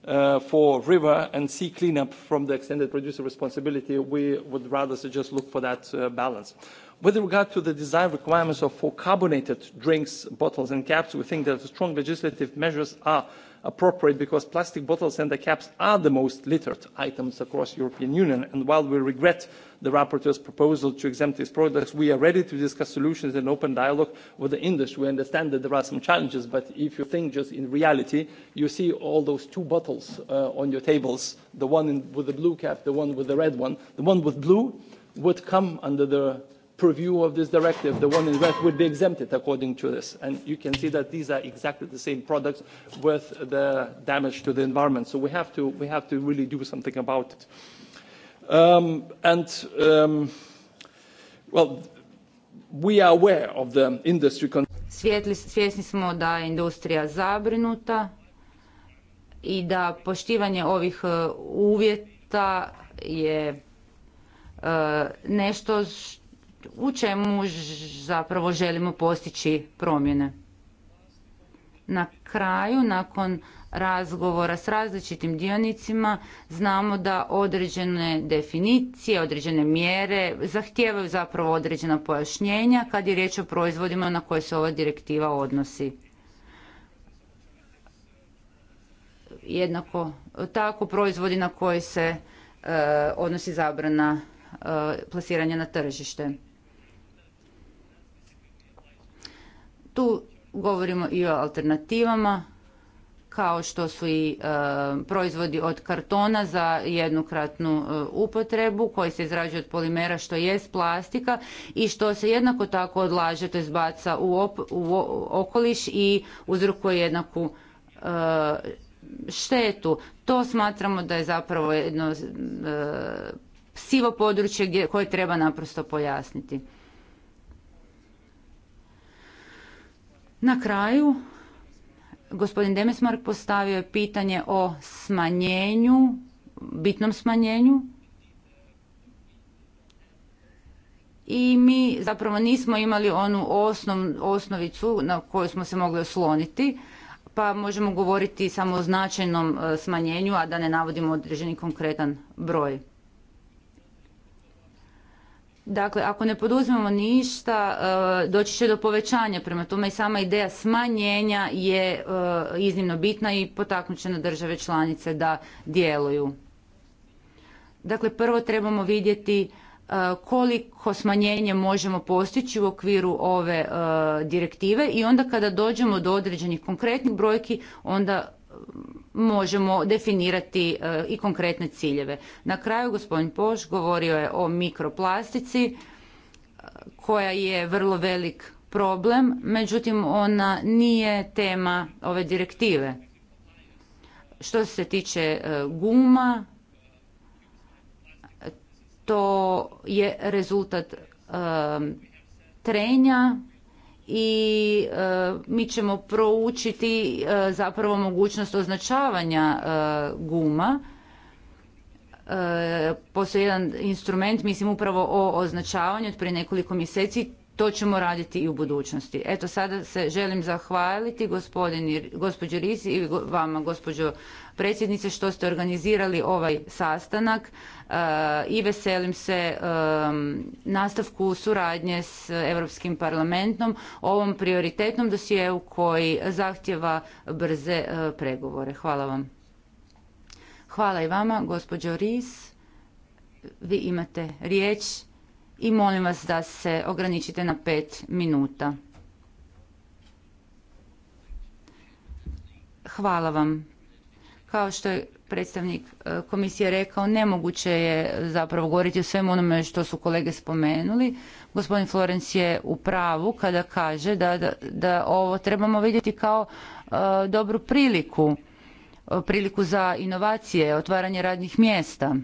uh, for river and sea cleanup from the extended producer responsibility we would rather just look for that uh, balance with regard to the design requirements of for carbonated drinks bottles and caps we think that strong legislative measures are appropriate because plastic bottles and the caps are the most littered items across the European Union. And while we regret the rapporteur's proposal to exempt these products, we are ready to discuss solutions in open dialogue with the industry. We understand that there are some challenges, but if you think just in reality, you see all those two bottles uh, on your tables, the one in, with the blue cap, the one with the red one. The one with blue would come under the purview of this directive, the one in red would be exempted according to this. And you can see that these are exactly the same products with the damage to the environment. So we have to, we have to really do something about it. Um, and, um, well, we are aware of the industry... svjesni smo da je industrija zabrinuta i da poštivanje ovih uh, uvjeta je uh, nešto što u čemu zapravo želimo postići promjene. Na kraju, nakon razgovora s različitim dionicima, znamo da određene definicije, određene mjere zahtijevaju zapravo određena pojašnjenja kad je riječ o proizvodima na koje se ova direktiva odnosi. Jednako tako proizvodi na koje se e, odnosi zabrana e, plasiranja na tržište. Tu govorimo i o alternativama kao što su i e, proizvodi od kartona za jednokratnu e, upotrebu koji se izrađuje od polimera što jest plastika i što se jednako tako odlaže, to u, okoliš i uzrokuje jednaku e, štetu. To smatramo da je zapravo jedno sivo područje koje treba naprosto pojasniti. Na kraju, gospodin Demesmark postavio je pitanje o smanjenju, bitnom smanjenju. I mi zapravo nismo imali onu osnov, osnovicu na koju smo se mogli osloniti, pa možemo govoriti samo o značajnom e, smanjenju, a da ne navodimo određeni konkretan broj. Dakle, ako ne poduzmemo ništa, e, doći će do povećanja. Prema tome i sama ideja smanjenja je e, iznimno bitna i potaknut će na države članice da djeluju. Dakle, prvo trebamo vidjeti e, koliko smanjenje možemo postići u okviru ove direktive i onda kada dođemo do određenih konkretnih brojki, onda možemo definirati eh, i konkretne ciljeve. Na kraju gospodin Poš govorio je o mikroplastici eh, koja je vrlo velik problem, međutim ona nije tema ove direktive. Što se tiče eh, guma, to je rezultat trenja i e, mi ćemo proučiti e, zapravo mogućnost označavanja e, guma. Postoji jedan instrument, mislim upravo o označavanju od prije nekoliko mjeseci, to ćemo raditi i u budućnosti. Eto sada se želim zahvaliti gospodini, gospođo Risi i vama gospođo predsjednice što ste organizirali ovaj sastanak e, i veselim se e, nastavku suradnje s Europskim parlamentom o ovom prioritetnom dosjeu koji zahtjeva brze e, pregovore. Hvala vam. Hvala i vama, gospođo Ris. Vi imate riječ i molim vas da se ograničite na pet minuta. Hvala vam kao što je predstavnik e, komisije rekao, nemoguće je zapravo govoriti o svemu onome što su kolege spomenuli. Gospodin Florenc je u pravu kada kaže da, da, da ovo trebamo vidjeti kao e, dobru priliku, e, priliku za inovacije, otvaranje radnih mjesta.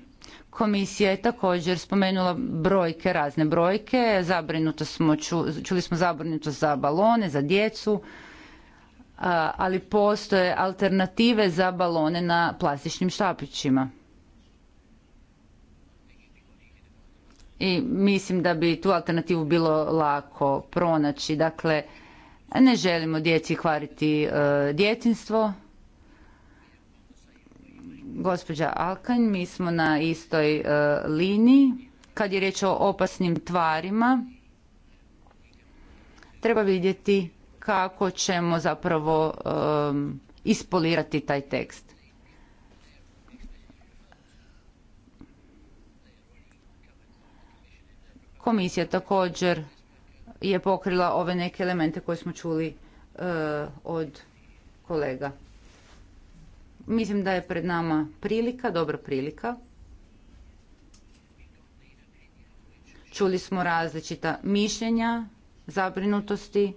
Komisija je također spomenula brojke, razne brojke, zabrinuto smo, čuli smo zabrinutost za balone, za djecu, ali postoje alternative za balone na plastičnim štapićima. I mislim da bi tu alternativu bilo lako pronaći. Dakle, ne želimo djeci kvariti e, djetinstvo. Gospođa Alkanj, mi smo na istoj e, liniji. Kad je riječ o opasnim tvarima, treba vidjeti kako ćemo zapravo ispolirati taj tekst. Komisija također je pokrila ove neke elemente koje smo čuli e, od kolega. Mislim da je pred nama prilika, dobra prilika. Čuli smo različita mišljenja, zabrinutosti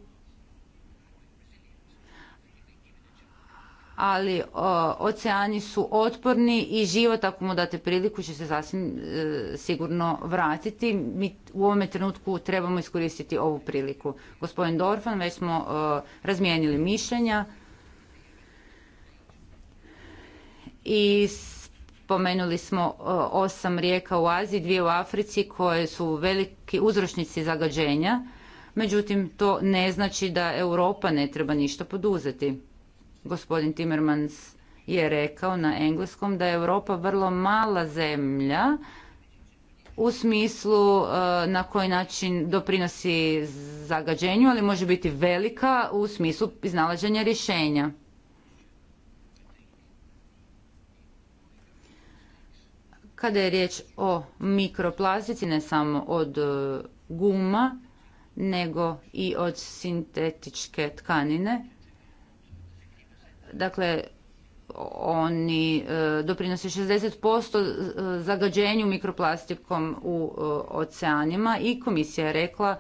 ali oceani su otporni i život ako mu date priliku će se sasvim e, sigurno vratiti. Mi u ovome trenutku trebamo iskoristiti ovu priliku. Gospodin Dorfan, već smo e, razmijenili mišljenja i spomenuli smo e, osam rijeka u Aziji, dvije u Africi koje su veliki uzročnici zagađenja. Međutim, to ne znači da Europa ne treba ništa poduzeti. Gospodin Timmermans je rekao na engleskom da je Europa vrlo mala zemlja u smislu e, na koji način doprinosi zagađenju, ali može biti velika u smislu iznalaženja rješenja. Kada je riječ o mikroplastici, ne samo od e, guma, nego i od sintetičke tkanine, Dakle, oni e, doprinose 60% e, zagađenju mikroplastikom u e, oceanima i komisija je rekla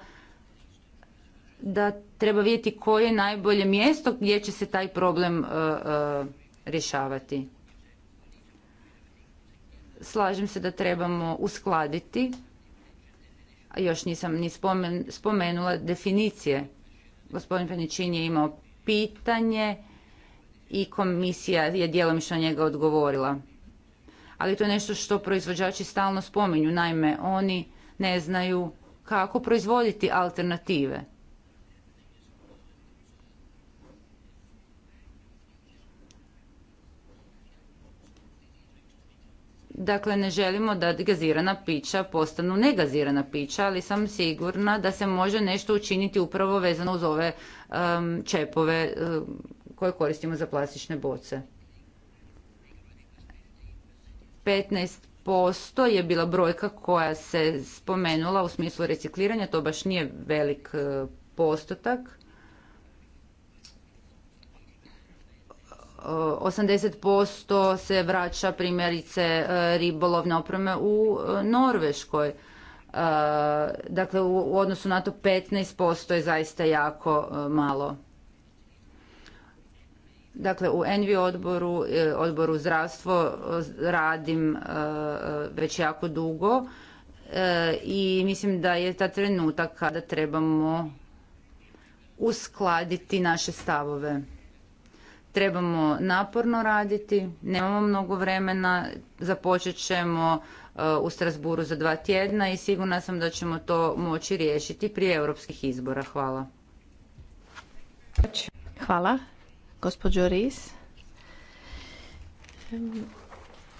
da treba vidjeti koje je najbolje mjesto gdje će se taj problem rješavati. Slažem se da trebamo uskladiti, a još nisam ni spomenula definicije. Gospodin Penićin je imao pitanje i komisija je djelomično njega odgovorila. Ali to je nešto što proizvođači stalno spominju. Naime, oni ne znaju kako proizvoditi alternative. Dakle, ne želimo da gazirana pića postanu negazirana pića, ali sam sigurna da se može nešto učiniti upravo vezano uz ove um, čepove um, koje koristimo za plastične boce. 15% je bila brojka koja se spomenula u smislu recikliranja, to baš nije velik e, postotak. 80% se vraća primjerice e, ribolovne opreme u e, Norveškoj. Dakle, u odnosu na to 15% je zaista jako malo. Dakle, u Envi odboru, e, odboru zdravstvo e, radim e, već jako dugo i mislim da je ta trenutak kada trebamo uskladiti naše stavove. Trebamo naporno raditi, nemamo mnogo vremena, započet ćemo u Strasburu za dva tjedna i sigurna sam da ćemo to moći riješiti prije europskih izbora. Hvala. Hvala. Gospođo Ris,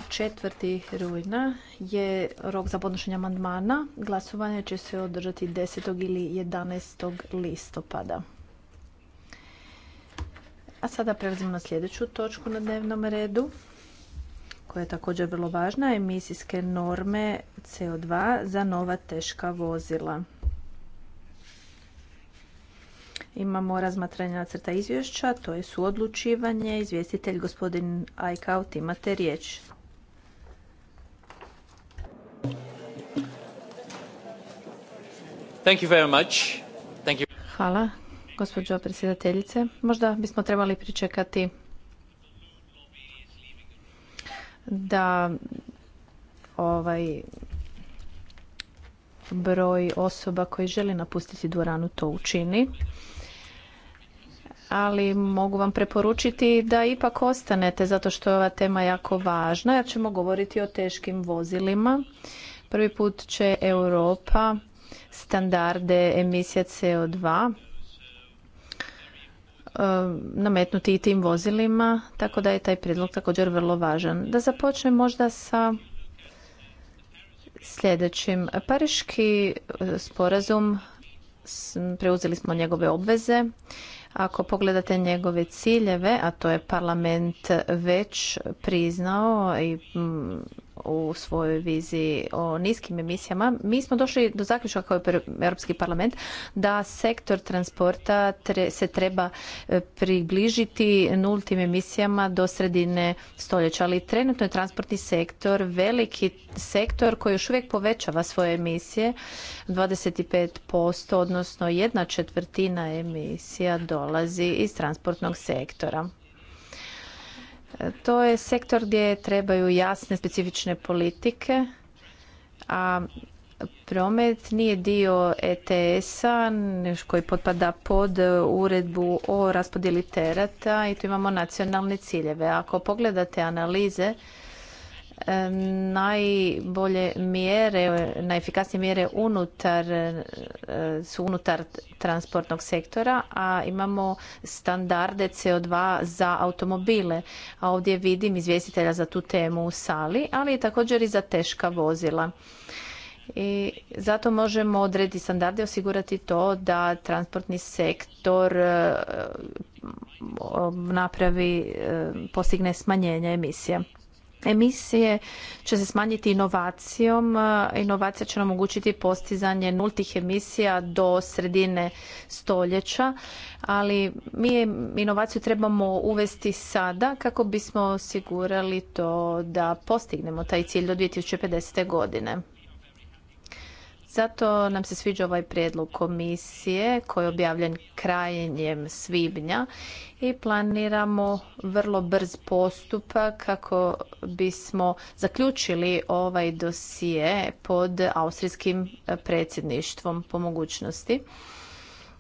četvrti rujna je rok za podnošenje amandmana. Glasovanje će se održati 10. ili 11. listopada. A sada prelazimo na sljedeću točku na dnevnom redu koja je također vrlo važna, emisijske norme CO2 za nova teška vozila. Imamo razmatranje crta izvješća, to je suodlučivanje. Izvjestitelj gospodin Ajkaut, imate riječ. Hvala, gospođo predsjedateljice. Možda bismo trebali pričekati da ovaj broj osoba koji želi napustiti dvoranu to učini ali mogu vam preporučiti da ipak ostanete zato što je ova tema jako važna jer ćemo govoriti o teškim vozilima. Prvi put će Europa standarde emisija CO2 eh, nametnuti i tim vozilima, tako da je taj prijedlog također vrlo važan. Da započnem možda sa sljedećim. Pariški eh, sporazum, preuzeli smo njegove obveze, ako pogledate njegove ciljeve, a to je parlament već priznao i mm, u svojoj viziji o niskim emisijama, mi smo došli do zaključka kao Europski parlament da sektor transporta tre, se treba e, približiti nultim emisijama do sredine stoljeća, ali trenutno je transportni sektor veliki sektor koji još uvijek povećava svoje emisije 25%, odnosno jedna četvrtina emisija dolazi iz transportnog sektora. E, to je sektor gdje trebaju jasne specifične politike, a promet nije dio ETS-a koji potpada pod uredbu o raspodjeli tereta i tu imamo nacionalne ciljeve. Ako pogledate analize najbolje mjere, najefikasnije mjere unutar e, su unutar transportnog sektora, a imamo standarde CO2 za automobile. A ovdje vidim izvjestitelja za tu temu u sali, ali je također i za teška vozila. I zato možemo odrediti standarde i osigurati to da transportni sektor e, napravi, e, postigne smanjenje emisije. Emisije će se smanjiti inovacijom. Inovacija će nam omogućiti postizanje nultih emisija do sredine stoljeća, ali mi inovaciju trebamo uvesti sada kako bismo osigurali to da postignemo taj cilj do 2050. godine. Zato nam se sviđa ovaj prijedlog komisije koji je objavljen krajem svibnja i planiramo vrlo brz postupak kako bismo zaključili ovaj dosije pod austrijskim eh, predsjedništvom po mogućnosti.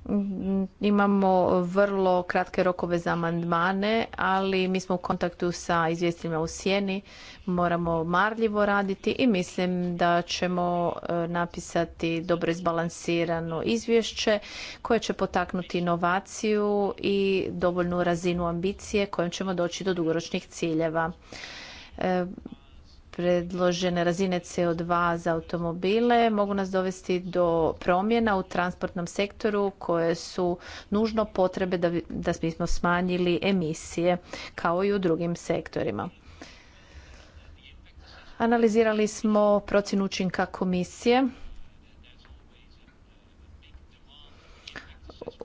Mm, imamo vrlo kratke rokove za amandmane, ali mi smo u kontaktu sa izvjestima u sjeni, moramo marljivo raditi i mislim da ćemo e, napisati dobro izbalansirano izvješće koje će potaknuti inovaciju i dovoljnu razinu ambicije kojom ćemo doći do dugoročnih ciljeva e, predložene razine CO2 za automobile mogu nas dovesti do promjena u transportnom sektoru koje su nužno potrebe da, da smo smanjili emisije kao i u drugim sektorima. Analizirali smo procjenu učinka komisije.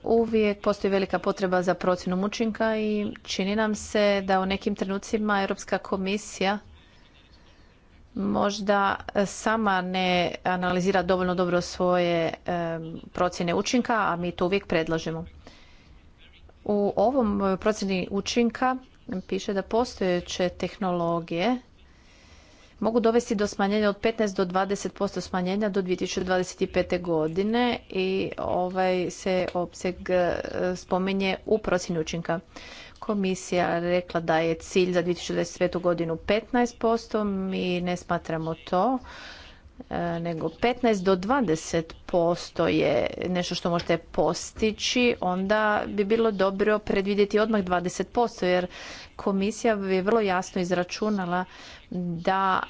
uvijek postoji velika potreba za procjenom učinka i čini nam se da u nekim trenucima Europska komisija možda sama ne analizira dovoljno dobro svoje procjene učinka, a mi to uvijek predlažemo. U ovom procjeni učinka piše da postojeće tehnologije mogu dovesti do smanjenja od 15 do 20% smanjenja do 2025. godine i ovaj se opseg eh, spominje u procjeni učinka. Komisija rekla da je cilj za 2025. godinu 15%, mi ne smatramo to e, nego 15 do 20% je nešto što možete postići, onda bi bilo dobro predvidjeti odmah 20% jer komisija bi vrlo jasno izračunala da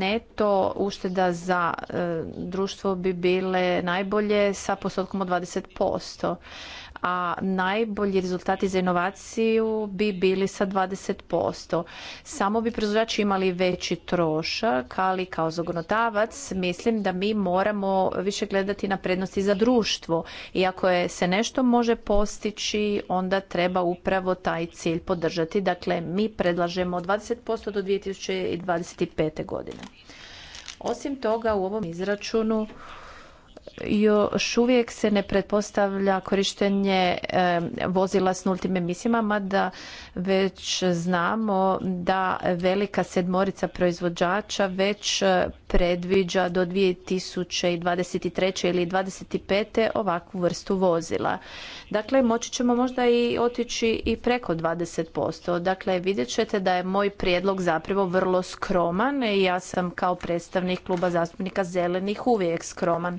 neto ušteda za e, društvo bi bile najbolje sa postotkom od 20% a najbolji rezultati za inovaciju bi bili sa 20%. Samo bi proizvođači imali veći trošak, ali kao zagonotavac mislim da mi moramo više gledati na prednosti za društvo. I ako je, se nešto može postići, onda treba upravo taj cilj podržati. Dakle, mi predlažemo 20% do 2025. godine. Osim toga, u ovom izračunu još uvijek se ne pretpostavlja korištenje vozila s nultim emisijama, da već znamo da velika sedmorica proizvođača već e, predviđa do 2023. ili 2025. ovakvu vrstu vozila. Dakle, moći ćemo možda i otići i preko 20%. Dakle, vidjet ćete da je moj prijedlog zapravo vrlo skroman i ja sam kao predstavnik kluba zastupnika zelenih uvijek skroman.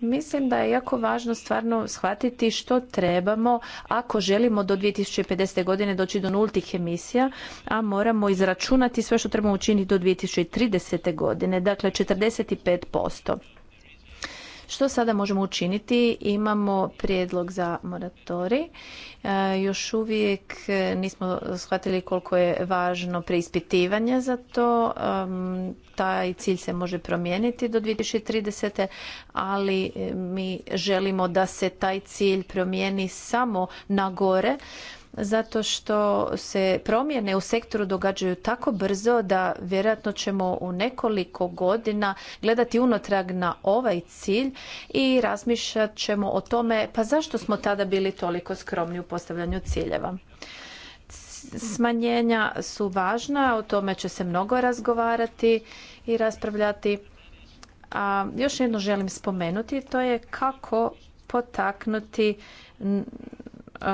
Mislim da je jako važno stvarno shvatiti što trebamo ako želimo do 2050. godine doći do nultih emisija, a moramo izračunati sve što trebamo učiniti do 2030. godine, dakle 45%. Što sada možemo učiniti? Imamo prijedlog za moratori. E, još uvijek nismo shvatili koliko je važno preispitivanje za to. Taj cilj se može promijeniti do 2030. ali e, mi želimo da se taj cilj promijeni samo na gore zato što se promjene u sektoru događaju tako brzo da vjerojatno ćemo u nekoliko godina gledati unatrag na ovaj cilj i razmišljat ćemo o tome pa zašto smo tada bili toliko skromni u postavljanju ciljeva smanjenja su važna, o tome će se mnogo razgovarati i raspravljati. A još jedno želim spomenuti, to je kako potaknuti E,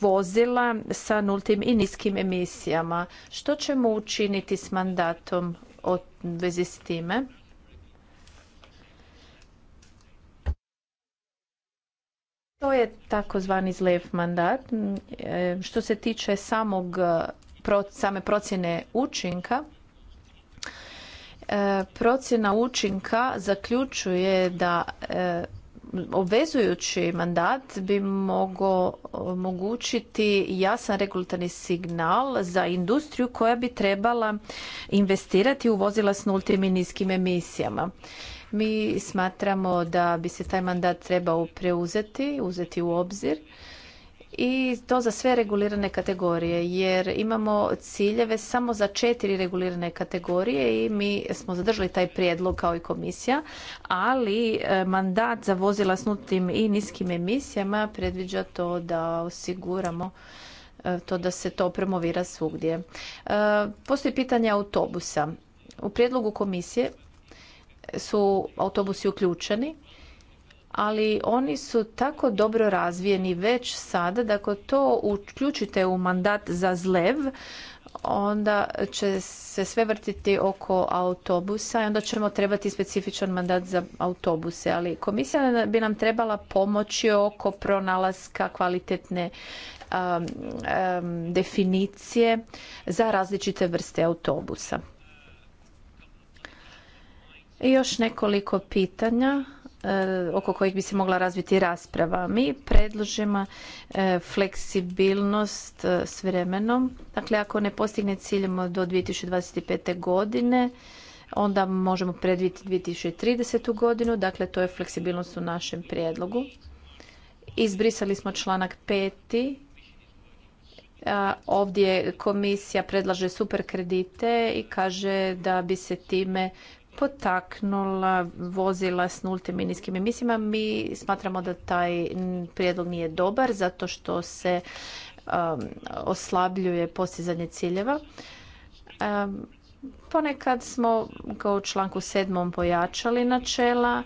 vozila sa nultim i niskim emisijama. Što ćemo učiniti s mandatom od vezi s time? To je takozvani zlev mandat. E, što se tiče samog, e, same procjene učinka, procjena učinka zaključuje da obvezujući mandat bi mogao omogućiti jasan regulatorni signal za industriju koja bi trebala investirati u vozila s nultim i niskim emisijama. Mi smatramo da bi se taj mandat trebao preuzeti, uzeti u obzir i to za sve regulirane kategorije jer imamo ciljeve samo za četiri regulirane kategorije i mi smo zadržali taj prijedlog kao i komisija, ali e, mandat za vozila s i niskim emisijama predviđa to da osiguramo e, to da se to promovira svugdje. E, postoji pitanje autobusa. U prijedlogu komisije su autobusi uključeni, ali oni su tako dobro razvijeni već sada da ako to uključite u mandat za zlev, onda će se sve vrtiti oko autobusa i onda ćemo trebati specifičan mandat za autobuse. Ali komisija bi nam trebala pomoći oko pronalaska kvalitetne um, um, definicije za različite vrste autobusa. I još nekoliko pitanja E, oko kojih bi se mogla razviti rasprava. Mi predlažemo e, fleksibilnost e, s vremenom. Dakle, ako ne postigne ciljem do 2025. godine, onda možemo predvidjeti 2030. godinu. Dakle, to je fleksibilnost u našem prijedlogu. Izbrisali smo članak peti Ovdje komisija predlaže super kredite i kaže da bi se time potaknula vozila s nultim i niskim emisijama. Mi smatramo da taj prijedlog nije dobar zato što se um, oslabljuje postizanje ciljeva. Um, ponekad smo kao u članku sedmom pojačali načela,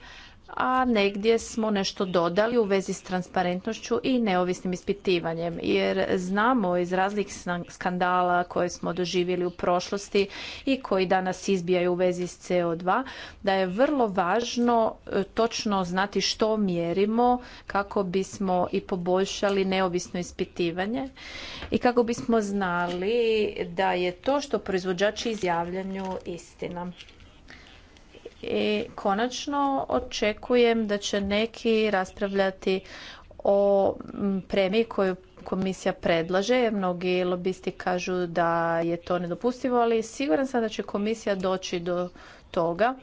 a negdje smo nešto dodali u vezi s transparentnošću i neovisnim ispitivanjem jer znamo iz raznih skandala koje smo doživjeli u prošlosti i koji danas izbijaju u vezi s CO2 da je vrlo važno e, točno znati što mjerimo kako bismo i poboljšali neovisno ispitivanje i kako bismo znali da je to što proizvođači izjavljuju istina. I konačno očekujem da će neki raspravljati o premiji koju komisija predlaže, mnogi lobisti kažu da je to nedopustivo, ali siguran sam da će komisija doći do toga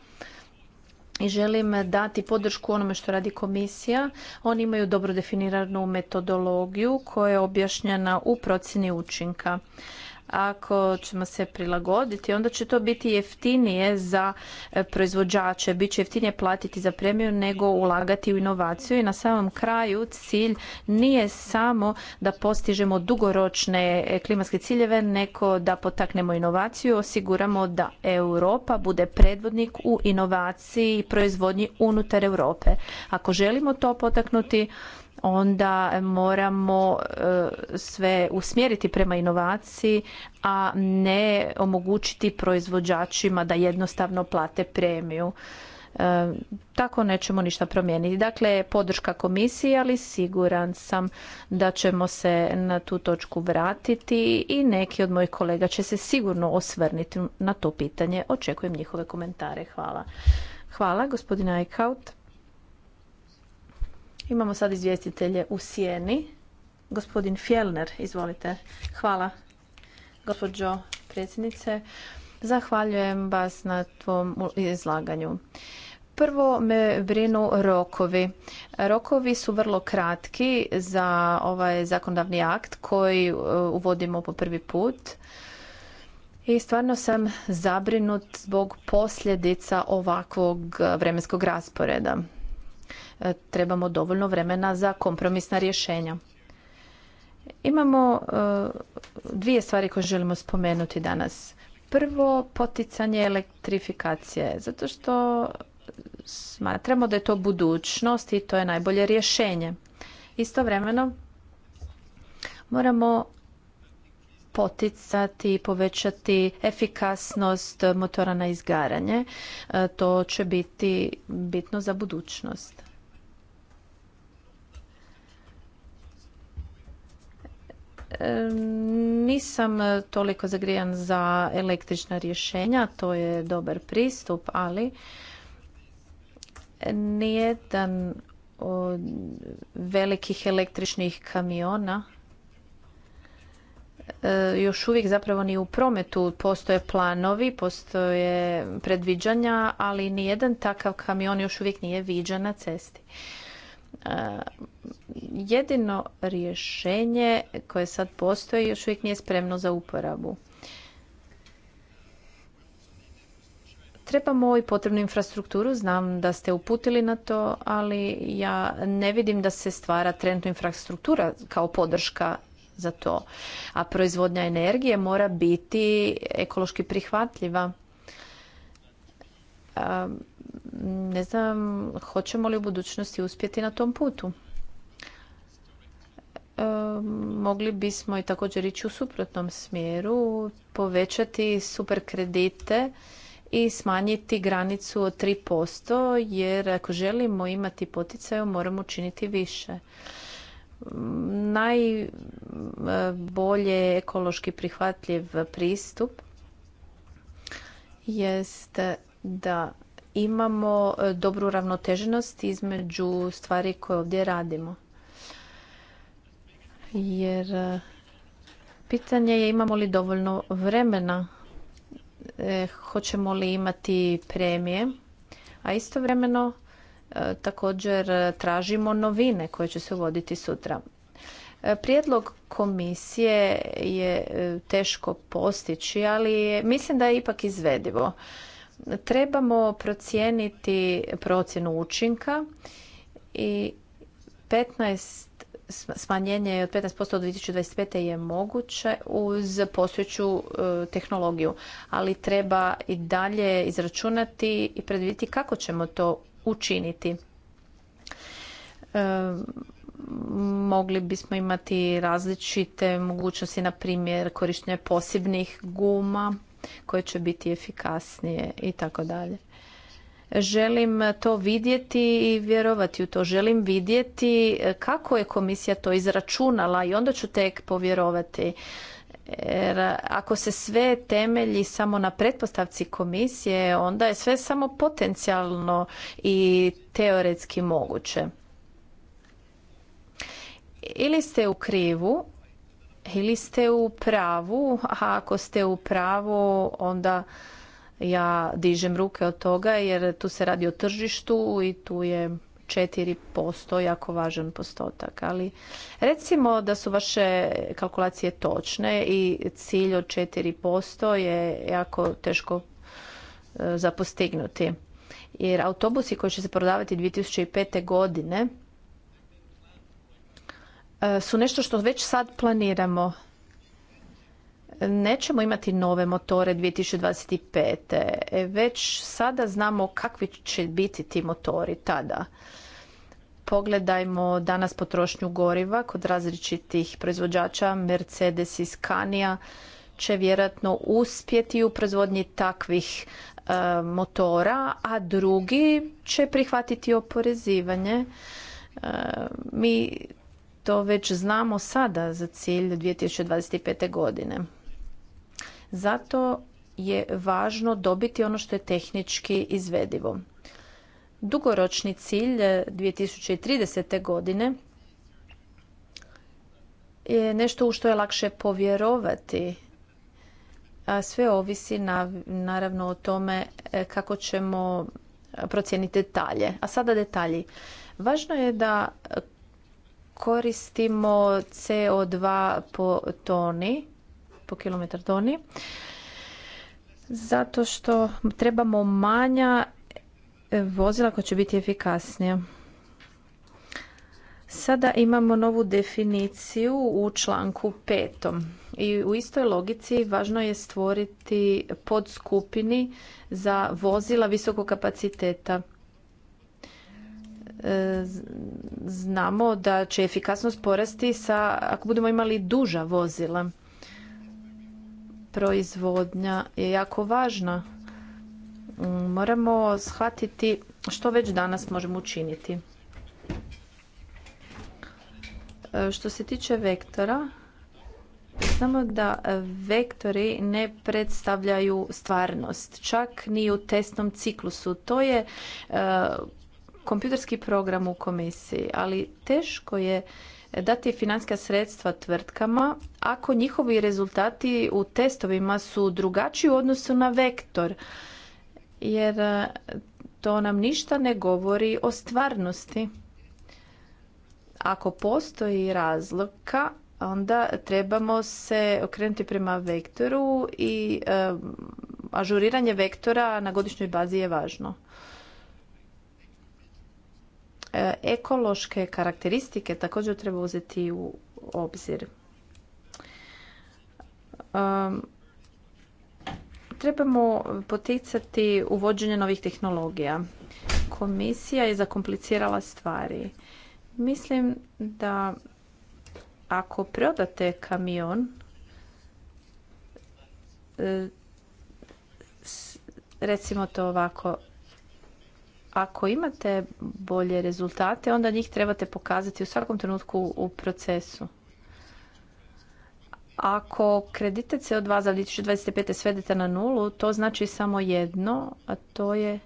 i želim dati podršku onome što radi komisija. Oni imaju dobro definiranu metodologiju koja je objašnjena u procjeni učinka ako ćemo se prilagoditi, onda će to biti jeftinije za e, proizvođače, bit će jeftinije platiti za premiju nego ulagati u inovaciju i na samom kraju cilj nije samo da postižemo dugoročne e, klimatske ciljeve, nego da potaknemo inovaciju, osiguramo da Europa bude predvodnik u inovaciji i proizvodnji unutar Europe. Ako želimo to potaknuti, onda moramo e, sve usmjeriti prema inovaciji, a ne omogućiti proizvođačima da jednostavno plate premiju. E, tako nećemo ništa promijeniti. Dakle, podrška komisiji, ali siguran sam da ćemo se na tu točku vratiti i neki od mojih kolega će se sigurno osvrniti na to pitanje. Očekujem njihove komentare. Hvala. Hvala, gospodina Eichhout. Imamo sad izvjestitelje u sjeni. Gospodin Fjellner, izvolite. Hvala, gospođo predsjednice. Zahvaljujem vas na tvom izlaganju. Prvo me brinu rokovi. Rokovi su vrlo kratki za ovaj zakonodavni akt koji e, uvodimo po prvi put. I stvarno sam zabrinut zbog posljedica ovakvog vremenskog rasporeda. E, trebamo dovoljno vremena za kompromisna rješenja. Imamo e, dvije stvari koje želimo spomenuti danas. Prvo, poticanje elektrifikacije, zato što smatramo da je to budućnost i to je najbolje rješenje. Istovremeno, moramo poticati i povećati efikasnost motora na izgaranje. E, to će biti bitno za budućnost. Nisam toliko zagrijan za električna rješenja, to je dobar pristup, ali nijedan od velikih električnih kamiona e, još uvijek zapravo ni u prometu postoje planovi, postoje predviđanja, ali nijedan takav kamion još uvijek nije viđen na cesti jedino rješenje koje sad postoji još uvijek nije spremno za uporabu. Trebamo i potrebnu infrastrukturu, znam da ste uputili na to, ali ja ne vidim da se stvara trenutno infrastruktura kao podrška za to. A proizvodnja energije mora biti ekološki prihvatljiva ne znam hoćemo li u budućnosti uspjeti na tom putu. E, mogli bismo i također ići u suprotnom smjeru, povećati super kredite i smanjiti granicu od 3%, jer ako želimo imati poticaju, moramo učiniti više. Najbolje ekološki prihvatljiv pristup jest da imamo e, dobru ravnoteženost između stvari koje ovdje radimo. Jer e, pitanje je imamo li dovoljno vremena, e, hoćemo li imati premije, a istovremeno vremeno također tražimo novine koje će se uvoditi sutra. Prijedlog komisije je teško postići, ali mislim da je ipak izvedivo. Trebamo procijeniti procjenu učinka i 15 smanjenje od 15% od 2025. je moguće uz postojeću e, tehnologiju, ali treba i dalje izračunati i predvidjeti kako ćemo to učiniti. E, mogli bismo imati različite mogućnosti, na primjer korištenje posebnih guma koje će biti efikasnije i tako dalje. Želim to vidjeti i vjerovati u to. Želim vidjeti kako je komisija to izračunala i onda ću tek povjerovati. Jer ako se sve temelji samo na pretpostavci komisije, onda je sve samo potencijalno i teoretski moguće. Ili ste u krivu ili ste u pravu, a ako ste u pravu onda ja dižem ruke od toga jer tu se radi o tržištu i tu je 4% jako važan postotak. Ali recimo da su vaše kalkulacije točne i cilj od 4% je jako teško e, zapostignuti. Jer autobusi koji će se prodavati 2005. godine E, su nešto što već sad planiramo. Nećemo imati nove motore 2025. E, već sada znamo kakvi će biti ti motori tada. Pogledajmo danas potrošnju goriva kod različitih proizvođača Mercedes i Scania će vjerojatno uspjeti u proizvodnji takvih e, motora, a drugi će prihvatiti oporezivanje. mi to već znamo sada za cilj 2025. godine. Zato je važno dobiti ono što je tehnički izvedivo. Dugoročni cilj 2030. godine je nešto u što je lakše povjerovati. sve ovisi naravno o tome e, kako ćemo procijeniti detalje. A sada detalji. Važno je da koristimo CO2 po toni, po kilometar toni, zato što trebamo manja vozila koja će biti efikasnija. Sada imamo novu definiciju u članku petom i u istoj logici važno je stvoriti podskupini za vozila visokog kapaciteta. E, znamo da će efikasnost porasti sa, ako budemo imali duža vozila. Proizvodnja je jako važna. Mm, moramo shvatiti što već danas možemo učiniti. E, što se tiče vektora, samo da vektori ne predstavljaju stvarnost, čak ni u testnom ciklusu. To je e, kompjuterski program u komisiji, ali teško je dati financijska sredstva tvrtkama ako njihovi rezultati u testovima su drugačiji u odnosu na vektor, jer e, to nam ništa ne govori o stvarnosti. Ako postoji razloga, onda trebamo se okrenuti prema vektoru i e, ažuriranje vektora na godišnjoj bazi je važno. E, ekološke karakteristike također treba uzeti u obzir. trebamo poticati uvođenje novih tehnologija. Komisija je zakomplicirala stvari. Mislim da ako prodate kamion, e, recimo to ovako, ako imate bolje rezultate, onda njih trebate pokazati u svakom trenutku u procesu. Ako kredite CO2 za 2025. svedete na nulu, to znači samo jedno, a to je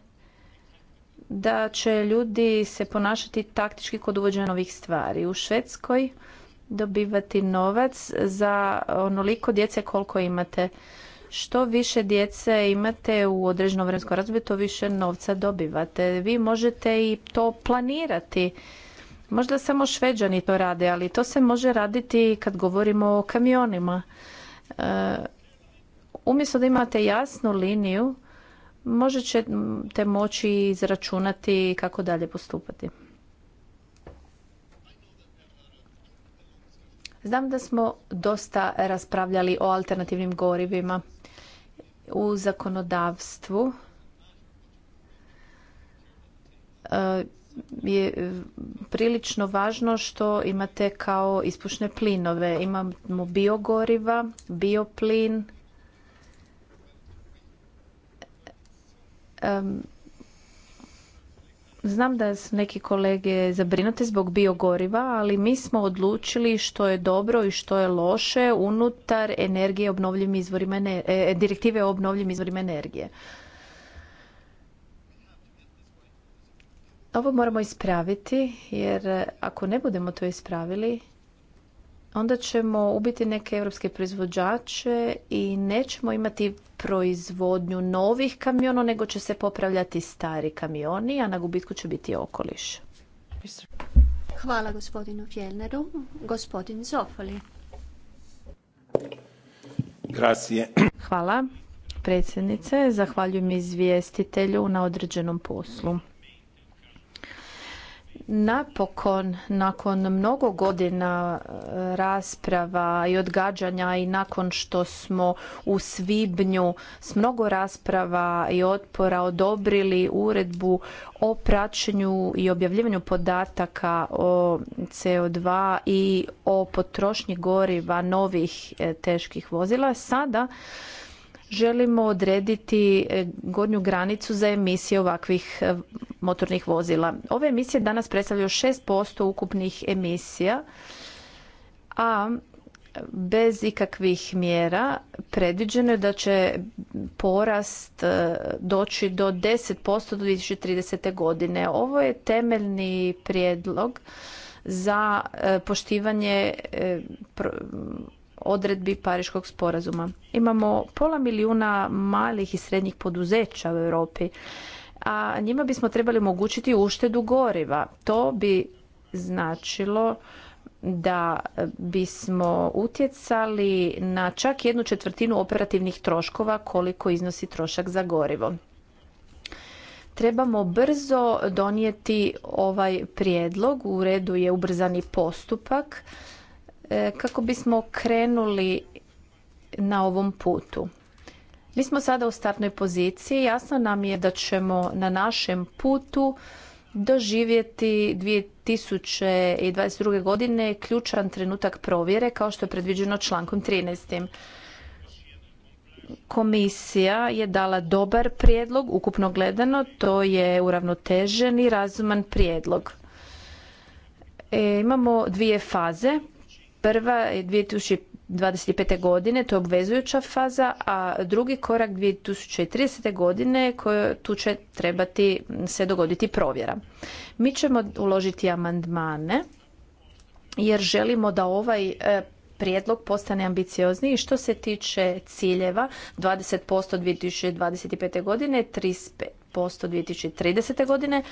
da će ljudi se ponašati taktički kod uvođenja novih stvari. U Švedskoj dobivati novac za onoliko djece koliko imate što više djece imate u određenom vremenskom razdoblju, to više novca dobivate. Vi možete i to planirati. Možda samo šveđani to rade, ali to se može raditi kad govorimo o kamionima. E, umjesto da imate jasnu liniju, možete moći izračunati kako dalje postupati. Znam da smo dosta raspravljali o alternativnim gorivima u zakonodavstvu. E, je prilično važno što imate kao ispušne plinove. Imamo biogoriva, bioplin. Znam da su neki kolege zabrinuti zbog biogoriva, ali mi smo odlučili što je dobro i što je loše unutar energije obnovljivim izvorima e, e, direktive o obnovljivim izvorima energije. Ovo moramo ispraviti jer ako ne budemo to ispravili onda ćemo ubiti neke europske proizvođače i nećemo imati proizvodnju novih kamiona, nego će se popravljati stari kamioni, a na gubitku će biti okoliš. Hvala gospodinu Fjelneru. Gospodin Zofoli. Grazie. Hvala predsjednice. Zahvaljujem izvjestitelju na određenom poslu. Napokon, nakon mnogo godina e, rasprava i odgađanja i nakon što smo u svibnju s mnogo rasprava i otpora odobrili uredbu o praćenju i objavljivanju podataka o CO2 i o potrošnji goriva novih e, teških vozila, sada želimo odrediti e, gornju granicu za emisije ovakvih e, motornih vozila. Ove emisije danas predstavljaju 6% ukupnih emisija, a bez ikakvih mjera predviđeno je da će porast e, doći do 10% do 2030. godine. Ovo je temeljni prijedlog za poštivanje odredbi Pariškog sporazuma. Imamo pola milijuna malih i srednjih poduzeća u Europi, a njima bismo trebali omogućiti uštedu goriva. To bi značilo da bismo utjecali na čak jednu četvrtinu operativnih troškova koliko iznosi trošak za gorivo. Trebamo brzo donijeti ovaj prijedlog, u redu je ubrzani postupak E, kako bismo krenuli na ovom putu. Mi smo sada u startnoj poziciji, jasno nam je da ćemo na našem putu doživjeti 2022. godine ključan trenutak provjere kao što je predviđeno člankom 13. Komisija je dala dobar prijedlog, ukupno gledano, to je uravnotežen i razuman prijedlog. E, imamo dvije faze. Prva je 2025. godine, to je obvezujuća faza, a drugi korak 2030. godine koje tu će trebati se dogoditi provjera. Mi ćemo uložiti amandmane jer želimo da ovaj e, prijedlog postane ambiciozniji što se tiče ciljeva 20% 2025. godine, 2030. godine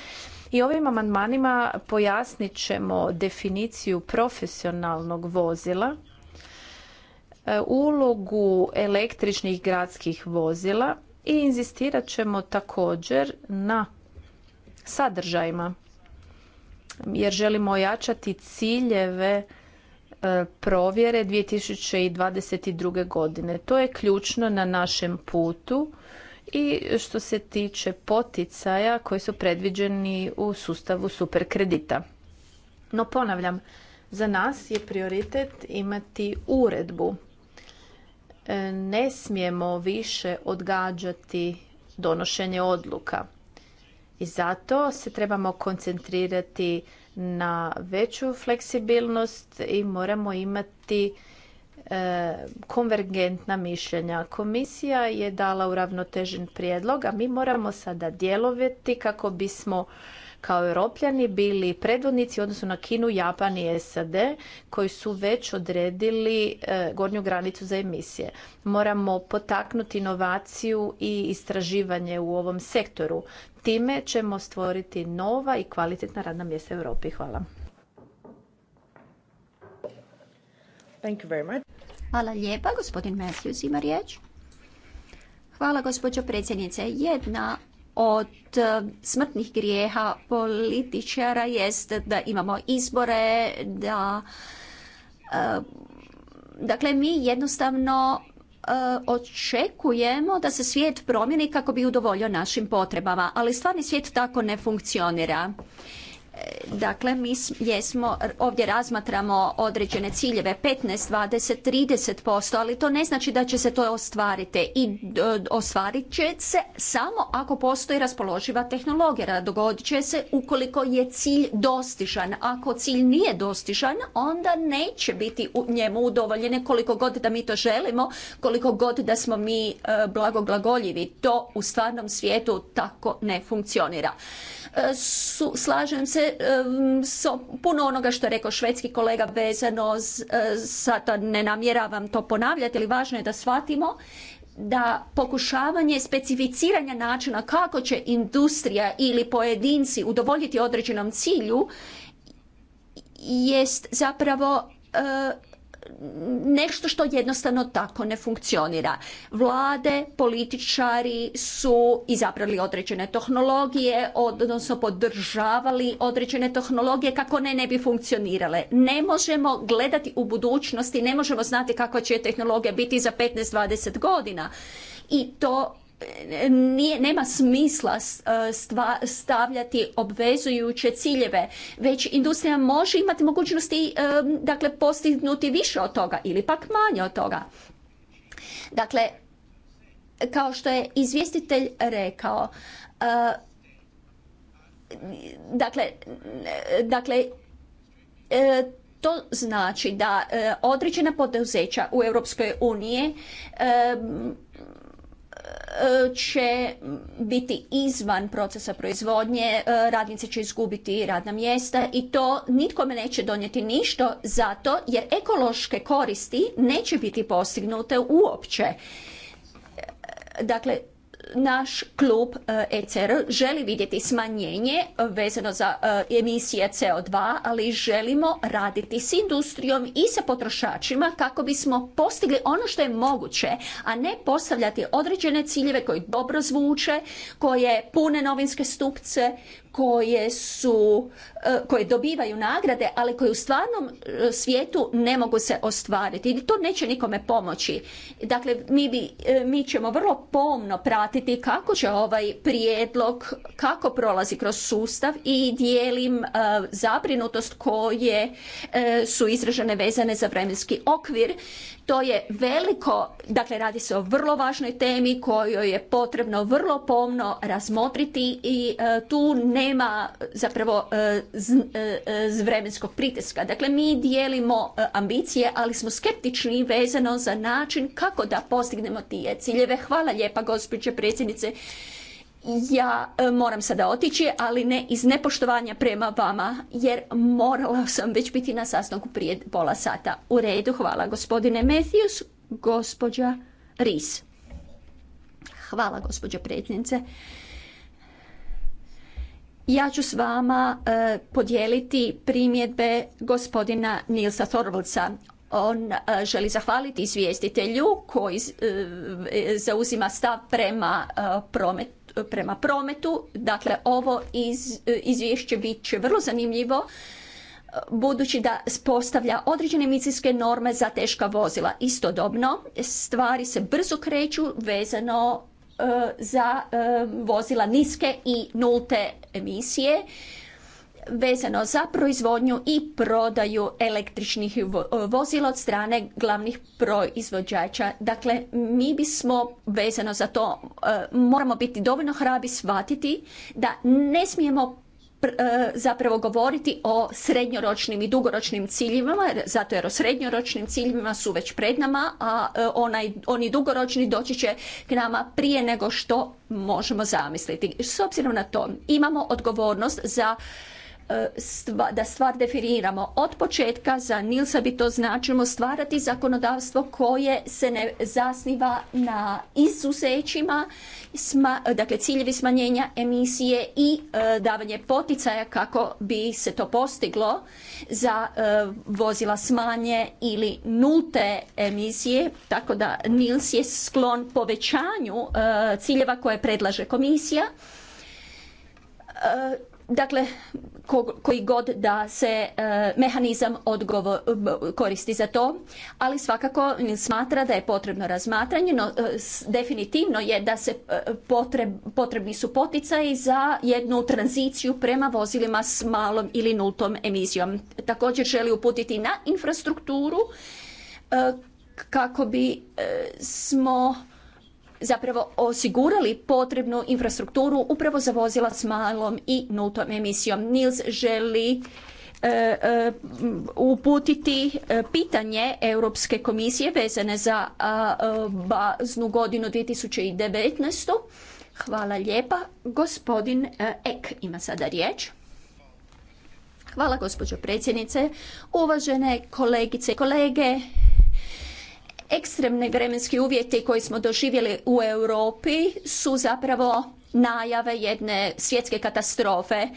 i ovim amandmanima pojasnit ćemo definiciju profesionalnog vozila, e, ulogu električnih gradskih vozila i inzistirat ćemo također na sadržajima jer želimo ojačati ciljeve e, provjere 2022. godine. To je ključno na našem putu i što se tiče poticaja koji su predviđeni u sustavu superkredita. No ponavljam, za nas je prioritet imati uredbu. E, ne smijemo više odgađati donošenje odluka. I zato se trebamo koncentrirati na veću fleksibilnost i moramo imati E, konvergentna mišljenja. Komisija je dala uravnotežen prijedlog, a mi moramo sada djelovati kako bismo kao europljani bili predvodnici odnosno na Kinu, Japan i SAD koji su već odredili e, gornju granicu za emisije. Moramo potaknuti inovaciju i istraživanje u ovom sektoru. Time ćemo stvoriti nova i kvalitetna radna mjesta u Europi. Hvala. Hvala lijepa. Gospodin Matthews ima riječ. Hvala gospođo predsjednice. Jedna od e, smrtnih grijeha političara jest da imamo izbore, da... E, dakle, mi jednostavno e, očekujemo da se svijet promijeni kako bi udovoljio našim potrebama, ali stvarni svijet tako ne funkcionira. Dakle, mi jesmo, ovdje razmatramo određene ciljeve 15, 20, 30%, ali to ne znači da će se to ostvariti i ostvarit će se samo ako postoji raspoloživa tehnologija. Dogodit će se ukoliko je cilj dostižan. Ako cilj nije dostižan, onda neće biti u njemu udovoljene koliko god da mi to želimo, koliko god da smo mi e, blagoglagoljivi. To u stvarnom svijetu tako ne funkcionira. E, slažem se e, s puno onoga što je rekao švedski kolega vezano e, sada ne namjeravam to ponavljati, ali važno je da shvatimo da pokušavanje specificiranja načina kako će industrija ili pojedinci udovoljiti određenom cilju jest zapravo nešto što jednostavno tako ne funkcionira. Vlade, političari su izabrali određene tehnologije, odnosno podržavali određene tehnologije kako ne ne bi funkcionirale. Ne možemo gledati u budućnosti, ne možemo znati kakva će tehnologija biti za 15-20 godina i to nema smisla e, stavljati obvezujuće ciljeve, već industrija može imati mogućnosti e, dakle, postignuti više od toga ili pak manje od toga. Dakle, kao što je izvjestitelj rekao, e, dakle, dakle to znači da određena poduzeća u Europskoj uniji će biti izvan procesa proizvodnje, e, radnice će izgubiti radna mjesta i to nitkome neće donijeti ništa zato jer ekološke koristi neće biti postignute uopće. Dakle, naš klub ECR e želi vidjeti smanjenje vezano za e, emisije CO2, ali želimo raditi s industrijom i sa potrošačima kako bismo postigli ono što je moguće, a ne postavljati određene ciljeve koji dobro zvuče, koje pune novinske stupce, koje su, e, koje dobivaju nagrade, ali koje u stvarnom e, svijetu ne mogu se ostvariti. I to neće nikome pomoći. Dakle, mi, bi, e, mi ćemo vrlo pomno pratiti kako će ovaj prijedlog, kako prolazi kroz sustav i dijelim zabrinutost koje su izražene vezane za vremenski okvir to je veliko, dakle radi se o vrlo važnoj temi koju je potrebno vrlo pomno razmotriti i e, tu nema zapravo e, e, vremenskog pritiska. Dakle, mi dijelimo ambicije, ali smo skeptični vezano za način kako da postignemo tije ciljeve. Hvala lijepa, gospođe predsjednice ja e, moram sada otići, ali ne iz nepoštovanja prema vama, jer morala sam već biti na sastanku prije pola sata. U redu, hvala gospodine Matthews, gospođa Ris. Hvala gospođo predsjednice. Ja ću s vama e, podijeliti primjedbe gospodina Nilsa Thorvaldsa on e, želi zahvaliti izvjestitelju koji zauzima stav prema promet, prema prometu. Dakle, ovo iz, izvješće bit će vrlo zanimljivo budući da postavlja određene emisijske norme za teška vozila. Istodobno, stvari se brzo kreću vezano e, za e, vozila niske i nulte emisije vezano za proizvodnju i prodaju električnih vozila od strane glavnih proizvođača. Dakle, mi bismo vezano za to e, moramo biti dovoljno hrabi shvatiti da ne smijemo e, zapravo govoriti o srednjoročnim i dugoročnim ciljevima, zato jer o srednjoročnim ciljevima su već pred nama, a e, onaj, oni dugoročni doći će k nama prije nego što možemo zamisliti. S obzirom na to imamo odgovornost za E, da stvar definiramo. Od početka za Nilsa bi to značilo stvarati zakonodavstvo koje se ne zasniva na izuzećima, dakle ciljevi smanjenja emisije i e, davanje poticaja kako bi se to postiglo za e, vozila smanje ili nulte emisije, tako da Nils je sklon povećanju ciljeva koje predlaže komisija dakle koji god da se e, mehanizam odgovor koristi za to, ali svakako smatra da je potrebno razmatranje, no e, definitivno je da se e, potrebni su poticaji za jednu tranziciju prema vozilima s malom ili nultom emisijom. Također želi uputiti na infrastrukturu kako bi smo zapravo osigurali potrebnu infrastrukturu upravo za vozila s malom i nultom emisijom. Nils želi e, e, uputiti e, pitanje Europske komisije vezane za baznu godinu 2019. Hvala lijepa. Gospodin Ek ima sada riječ. Hvala gospođo predsjednice, uvažene kolegice i kolege, Ekstremni vremenski uvjeti koji smo doživjeli u Europi su zapravo najave jedne svjetske katastrofe. E,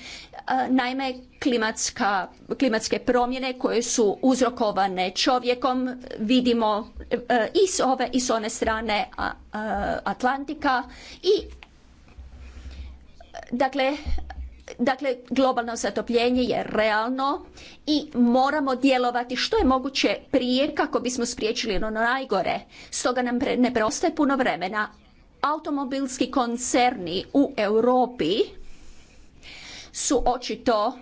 naime, klimatska, klimatske promjene koje su uzrokovane čovjekom vidimo e, i s ove i s one strane Atlantika i dakle Dakle, globalno zatopljenje je realno i moramo djelovati što je moguće prije kako bismo spriječili ono najgore. Stoga nam ne preostaje puno vremena. Automobilski koncerni u Europi su očito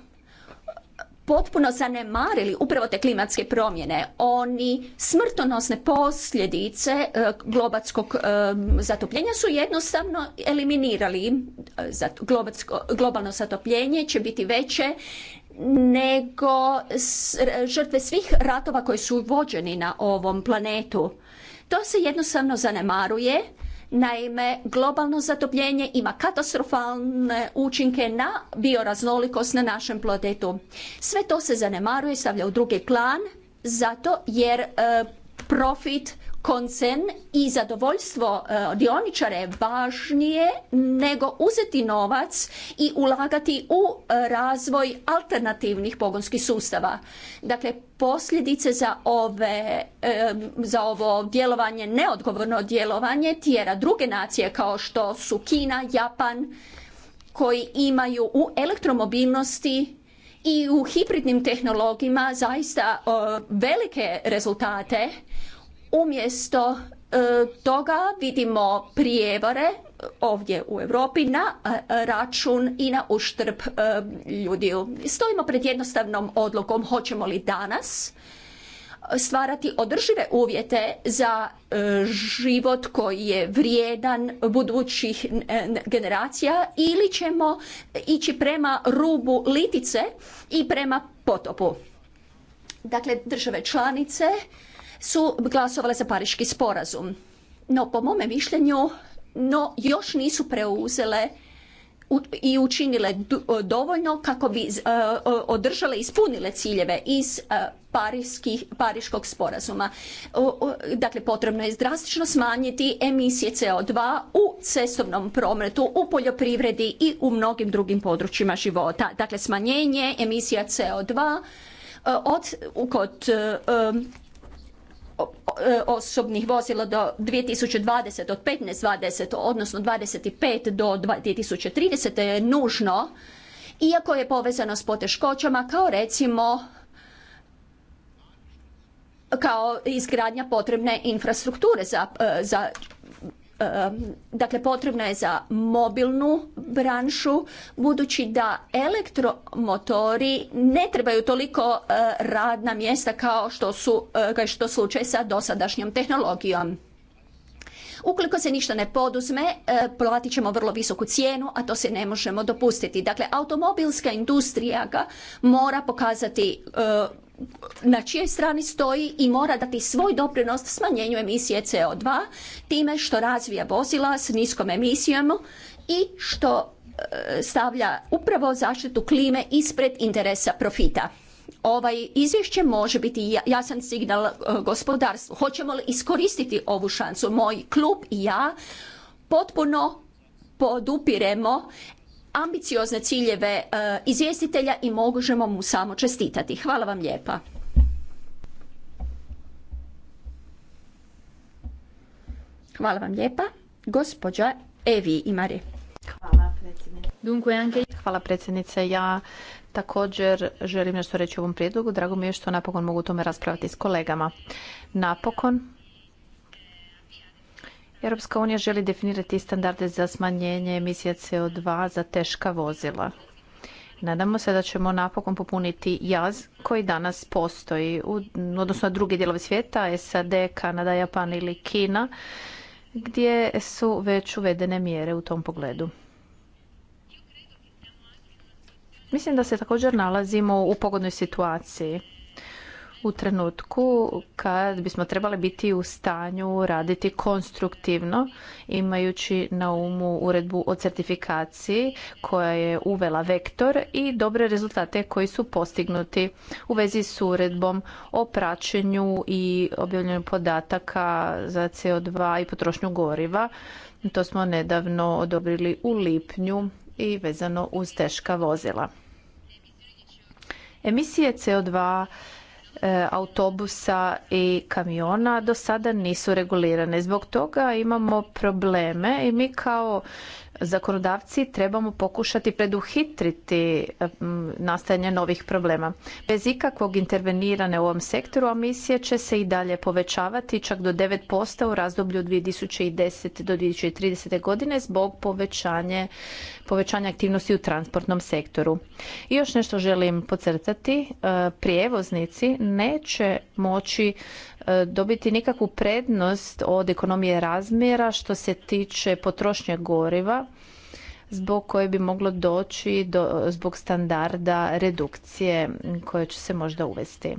potpuno zanemarili upravo te klimatske promjene, oni smrtonosne posljedice e, globatskog e, zatopljenja su jednostavno eliminirali. E, globalno zatopljenje će biti veće nego žrtve svih ratova koji su vođeni na ovom planetu. To se jednostavno zanemaruje Naime, globalno zatopljenje ima katastrofalne učinke na bioraznolikost na našem planetu. Sve to se zanemaruje, stavlja u drugi plan, zato jer e, profit koncern i zadovoljstvo e, dioničara je važnije nego uzeti novac i ulagati u e, razvoj alternativnih pogonskih sustava. Dakle, posljedice za, ove, e, za ovo djelovanje, neodgovorno djelovanje tjera druge nacije kao što su Kina, Japan, koji imaju u elektromobilnosti i u hibridnim tehnologijama zaista velike rezultate Umjesto e, toga vidimo prijevare ovdje u Europi na e, račun i na uštrb e, ljudi. Stojimo pred jednostavnom odlukom hoćemo li danas stvarati održive uvjete za život koji je vrijedan budućih generacija ili ćemo ići prema rubu litice i prema potopu. Dakle, države članice su glasovale za Pariški sporazum. No, po mome mišljenju, no, još nisu preuzele i učinile dovoljno kako bi e, održale i ispunile ciljeve iz e, pariškog sporazuma. Dakle, potrebno je drastično smanjiti emisije CO2 u cestovnom prometu, u poljoprivredi i u mnogim drugim područjima života. Dakle, smanjenje emisija CO2 e, od, kod E, osobnih vozila do 2020, od 15-20, odnosno 25 do 2030 je nužno, iako je povezano s poteškoćama, kao recimo kao izgradnja potrebne infrastrukture za, e, za dakle potrebna je za mobilnu branšu budući da elektromotori ne trebaju toliko e, radna mjesta kao što su e, kao što slučaj sa dosadašnjom tehnologijom. Ukoliko se ništa ne poduzme, e, platit ćemo vrlo visoku cijenu, a to se ne možemo dopustiti. Dakle, automobilska industrija ga mora pokazati na čijoj strani stoji i mora dati svoj doprinos smanjenju emisije CO2 time što razvija vozila s niskom emisijom i što e, stavlja upravo zaštitu klime ispred interesa profita. Ovaj izvješće može biti jasan signal e, gospodarstvu. Hoćemo li iskoristiti ovu šansu? Moj klub i ja potpuno podupiremo ambiciozne ciljeve e, izvjestitelja i možemo mu samo čestitati. Hvala vam lijepa. Hvala vam lijepa. Gospođa Evi Imari. Hvala predsjednice. Hvala predsjednice. Ja također želim nešto reći o ovom prijedlogu. Drago mi je što napokon mogu tome raspraviti s kolegama. Napokon Europska unija želi definirati standarde za smanjenje emisija CO2 za teška vozila. Nadamo se da ćemo napokon popuniti jaz koji danas postoji u odnosu na druge dijelove svijeta, SAD, Kanada, Japan ili Kina, gdje su već uvedene mjere u tom pogledu. Mislim da se također nalazimo u pogodnoj situaciji u trenutku kad bismo trebali biti u stanju raditi konstruktivno imajući na umu uredbu o certifikaciji koja je uvela vektor i dobre rezultate koji su postignuti u vezi s uredbom o praćenju i objavljanju podataka za CO2 i potrošnju goriva. To smo nedavno odobrili u lipnju i vezano uz teška vozila. Emisije CO2 E, autobusa i kamiona do sada nisu regulirane. Zbog toga imamo probleme i mi kao zakonodavci trebamo pokušati preduhitriti eh, nastajanje novih problema. Bez ikakvog interveniranja u ovom sektoru emisije će se i dalje povećavati čak do 9% u razdoblju 2010. do 2030. godine zbog povećanje, povećanja aktivnosti u transportnom sektoru. I još nešto želim podcrtati. Eh, prijevoznici neće moći E, dobiti nekakvu prednost od ekonomije razmjera što se tiče potrošnje goriva zbog koje bi moglo doći do, zbog standarda redukcije koje će se možda uvesti.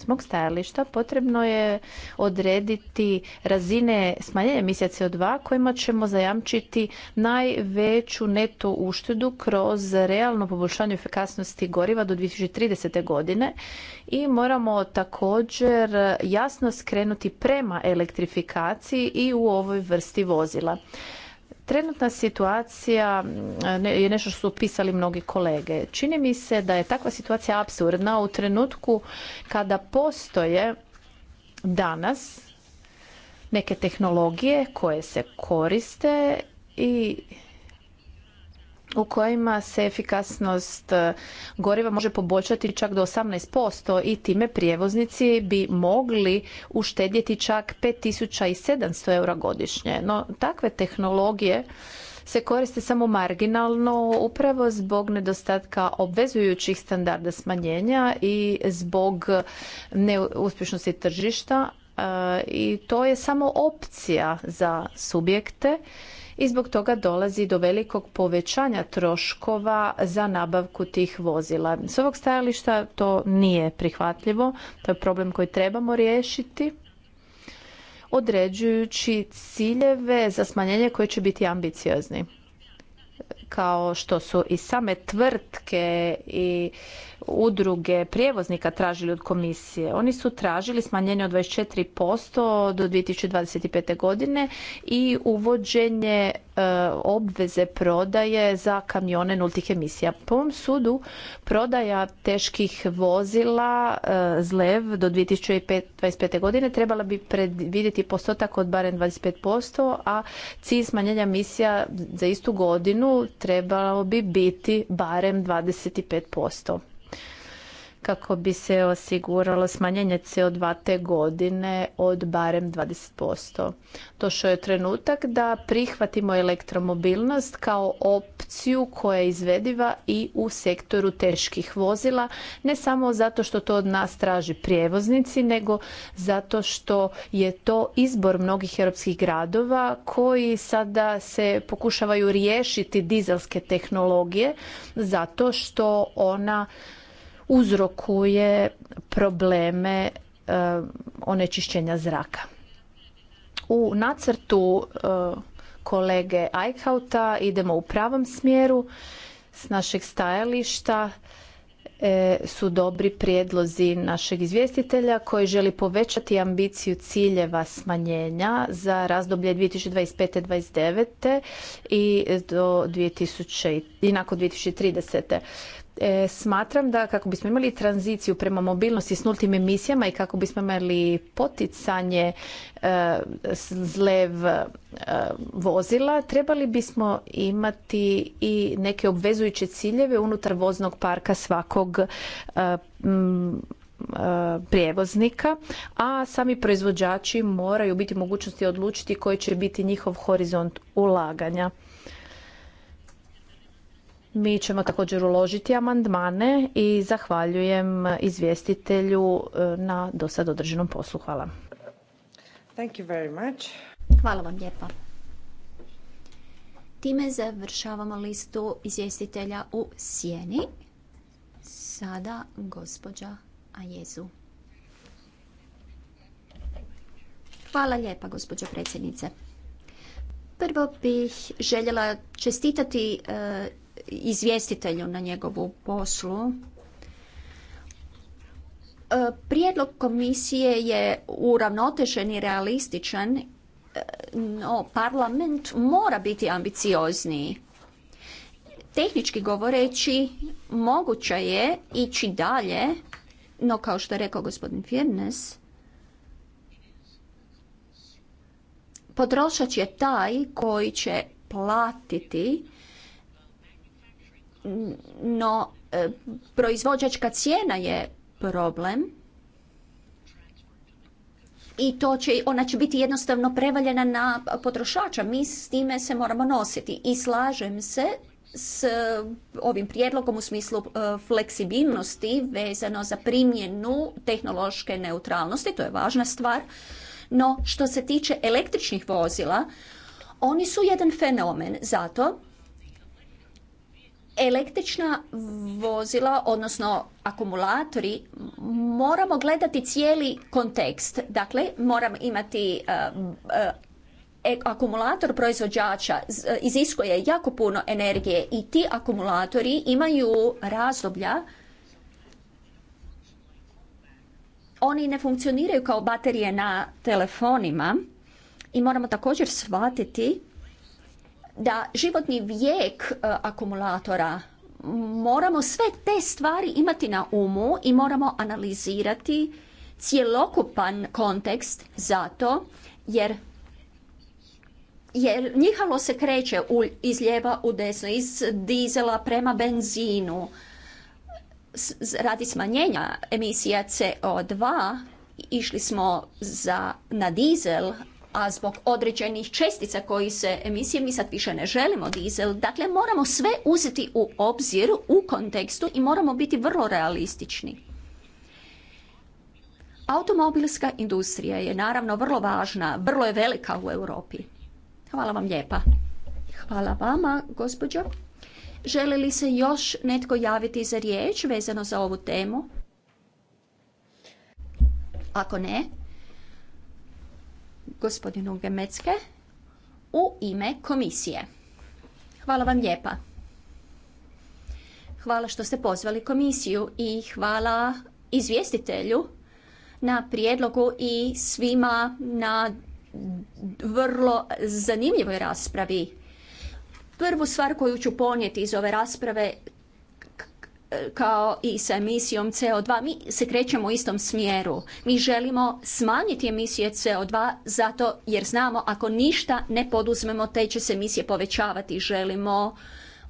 S stajališta potrebno je odrediti razine smanjenja emisija CO2 kojima ćemo zajamčiti najveću neto uštedu kroz realno poboljšanje efikasnosti goriva do 2030. godine i moramo također jasno skrenuti prema elektrifikaciji i u ovoj vrsti vozila. Trenutna situacija mm, je nešto što su pisali mnogi kolege. Čini mi se da je takva situacija absurdna u trenutku kada postoje danas neke tehnologije koje se koriste i u kojima se efikasnost e, goriva može poboljšati čak do 18% i time prijevoznici bi mogli uštedjeti čak 5700 eura godišnje. No, takve tehnologije se koriste samo marginalno upravo zbog nedostatka obvezujućih standarda smanjenja i zbog neuspješnosti tržišta e, i to je samo opcija za subjekte i zbog toga dolazi do velikog povećanja troškova za nabavku tih vozila. S ovog stajališta to nije prihvatljivo, to je problem koji trebamo riješiti određujući ciljeve za smanjenje koje će biti ambiciozni kao što su i same tvrtke i udruge prijevoznika tražili od komisije. Oni su tražili smanjenje od 24% do 2025. godine i uvođenje e, obveze prodaje za kamione nultih emisija. Po ovom sudu prodaja teških vozila e, zlev do 2025. godine trebala bi predvidjeti postotak od barem 25%, a cilj smanjenja emisija za istu godinu trebalo bi biti barem 25% kako bi se osiguralo smanjenje CO2 te godine od barem 20%. Došao je trenutak da prihvatimo elektromobilnost kao opciju koja je izvediva i u sektoru teških vozila, ne samo zato što to od nas traži prijevoznici, nego zato što je to izbor mnogih europskih gradova koji sada se pokušavaju riješiti dizelske tehnologije zato što ona uzrokuje probleme e, onečišćenja zraka. U nacrtu e, kolege Eichauta idemo u pravom smjeru. S našeg stajališta e, su dobri prijedlozi našeg izvjestitelja koji želi povećati ambiciju ciljeva smanjenja za razdoblje 2025-2029 i, do i nakon 2030. E, smatram da kako bismo imali tranziciju prema mobilnosti s nultim emisijama i kako bismo imali poticanje e, zlev e, vozila, trebali bismo imati i neke obvezujuće ciljeve unutar voznog parka svakog e, e, prijevoznika, a sami proizvođači moraju biti mogućnosti odlučiti koji će biti njihov horizont ulaganja. Mi ćemo također uložiti amandmane i zahvaljujem izvjestitelju e, na do sad održenom poslu. Hvala. Thank you very much. Hvala vam lijepa. Time završavamo listu izvjestitelja u sjeni. Sada gospođa Ajezu. Hvala lijepa gospođo predsjednice. Prvo bih željela čestitati e, izvjestitelju na njegovu poslu. E, prijedlog komisije je uravnotežen i realističan, e, no parlament mora biti ambiciozniji. Tehnički govoreći, moguće je ići dalje, no kao što je rekao gospodin Firnes, potrošač je taj koji će platiti no e, proizvođačka cijena je problem i to će, ona će biti jednostavno prevaljena na potrošača. Mi s time se moramo nositi i slažem se s e, ovim prijedlogom u smislu e, fleksibilnosti vezano za primjenu tehnološke neutralnosti, to je važna stvar. No, što se tiče električnih vozila, oni su jedan fenomen zato električna vozila, odnosno akumulatori, moramo gledati cijeli kontekst. Dakle, moram imati eh, eh, akumulator proizvođača eh, iziskuje jako puno energije i ti akumulatori imaju razdoblja oni ne funkcioniraju kao baterije na telefonima i moramo također shvatiti da životni vijek e, akumulatora moramo sve te stvari imati na umu i moramo analizirati cjelokupan kontekst zato jer jer njihalo se kreće u, iz lijeva u desno, iz dizela prema benzinu. radi smanjenja emisija CO2 išli smo za, na dizel, a zbog određenih čestica koji se emisije, mi sad više ne želimo dizel. Dakle, moramo sve uzeti u obzir, u kontekstu i moramo biti vrlo realistični. Automobilska industrija je naravno vrlo važna, vrlo je velika u Europi. Hvala vam lijepa. Hvala vama, gospođo. Želi li se još netko javiti za riječ vezano za ovu temu? Ako ne, gospodinu Gemecke u ime komisije. Hvala vam lijepa. Hvala što ste pozvali komisiju i hvala izvjestitelju na prijedlogu i svima na vrlo zanimljivoj raspravi. Prvu stvar koju ću ponijeti iz ove rasprave kao i sa emisijom CO2, mi se krećemo u istom smjeru. Mi želimo smanjiti emisije CO2 zato jer znamo ako ništa ne poduzmemo te će se emisije povećavati. Želimo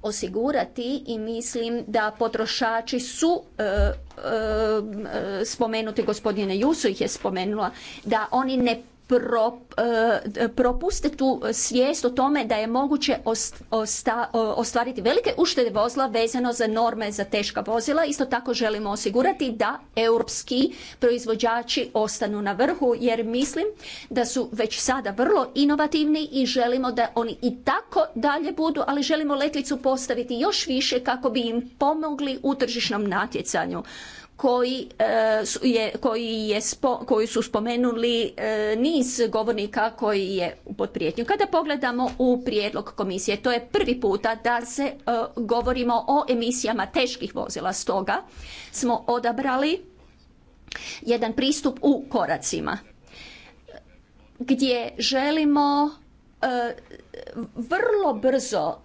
osigurati i mislim da potrošači su e, e, spomenuti, gospodine Jusu ih je spomenula, da oni ne pro, eh, propuste tu svijest o tome da je moguće eh, ostvariti velike uštede vozila vezano za norme za teška vozila. Isto tako želimo osigurati da europski proizvođači ostanu na vrhu jer mislim da su već sada vrlo inovativni i želimo da oni i tako dalje budu, ali želimo letvicu postaviti još više kako bi im pomogli u tržišnom natjecanju. E, koji, su spomenuli e, niz govornika koji je pod prijetnjom. Kada pogledamo u prijedlog komisije, to je prvi puta da se e, govorimo o emisijama teških vozila. Stoga smo odabrali jedan pristup u koracima gdje želimo vrlo brzo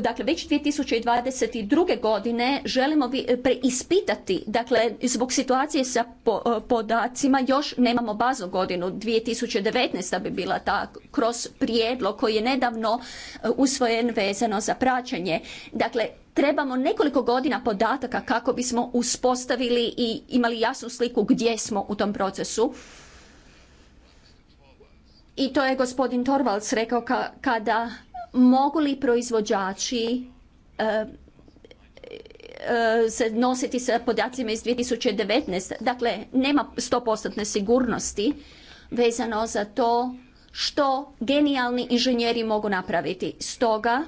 dakle već 2022. godine želimo vi e, preispitati, dakle zbog situacije sa e, podacima još nemamo baznu godinu, 2019. bi bila ta kroz prijedlog koji je nedavno e, usvojen vezano za praćenje. Dakle, trebamo nekoliko godina podataka kako bismo uspostavili i imali jasnu sliku gdje smo u tom procesu. I to je gospodin Torvalds rekao kada mogu li proizvođači e, e, se nositi sa podacima iz 2019. Dakle, nema 100% sigurnosti vezano za to što genijalni inženjeri mogu napraviti. Stoga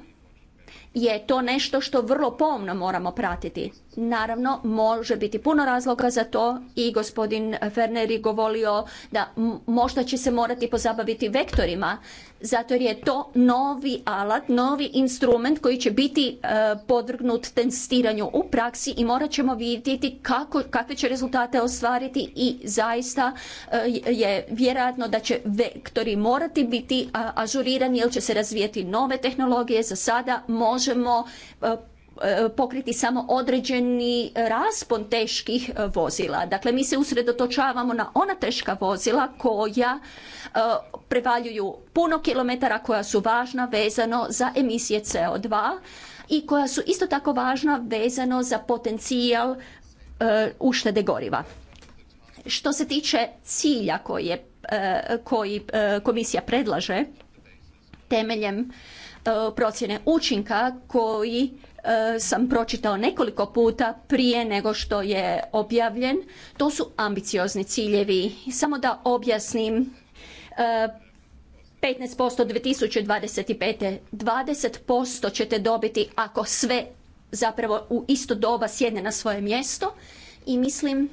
je to nešto što vrlo pomno moramo pratiti. Naravno, može biti puno razloga za to i gospodin Ferner je govorio da možda će se morati pozabaviti vektorima zato jer je to novi alat, novi instrument koji će biti e, podvrgnut testiranju u praksi i morat ćemo vidjeti kakve će rezultate ostvariti i zaista e, je vjerojatno da će vektori morati biti ažurirani jer će se razvijeti nove tehnologije. Za sada možemo e, E, pokriti samo određeni raspon teških e, vozila. Dakle, mi se usredotočavamo na ona teška vozila koja e, prevaljuju puno kilometara, koja su važna vezano za emisije CO2 i koja su isto tako važna vezano za potencijal uštede goriva. Što se tiče cilja koji komisija predlaže temeljem procjene učinka koji Eh, sam pročitao nekoliko puta prije nego što je objavljen. To su ambiciozni ciljevi. Samo da objasnim. 15% 2025. 20% ćete dobiti ako sve zapravo u isto doba sjedne na svoje mjesto i mislim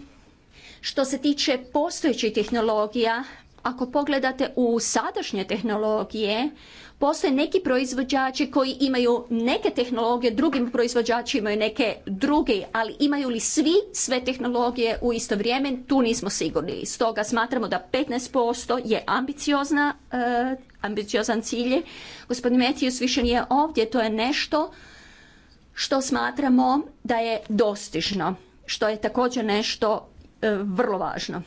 što se tiče postojećih tehnologija, ako pogledate u sadašnje tehnologije, Postoje neki proizvođači koji imaju neke tehnologije, drugim proizvođačima imaju neke druge, ali imaju li svi sve tehnologije u isto vrijeme, tu nismo sigurni. Stoga smatramo da 15% je ambiciozna, eh, ambiciozan cilj. Gospodin Metijus više nije ovdje, to je nešto što smatramo da je dostižno, što je također nešto eh, vrlo važno.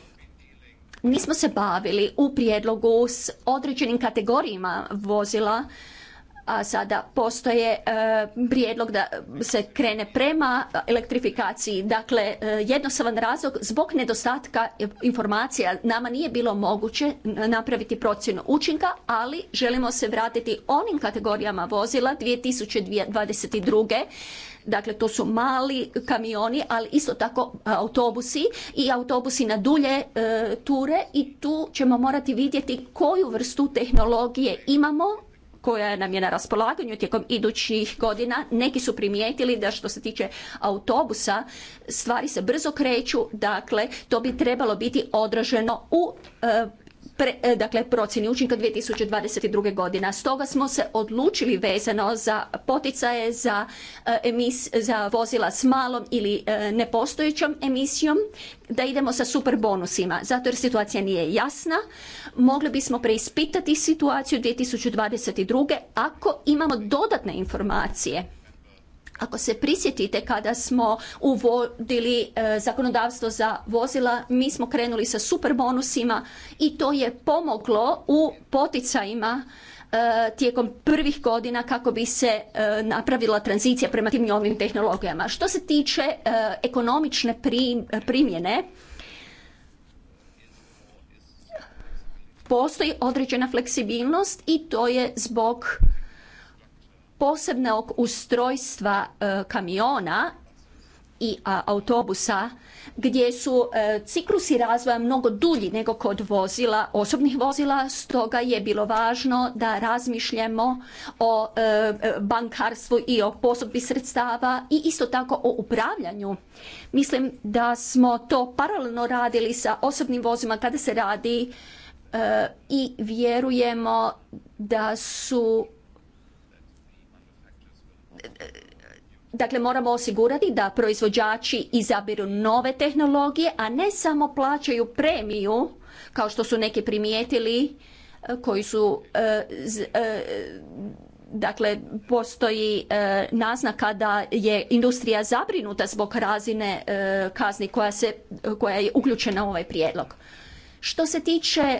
Mi smo se bavili u prijedlogu s određenim kategorijama vozila, a sada postoje e, prijedlog da se krene prema elektrifikaciji. Dakle, e, jednostavan razlog zbog nedostatka informacija nama nije bilo moguće napraviti procjenu učinka, ali želimo se vratiti onim kategorijama vozila 2022 Dakle, to su mali kamioni, ali isto tako e, autobusi i autobusi na dulje e, ture i tu ćemo morati vidjeti koju vrstu tehnologije imamo koja nam je na raspolaganju tijekom idućih godina. Neki su primijetili da što se tiče autobusa stvari se brzo kreću, dakle to bi trebalo biti odraženo u e, E, dakle procjeni učinka 2022. godina. Stoga smo se odlučili vezano za poticaje za, e, emis, za vozila s malom ili e, nepostojećom emisijom da idemo sa super bonusima. Zato jer situacija nije jasna. Mogli bismo preispitati situaciju 2022. ako imamo dodatne informacije. Ako se prisjetite kada smo uvodili e, zakonodavstvo za vozila, mi smo krenuli sa super bonusima i to je pomoglo u poticajima e, tijekom prvih godina kako bi se e, napravila tranzicija prema tim novim tehnologijama. Što se tiče ekonomične primjene, postoji određena fleksibilnost i to je zbog posebnog ustrojstva e, kamiona i autobusa gdje su e, ciklusi razvoja mnogo dulji nego kod vozila, osobnih vozila, stoga je bilo važno da razmišljamo o e, bankarstvu i o posobi sredstava i isto tako o upravljanju. Mislim da smo to paralelno radili sa osobnim vozima kada se radi i vjerujemo da su Dakle, moramo osigurati da proizvođači izabiru nove tehnologije, a ne samo plaćaju premiju, kao što su neki primijetili, e, koji su, e, e, dakle, postoji naznaka da je industrija zabrinuta zbog razine kazni koja, se, koja je uključena u ovaj prijedlog. Što se tiče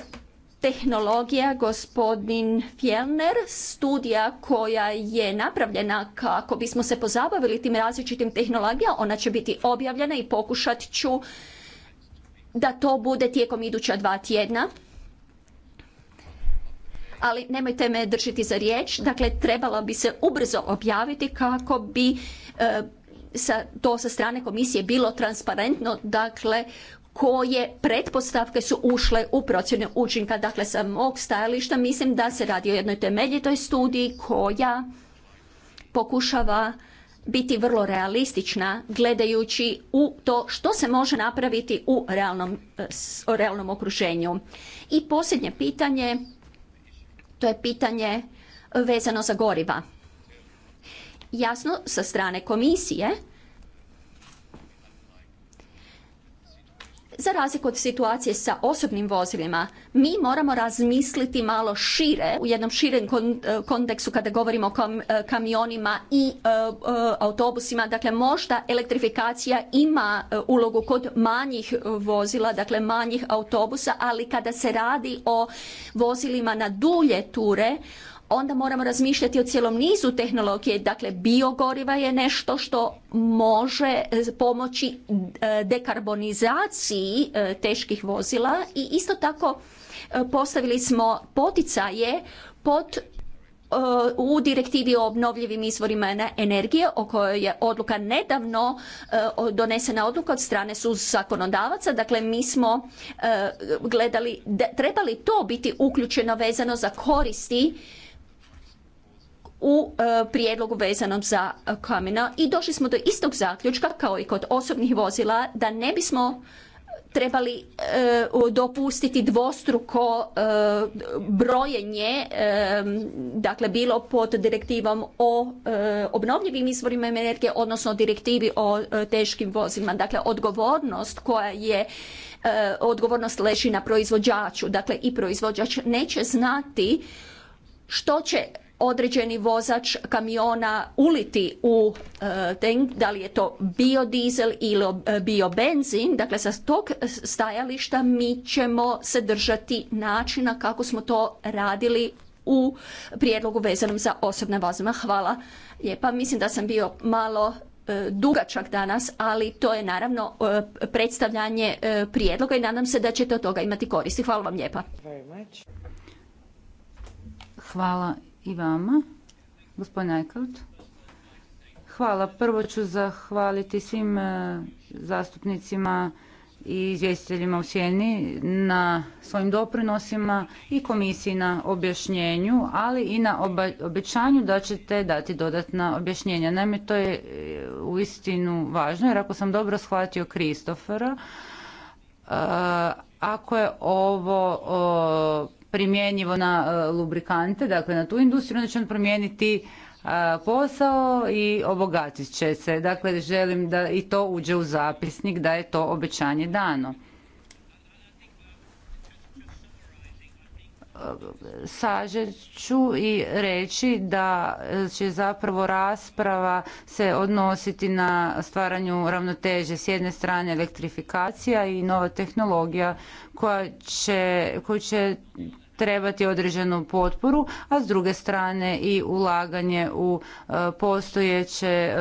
tehnologija gospodin Fjellner, studija koja je napravljena kako bismo se pozabavili tim različitim tehnologijama, ona će biti objavljena i pokušat ću da to bude tijekom iduća dva tjedna. Ali nemojte me držiti za riječ, dakle trebalo bi se ubrzo objaviti kako bi e, to sa strane komisije bilo transparentno, dakle koje pretpostavke su ušle u procjenu učinka. Dakle, sa mog stajališta mislim da se radi o jednoj temeljitoj studiji koja pokušava biti vrlo realistična gledajući u to što se može napraviti u realnom, realnom okruženju. I posljednje pitanje, to je pitanje vezano za goriva. Jasno, sa strane komisije Za razliku od situacije sa osobnim vozilima, mi moramo razmisliti malo šire, u jednom širem e, kontekstu kada govorimo o e, kamionima i e, autobusima, dakle možda elektrifikacija ima ulogu kod manjih vozila, dakle manjih autobusa, ali kada se radi o vozilima na dulje ture, onda moramo razmišljati o cijelom nizu tehnologije. Dakle, biogoriva je nešto što može e, pomoći e, dekarbonizaciji e, teških vozila i isto tako postavili smo poticaje pod u direktivi o obnovljivim izvorima energije o kojoj je odluka nedavno donesena odluka od strane su zakonodavaca. Dakle, mi smo gledali treba li to biti uključeno vezano za koristi u e, prijedlogu vezanom za kamena i došli smo do istog zaključka kao i kod osobnih vozila da ne bismo trebali e, dopustiti dvostruko e, brojenje dakle bilo pod direktivom o obnovljivim izvorima energije odnosno direktivi o teškim vozilima dakle odgovornost koja je odgovornost leži na proizvođaču dakle i proizvođač neće znati što će određeni vozač kamiona uliti u e, tank, da li je to biodizel ili e, biobenzin, dakle sa tog stajališta mi ćemo se držati načina kako smo to radili u prijedlogu vezanom za osobna vozila. Hvala lijepa. Mislim da sam bio malo e, dugačak danas, ali to je naravno predstavljanje prijedloga i nadam se da ćete od toga imati koristi. Hvala vam lijepa. Hvala i vama, gospodin Ajkaut. Hvala. Prvo ću zahvaliti svim e, zastupnicima i izvjestiteljima u sjeni na svojim doprinosima i komisiji na objašnjenju, ali i na obećanju da ćete dati dodatna objašnjenja. Naime, to je e, uistinu važno jer ako sam dobro shvatio Kristofera, e, ako je ovo primjenjivo na e, lubrikante, dakle na tu industriju, onda će on promijeniti e, posao i obogatit će se. Dakle, želim da i to uđe u zapisnik, da je to obećanje dano. sažet i reći da će zapravo rasprava se odnositi na stvaranju ravnoteže s jedne strane elektrifikacija i nova tehnologija koja će, koju će trebati određenu potporu, a s druge strane i ulaganje u e, postojeće e,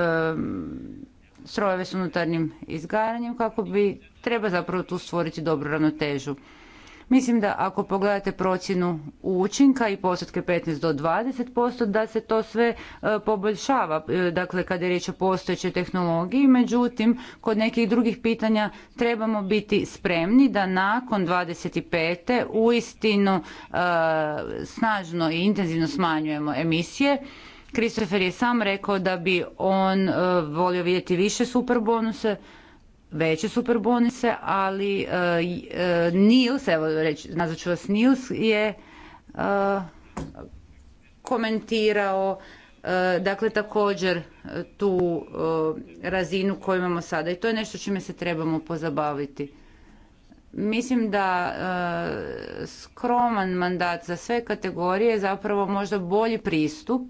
strojeve s unutarnjim izgaranjem kako bi treba zapravo tu stvoriti dobru ravnotežu. Mislim da ako pogledate procjenu učinka i postotke 15 do 20%, da se to sve e, poboljšava, e, dakle kada je riječ o postojećoj tehnologiji, međutim kod nekih drugih pitanja trebamo biti spremni da nakon 25. uistinu e, snažno i intenzivno smanjujemo emisije. Kristofer je sam rekao da bi on volio vidjeti više super bonuse, veće superbonise, ali e, e, Nils, evo reći, nazvat ću vas Nils, je e, komentirao dakle također tu razinu koju imamo sada i to je nešto čime se trebamo pozabaviti. Mislim da skroman mandat za sve kategorije je zapravo možda bolji pristup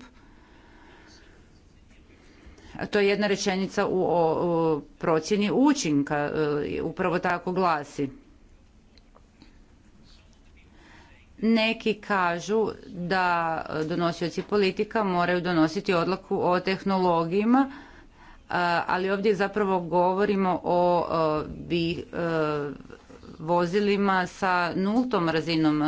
to je jedna rečenica u o procjeni učinka, e, upravo tako glasi. Neki kažu da donosioci politika moraju donositi odluku o tehnologijima, e, ali ovdje zapravo govorimo o bi e, vozilima sa nultom razinom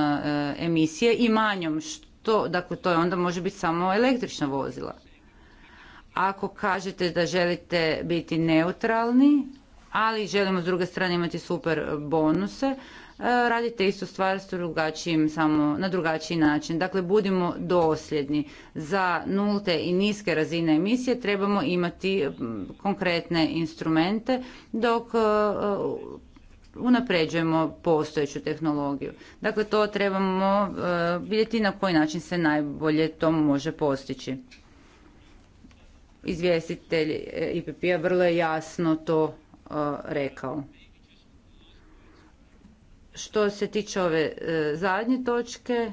emisije i manjom, što, dakle to je onda može biti samo električna vozila ako kažete da želite biti neutralni, ali želimo s druge strane imati super bonuse, e, radite istu stvar s drugačijim, samo na drugačiji način. Dakle, budimo dosljedni. Za nulte i niske razine emisije trebamo imati konkretne instrumente dok e, e, unapređujemo postojeću tehnologiju. Dakle, to trebamo vidjeti na koji način se najbolje to može postići. Izvjestitelj e, IPP-a vrlo je jasno to e, rekao. Što se tiče ove e, zadnje točke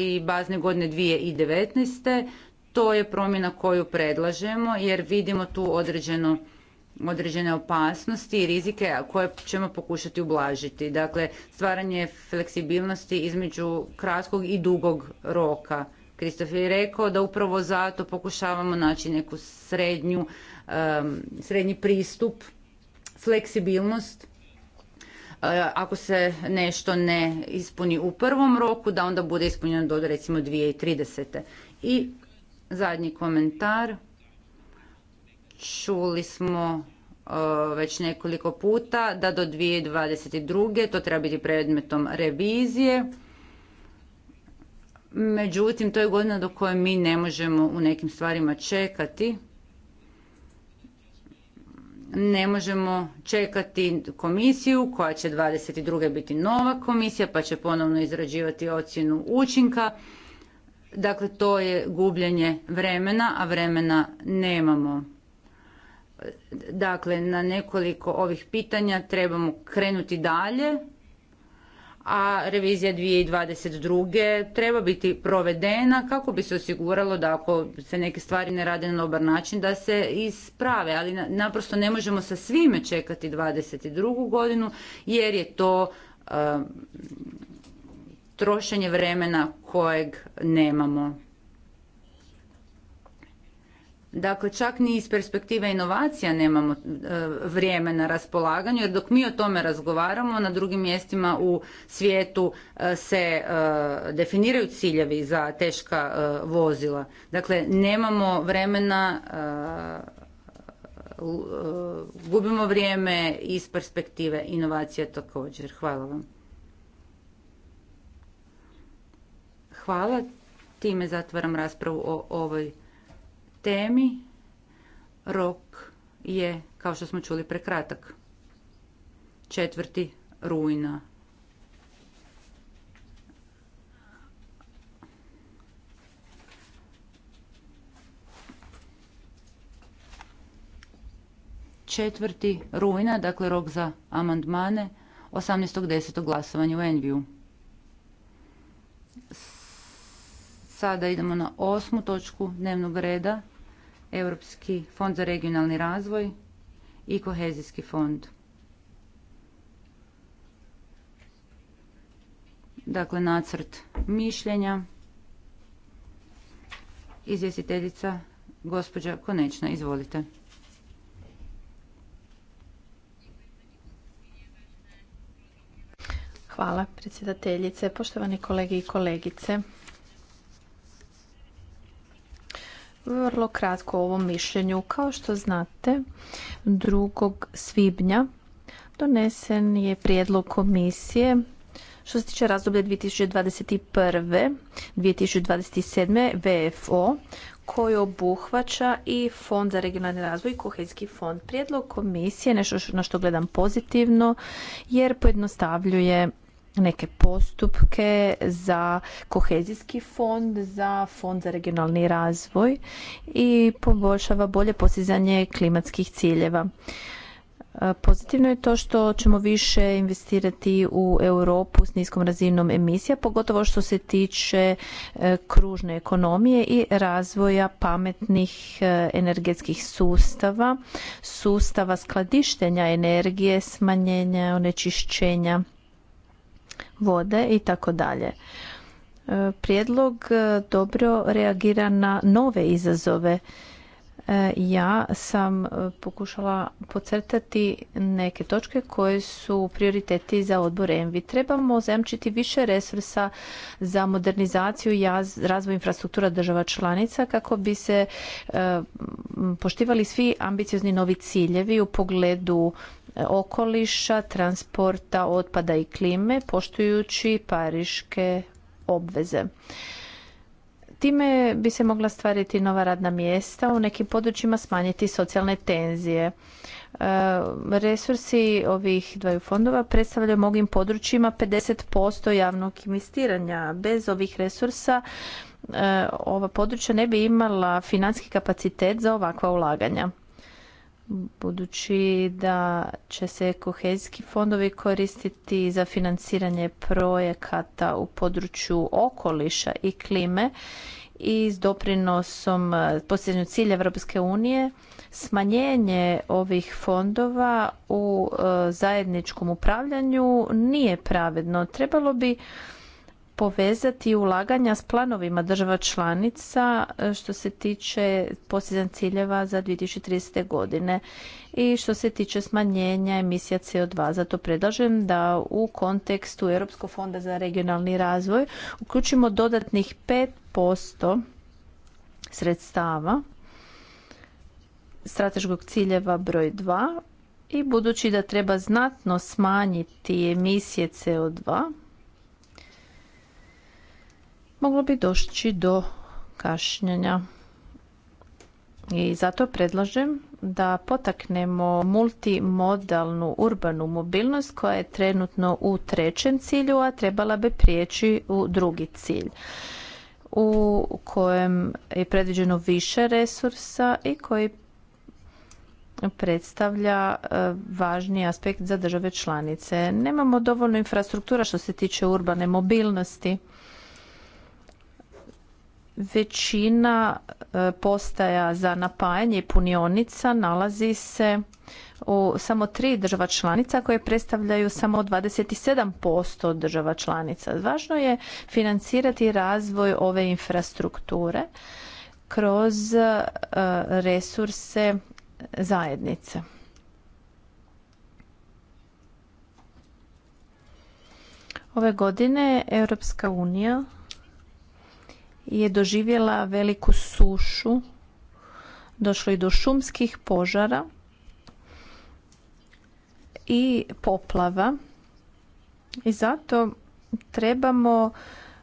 i bazne godine 2019. to je promjena koju predlažemo jer vidimo tu određeno određene opasnosti i rizike koje ćemo pokušati ublažiti. Dakle, stvaranje fleksibilnosti između kratkog i dugog roka. Kristof je rekao da upravo zato pokušavamo naći neku srednju, srednji pristup, fleksibilnost. E, ako se nešto ne ispuni u prvom roku, da onda bude ispunjeno do recimo 2030. I zadnji komentar. Čuli smo e, već nekoliko puta da do 2022. to treba biti predmetom revizije Međutim, to je godina do koje mi ne možemo u nekim stvarima čekati. Ne možemo čekati komisiju koja će 22. biti nova komisija pa će ponovno izrađivati ocjenu učinka. Dakle, to je gubljenje vremena, a vremena nemamo. Dakle, na nekoliko ovih pitanja trebamo krenuti dalje a revizija 2022. treba biti provedena kako bi se osiguralo da ako se neke stvari ne rade na dobar način da se isprave, ali naprosto ne možemo sa svime čekati 2022. godinu jer je to eh, trošenje vremena kojeg nemamo. Dakle, čak ni iz perspektive inovacija nemamo e, vrijeme na raspolaganju, jer dok mi o tome razgovaramo, na drugim mjestima u svijetu e, se e, definiraju ciljevi za teška vozila. Dakle, nemamo vremena, gubimo vrijeme iz perspektive inovacija također. Hvala vam. Hvala. Time zatvaram raspravu o ovoj temi. Rok je, kao što smo čuli, prekratak. Četvrti rujna. Četvrti rujna, dakle rok za amandmane, 18.10. glasovanje u Enviju. Sada idemo na osmu točku dnevnog reda. Europski fond za regionalni razvoj i kohezijski fond. Dakle, nacrt mišljenja. Izvjestiteljica, gospođa Konečna, izvolite. Hvala predsjedateljice, poštovani kolege i kolegice. vrlo kratko o ovom mišljenju. Kao što znate, 2. svibnja donesen je prijedlog komisije što se tiče razdoblja 2021. 2027. VFO koji obuhvaća i Fond za regionalni razvoj i Kohezijski fond. Prijedlog komisije, nešto na što gledam pozitivno, jer pojednostavljuje neke postupke za kohezijski fond, za fond za regionalni razvoj i poboljšava bolje postizanje klimatskih ciljeva. E, pozitivno je to što ćemo više investirati u Europu s niskom razinom emisija, pogotovo što se tiče e, kružne ekonomije i razvoja pametnih e, energetskih sustava, sustava skladištenja energije, smanjenja onečišćenja vode i tako dalje. E, prijedlog e, dobro reagira na nove izazove E, ja sam e, pokušala pocrtati neke točke koje su prioriteti za odbor ENVI. Trebamo zemčiti više resursa za modernizaciju i razvoj infrastruktura država članica kako bi se e, poštivali svi ambiciozni novi ciljevi u pogledu okoliša, transporta, otpada i klime, poštujući pariške obveze. Time bi se mogla stvariti nova radna mjesta, u nekim područjima smanjiti socijalne tenzije. E, resursi ovih dvaju fondova predstavljaju mogim područjima 50% javnog investiranja. Bez ovih resursa e, ova područja ne bi imala financijski kapacitet za ovakva ulaganja budući da će se kohezijski fondovi koristiti za financiranje projekata u području okoliša i klime i s doprinosom e, posljednju cilja Europske unije smanjenje ovih fondova u e, zajedničkom upravljanju nije pravedno. Trebalo bi povezati ulaganja s planovima država članica e, što se tiče postizanja ciljeva za 2030. godine i što se tiče smanjenja emisija CO2. Zato predlažem da u kontekstu Europskog fonda za regionalni razvoj uključimo dodatnih 5% sredstava strateškog ciljeva broj 2 i budući da treba znatno smanjiti emisije CO2 moglo bi doći do kašnjenja. I zato predlažem da potaknemo multimodalnu urbanu mobilnost koja je trenutno u trećem cilju, a trebala bi prijeći u drugi cilj u kojem je predviđeno više resursa i koji predstavlja e, važni aspekt za države članice. Nemamo dovoljno infrastruktura što se tiče urbane mobilnosti Većina e, postaja za napajanje i punionica nalazi se u samo tri država članica koje predstavljaju samo 27% država članica. Važno je financirati razvoj ove infrastrukture kroz e, resurse zajednice. Ove godine Europska unija je doživjela veliku sušu, došlo je do šumskih požara i poplava. I zato trebamo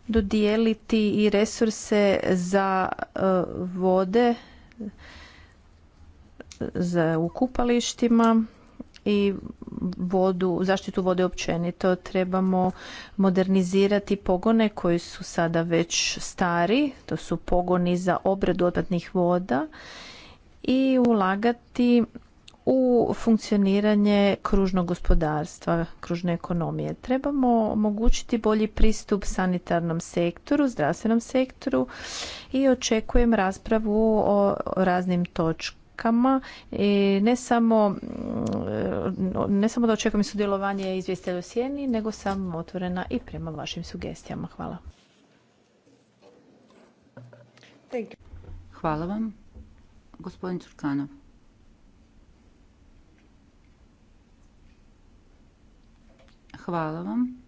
dodijeliti i resurse za e, vode e, za, u kupalištima i vodu, zaštitu vode općenito. Trebamo modernizirati pogone koji su sada već stari, to su pogoni za obradu otpadnih voda i ulagati u funkcioniranje kružnog gospodarstva, kružne ekonomije. Trebamo omogućiti bolji pristup sanitarnom sektoru, zdravstvenom sektoru i očekujem raspravu o raznim točkama ne samo, mm, ne samo da očekujem sudjelovanje izvjestitelja u sjeni, nego sam otvorena i prema vašim sugestijama. Hvala. Hvala vam. Gospodin Čurkanov. Hvala vam.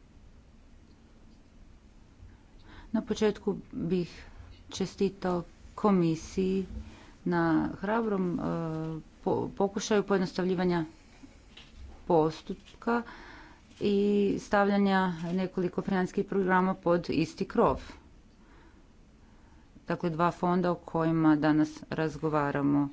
Na početku bih čestitao komisiji na hrabrom e, pokušaju pojednostavljivanja postupka i stavljanja nekoliko financijskih programa pod isti krov. Dakle, dva fonda o kojima danas razgovaramo.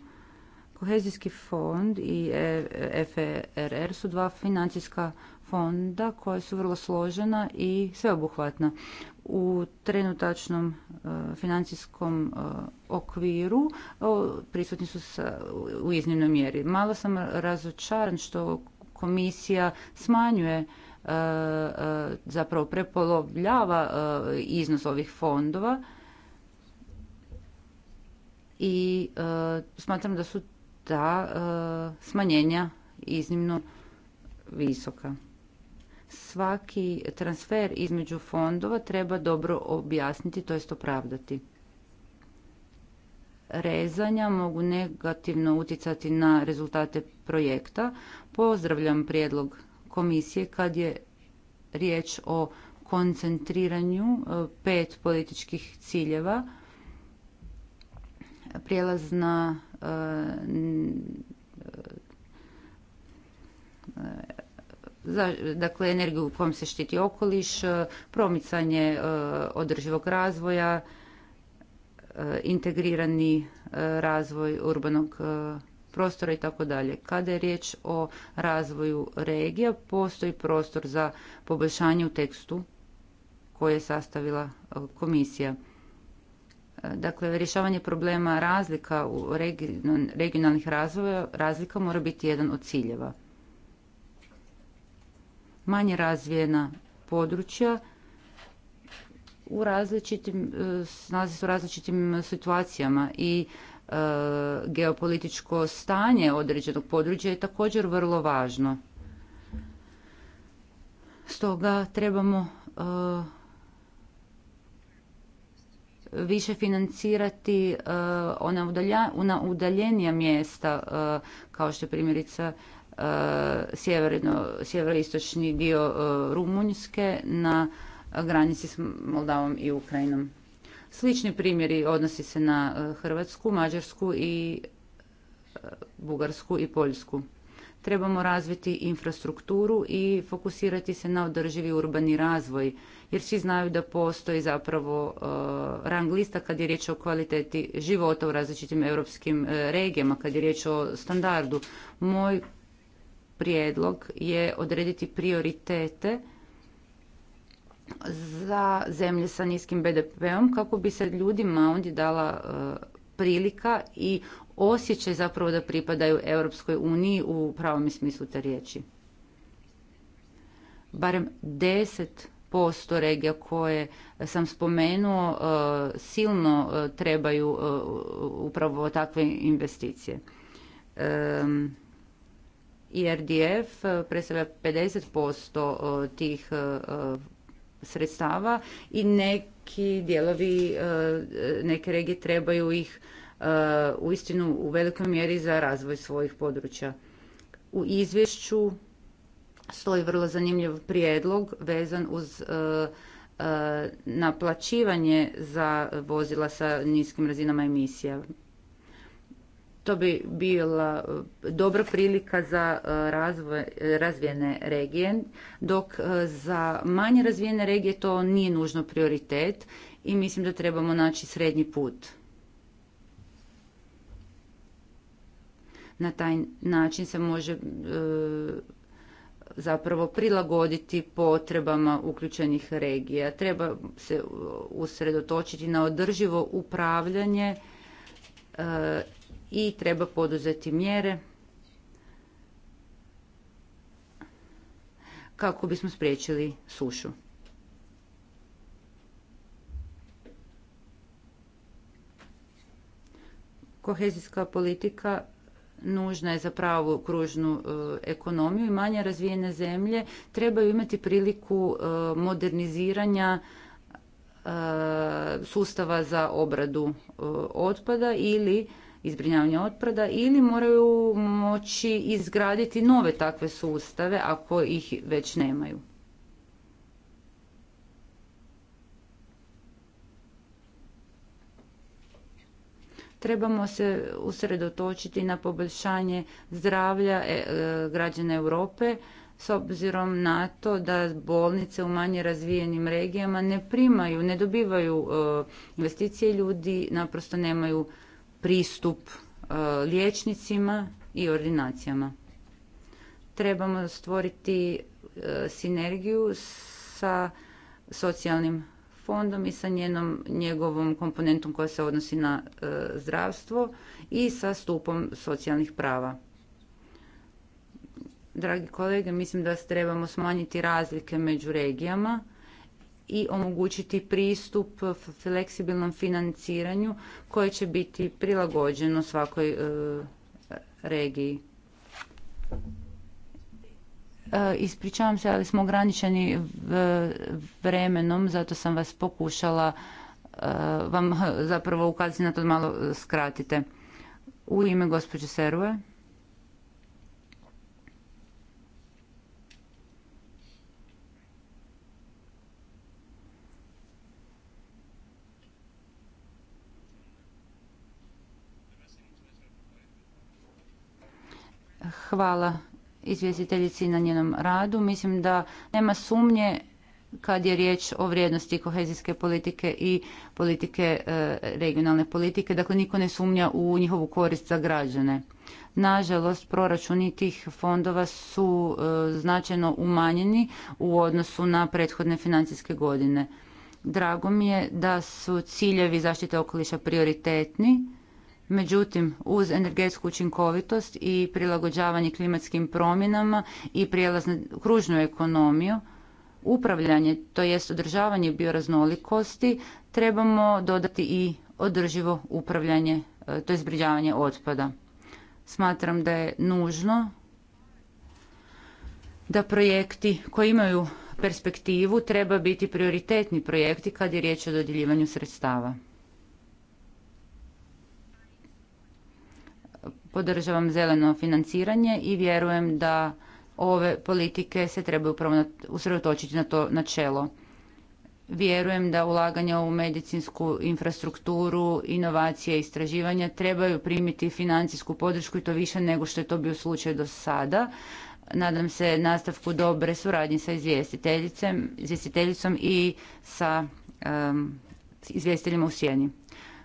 Kohezijski fond i e, FRR e su dva financijska fonda koja su vrlo složena i sveobuhvatna. U trenutačnom e, financijskom okviru prisutni su u iznimnoj mjeri. Malo sam razočaran što komisija smanjuje zapravo prepolovljava iznos ovih fondova i smatram da su ta e, smanjenja iznimno visoka. Svaki transfer između fondova treba dobro objasniti, to jest opravdati. Rezanja mogu negativno utjecati na rezultate projekta. Pozdravljam prijedlog komisije kad je riječ o koncentriranju e, pet političkih ciljeva. Prijelaz E, e, dakle energiju u kom se štiti okoliš, e, promicanje održivog razvoja, integrirani razvoj urbanog prostora i tako dalje. Kada je riječ o razvoju regija, postoji prostor za poboljšanje u tekstu koje je sastavila komisija. Dakle, rješavanje problema razlika u regionalnih razvoja, razlika mora biti jedan od ciljeva. Manje razvijena područja u različitim, eh, nalazi se u različitim situacijama i eh, geopolitičko stanje određenog područja je također vrlo važno. Stoga trebamo eh, više financirati e, ona, udalja, udaljenija mjesta e, kao što je primjerice e, sjeveroistočni dio Rumunjske na granici s Moldavom i Ukrajinom. Slični primjeri odnosi se na Hrvatsku, Mađarsku i Bugarsku i Poljsku. Trebamo razviti infrastrukturu i fokusirati se na održivi urbani razvoj jer svi znaju da postoji zapravo e, rang lista kad je riječ o kvaliteti života u različitim europskim e, regijama, kad je riječ o standardu. Moj prijedlog je odrediti prioritete za zemlje sa niskim BDP-om kako bi se ljudima ondje dala e, prilika i osjećaj zapravo da pripadaju Europskoj uniji u pravom smislu te riječi. Barem deset posto regija koje sam spomenuo e, silno e, trebaju e, upravo takve investicije. IRDF predstavlja 50% tih sredstava i neki dijelovi, neke regije trebaju ih uistinu u velikoj mjeri za razvoj svojih područja. U izvješću stoji vrlo zanimljiv prijedlog vezan uz e, e, naplaćivanje za vozila sa niskim razinama emisija. To bi bila e, dobra prilika za razvijene regije, dok za manje razvijene regije to nije nužno prioritet i mislim da trebamo naći srednji put. Na taj način se može zapravo prilagoditi potrebama uključenih regija. Treba se uh, usredotočiti na održivo upravljanje uh, i treba poduzeti mjere kako bismo spriječili sušu. Kohezijska politika nužna je za pravu kružnu e, ekonomiju i manje razvijene zemlje trebaju imati priliku e, moderniziranja e, sustava za obradu otpada ili izbrinjavanja otpada ili moraju moći izgraditi nove takve sustave ako ih već nemaju. trebamo se usredotočiti na poboljšanje zdravlja e, e, građana Europe s obzirom na to da bolnice u manje razvijenim regijama ne primaju, ne dobivaju e, investicije, ljudi naprosto nemaju pristup liječnicima i ordinacijama. Trebamo stvoriti sinergiju sa socijalnim fondom i sa njenom, njegovom komponentom koja se odnosi na e, zdravstvo i sa stupom socijalnih prava. Dragi kolege, mislim da trebamo smanjiti razlike među regijama i omogućiti pristup fleksibilnom financiranju koje će biti prilagođeno svakoj e, regiji. E, ispričavam se, ali smo ograničeni e, vremenom, zato sam vas pokušala e, vam zapravo ukazati na to malo skratite. U ime gospođe Serve. Hvala izvjestiteljici na njenom radu. Mislim da nema sumnje kad je riječ o vrijednosti kohezijske politike i politike e, regionalne politike. Dakle, niko ne sumnja u njihovu korist za građane. Nažalost, proračuni tih fondova su e, značajno umanjeni u odnosu na prethodne financijske godine. Drago mi je da su ciljevi zaštite okoliša prioritetni Međutim, uz energetsku učinkovitost i prilagođavanje klimatskim promjenama i prijelaz na kružnu ekonomiju, upravljanje, to jest održavanje bioraznolikosti, trebamo dodati i održivo upravljanje, e, to je zbrinjavanje otpada. Smatram da je nužno da projekti koji imaju perspektivu treba biti prioritetni projekti kad je riječ o dodjeljivanju sredstava. podržavam zeleno financiranje i vjerujem da ove politike se trebaju upravo usredotočiti na to načelo. Vjerujem da ulaganja u medicinsku infrastrukturu, inovacije i istraživanja trebaju primiti financijsku podršku i to više nego što je to bio slučaj do sada. Nadam se nastavku dobre suradnje sa izvjestiteljicom i sa izvjestiteljima u sjeni.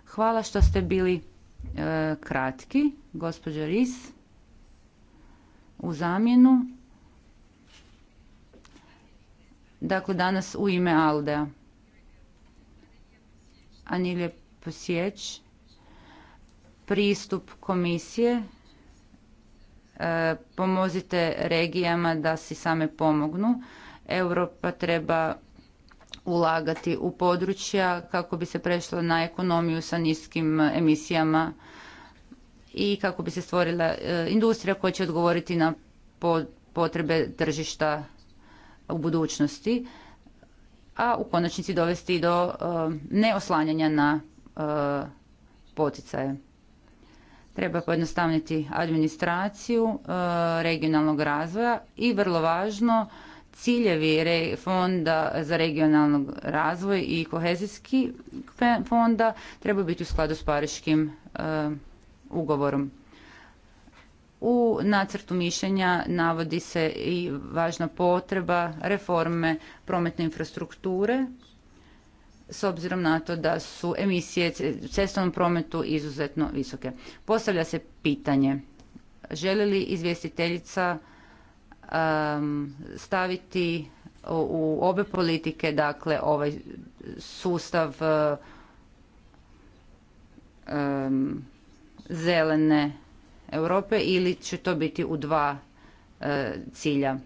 Hvala što ste bili E, kratki. Gospođa Ris u zamjenu. Dakle, danas u ime Aldea. Anilje Posjeć, pristup komisije, e, pomozite regijama da si same pomognu. Europa treba ulagati u područja kako bi se prešlo na ekonomiju sa niskim emisijama i kako bi se stvorila e, industrija koja će odgovoriti na potrebe tržišta u budućnosti, a u konačnici dovesti do e, neoslanjanja na e, poticaje. Treba pojednostavniti administraciju regionalnog razvoja i vrlo važno ciljevi fonda za regionalni razvoj i kohezijski fonda trebaju biti u skladu s pariškim eh, ugovorom. U nacrtu mišljenja navodi se i važna potreba reforme prometne infrastrukture s obzirom na to da su emisije u cestovnom prometu izuzetno visoke. Postavlja se pitanje želi li izvjestiteljica Um, staviti u obe politike, dakle ovaj sustav um, zelene Europe ili će to biti u dva uh, cilja.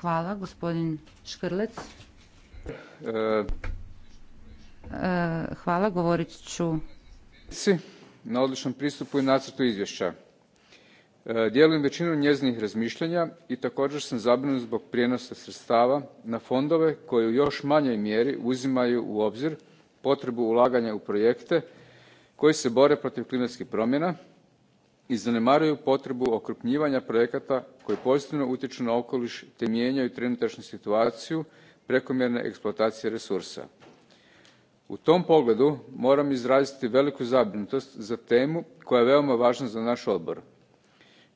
Hvala, gospodin Škrlec. Uh, uh, hvala, govorit ću na odličnom pristupu i nacrtu izvješća. E, Dijelim većinu njezinih razmišljanja i također sam zabrinut zbog prijenosa sredstava na fondove koji u još manjoj mjeri uzimaju u obzir potrebu ulaganja u projekte koji se bore protiv klimatskih promjena i zanemaruju potrebu okrupnjivanja projekata koji pozitivno utječu na okoliš te mijenjaju trenutačnu situaciju prekomjerne eksploatacije resursa u tom pogledu moram izraziti veliku zabrinutost za temu koja je veoma važna za naš odbor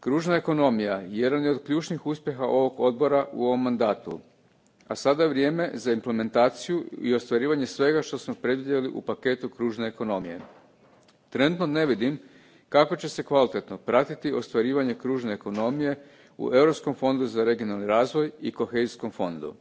kružna ekonomija jedan je od ključnih uspjeha ovog odbora u ovom mandatu a sada je vrijeme za implementaciju i ostvarivanje svega što smo predvidjeli u paketu kružne ekonomije trenutno ne vidim kako će se kvalitetno pratiti ostvarivanje kružne ekonomije u europskom fondu za regionalni razvoj i kohezijskom fondu.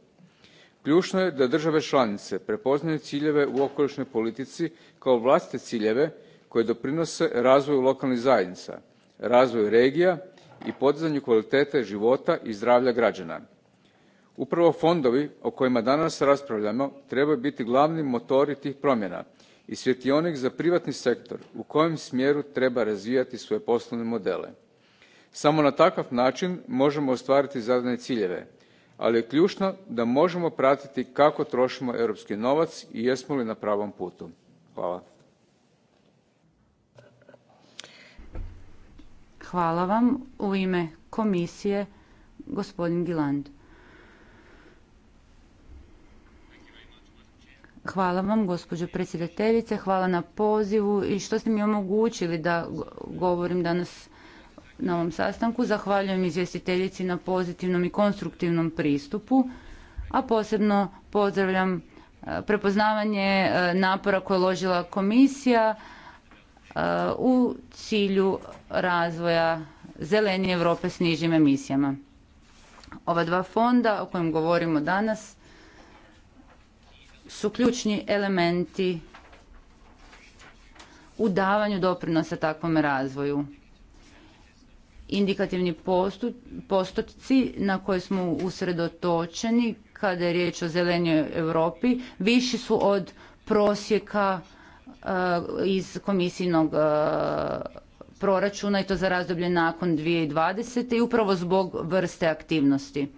Ključno je da države članice prepoznaju ciljeve u okolišnoj politici kao vlastite ciljeve koji doprinose razvoju lokalnih zajednica, razvoju regija i podizanju kvalitete života i zdravlja građana. Upravo fondovi o kojima danas raspravljamo trebaju biti glavni motori tih promjena i svjetionik za privatni sektor u kojem smjeru treba razvijati svoje poslovne modele. Samo na takav način možemo ostvariti zadane ciljeve ali je ključno da možemo pratiti kako trošimo europski novac i jesmo li na pravom putu. Hvala. Hvala vam. U ime komisije gospodin Giland. Hvala vam, gospođo predsjedateljice. Hvala na pozivu i što ste mi omogućili da govorim danas na ovom sastanku. Zahvaljujem izvjestiteljici na pozitivnom i konstruktivnom pristupu, a posebno pozdravljam e, prepoznavanje e, napora koje je ložila komisija e, u cilju razvoja zelenije Europe s nižim emisijama. Ova dva fonda o kojem govorimo danas su ključni elementi u davanju doprinosa takvom razvoju indikativni postotci na koje smo usredotočeni kada je riječ o zelenoj Europi viši su od prosjeka eh, iz komisijnog eh, proračuna i to za razdoblje nakon 2020. i upravo zbog vrste aktivnosti.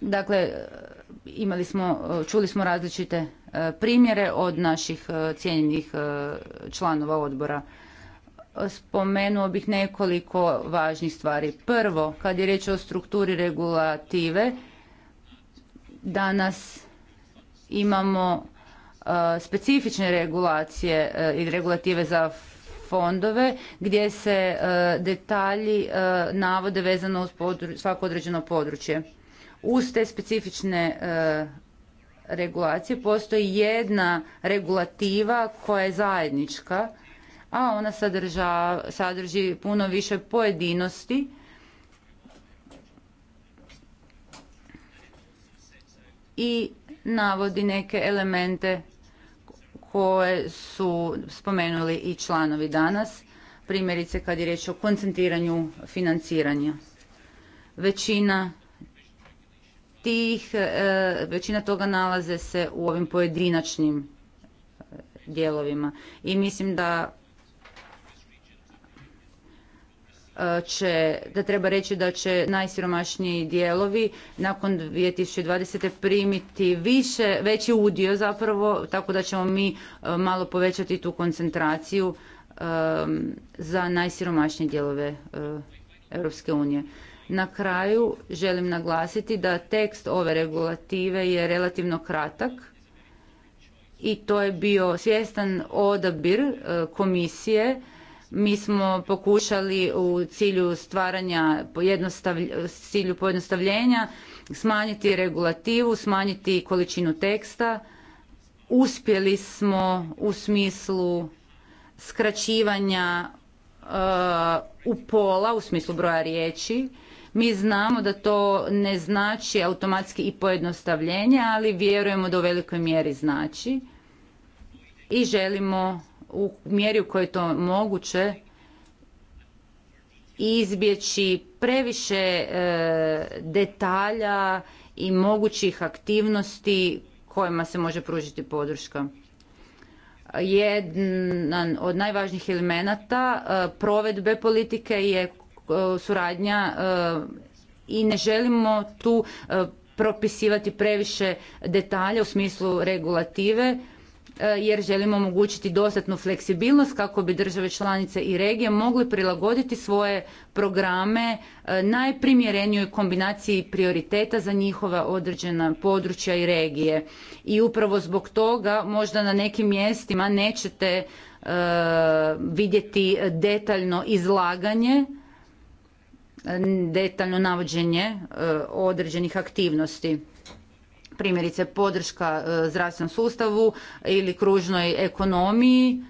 Dakle, imali smo, čuli smo različite eh, primjere od naših cijenjenih članova odbora spomenuo bih nekoliko važnih stvari. Prvo, kad je riječ o strukturi regulative, danas imamo e, specifične regulacije e, i regulative za fondove gdje se e, detalji navode vezano uz svako određeno područje. Uz te specifične regulacije postoji jedna regulativa koja je zajednička a ona sadrži puno više pojedinosti i navodi neke elemente koje su spomenuli i članovi danas, primjerice kad je riječ o koncentriranju financiranja. Većina tih, e, većina toga nalaze se u ovim pojedinačnim e, dijelovima i mislim da će, da treba reći da će najsiromašniji dijelovi nakon 2020. primiti više, veći udio zapravo, tako da ćemo mi e, malo povećati tu koncentraciju e, za najsiromašnije dijelove e, Europske unije. Na kraju želim naglasiti da tekst ove regulative je relativno kratak i to je bio svjestan odabir komisije mi smo pokušali u cilju stvaranja cilju pojednostavljenja smanjiti regulativu, smanjiti količinu teksta. Uspjeli smo u smislu skraćivanja uh, u pola u smislu broja riječi. Mi znamo da to ne znači automatski i pojednostavljenje, ali vjerujemo da u velikoj mjeri znači i želimo u mjeri u kojoj je to moguće izbjeći previše e, detalja i mogućih aktivnosti kojima se može pružiti podrška. Jedan od najvažnijih elemenata e, provedbe politike je e, suradnja i ne želimo tu propisivati previše detalja u smislu regulative E, jer želimo omogućiti dostatnu fleksibilnost kako bi države članice i regije mogli prilagoditi svoje programe e, najprimjerenijoj kombinaciji prioriteta za njihova određena područja i regije. I upravo zbog toga možda na nekim mjestima nećete e, vidjeti detaljno izlaganje detaljno navođenje određenih aktivnosti primjerice podrška e, zdravstvenom sustavu ili kružnoj ekonomiji.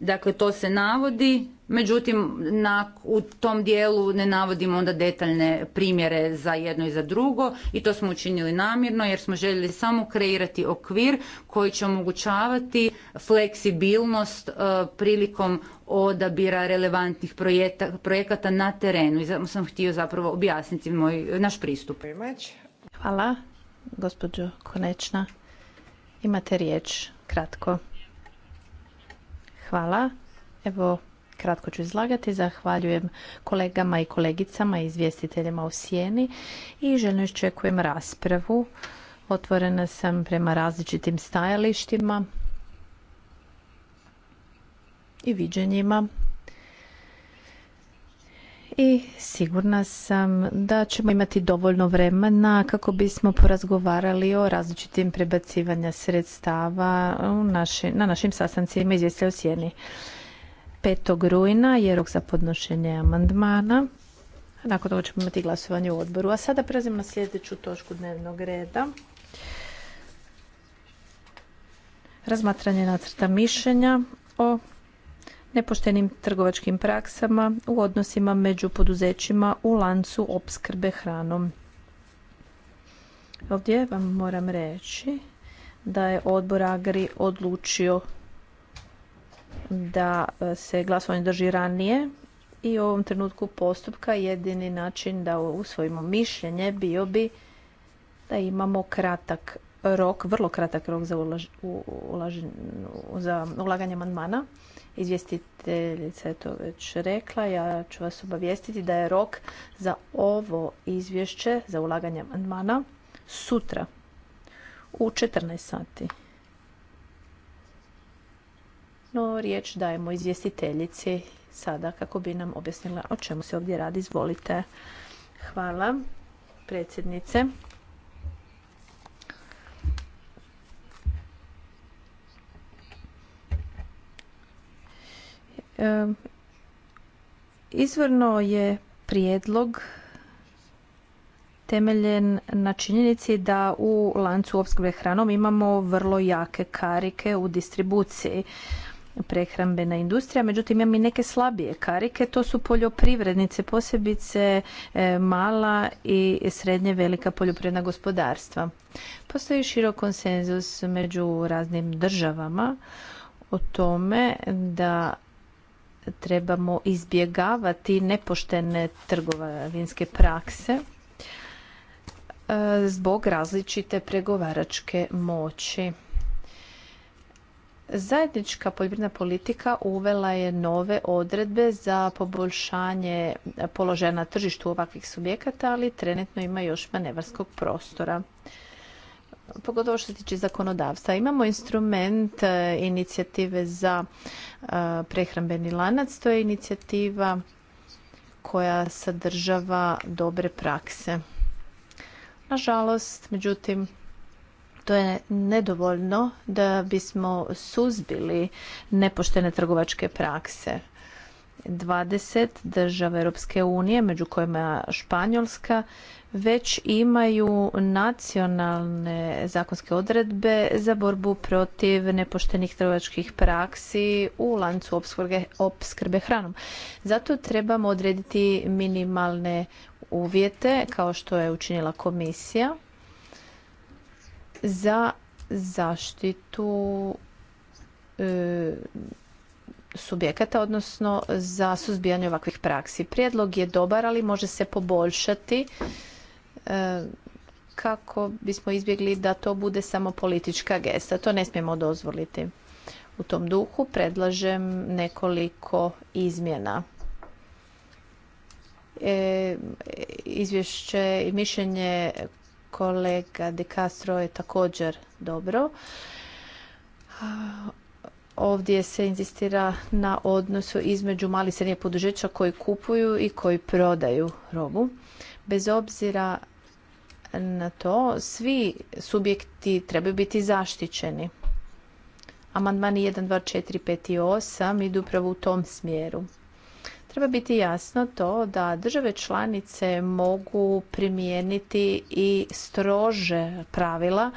Dakle, to se navodi, međutim, na, u tom dijelu ne navodimo onda detaljne primjere za jedno i za drugo i to smo učinili namjerno jer smo željeli samo kreirati okvir koji će omogućavati fleksibilnost e, prilikom odabira relevantnih projekata, projekata na terenu. I zato sam htio zapravo objasniti moj, naš pristup. Hvala, gospođo Konečna. Imate riječ, kratko. Hvala. Evo, kratko ću izlagati. Zahvaljujem kolegama i kolegicama i izvjestiteljima u sjeni i željno iščekujem raspravu. Otvorena sam prema različitim stajalištima i viđenjima i sigurna sam da ćemo imati dovoljno vremena kako bismo porazgovarali o različitim prebacivanja sredstava na našim sastancima izvjestitelja o sjeni. 5. rujna je rok za podnošenje amandmana. Nakon toga ćemo imati glasovanje u odboru. A sada prelazimo na sljedeću točku dnevnog reda. Razmatranje nacrta mišljenja o nepoštenim trgovačkim praksama u odnosima među poduzećima u lancu opskrbe hranom. Ovdje vam moram reći da je odbor Agri odlučio da e, se glasovanje drži ranije i u ovom trenutku postupka jedini način da usvojimo mišljenje bio bi da imamo kratak rok, vrlo kratak rok za, za ulaganje amandmana Izvjestiteljica je to već rekla. Ja ću vas obavijestiti da je rok za ovo izvješće za ulaganje amandmana sutra u 14 sati. No, riječ dajemo izvjestiteljici sada kako bi nam objasnila o čemu se ovdje radi. Izvolite. Hvala predsjednice. Izvorno je prijedlog temeljen na činjenici da u lancu opskrbe hranom imamo vrlo jake karike u distribuciji prehrambena industrija, međutim imam i neke slabije karike, to su poljoprivrednice, posebice e, mala i srednje velika poljoprivredna gospodarstva. Postoji širok konsenzus među raznim državama o tome da trebamo izbjegavati nepoštene trgovinske prakse e, zbog različite pregovaračke moći. Zajednička poljoprivredna politika uvela je nove odredbe za poboljšanje položaja na tržištu ovakvih subjekata, ali trenutno ima još manevarskog prostora pogotovo što se tiče zakonodavstva. Imamo instrument e, inicijative za e, prehrambeni lanac, to je inicijativa koja sadržava dobre prakse. Nažalost, međutim, to je nedovoljno da bismo suzbili nepoštene trgovačke prakse. 20 država Europske unije, među kojima Španjolska, već imaju nacionalne zakonske odredbe za borbu protiv nepoštenih trgovačkih praksi u lancu opskrbe hranom. Zato trebamo odrediti minimalne uvjete kao što je učinila komisija za zaštitu e, subjekata, odnosno za suzbijanje ovakvih praksi. Prijedlog je dobar, ali može se poboljšati E, kako bismo izbjegli da to bude samo politička gesta. To ne smijemo dozvoliti. U tom duhu predlažem nekoliko izmjena. E, izvješće i mišljenje kolega De Castro je također dobro. Ovdje se inzistira na odnosu između malih srednjih poduzeća koji kupuju i koji prodaju robu. Bez obzira na to, svi subjekti trebaju biti zaštićeni. Amandmani 1, 2, 4, 5 i 8 idu upravo u tom smjeru. Treba biti jasno to da države članice mogu primijeniti i strože pravila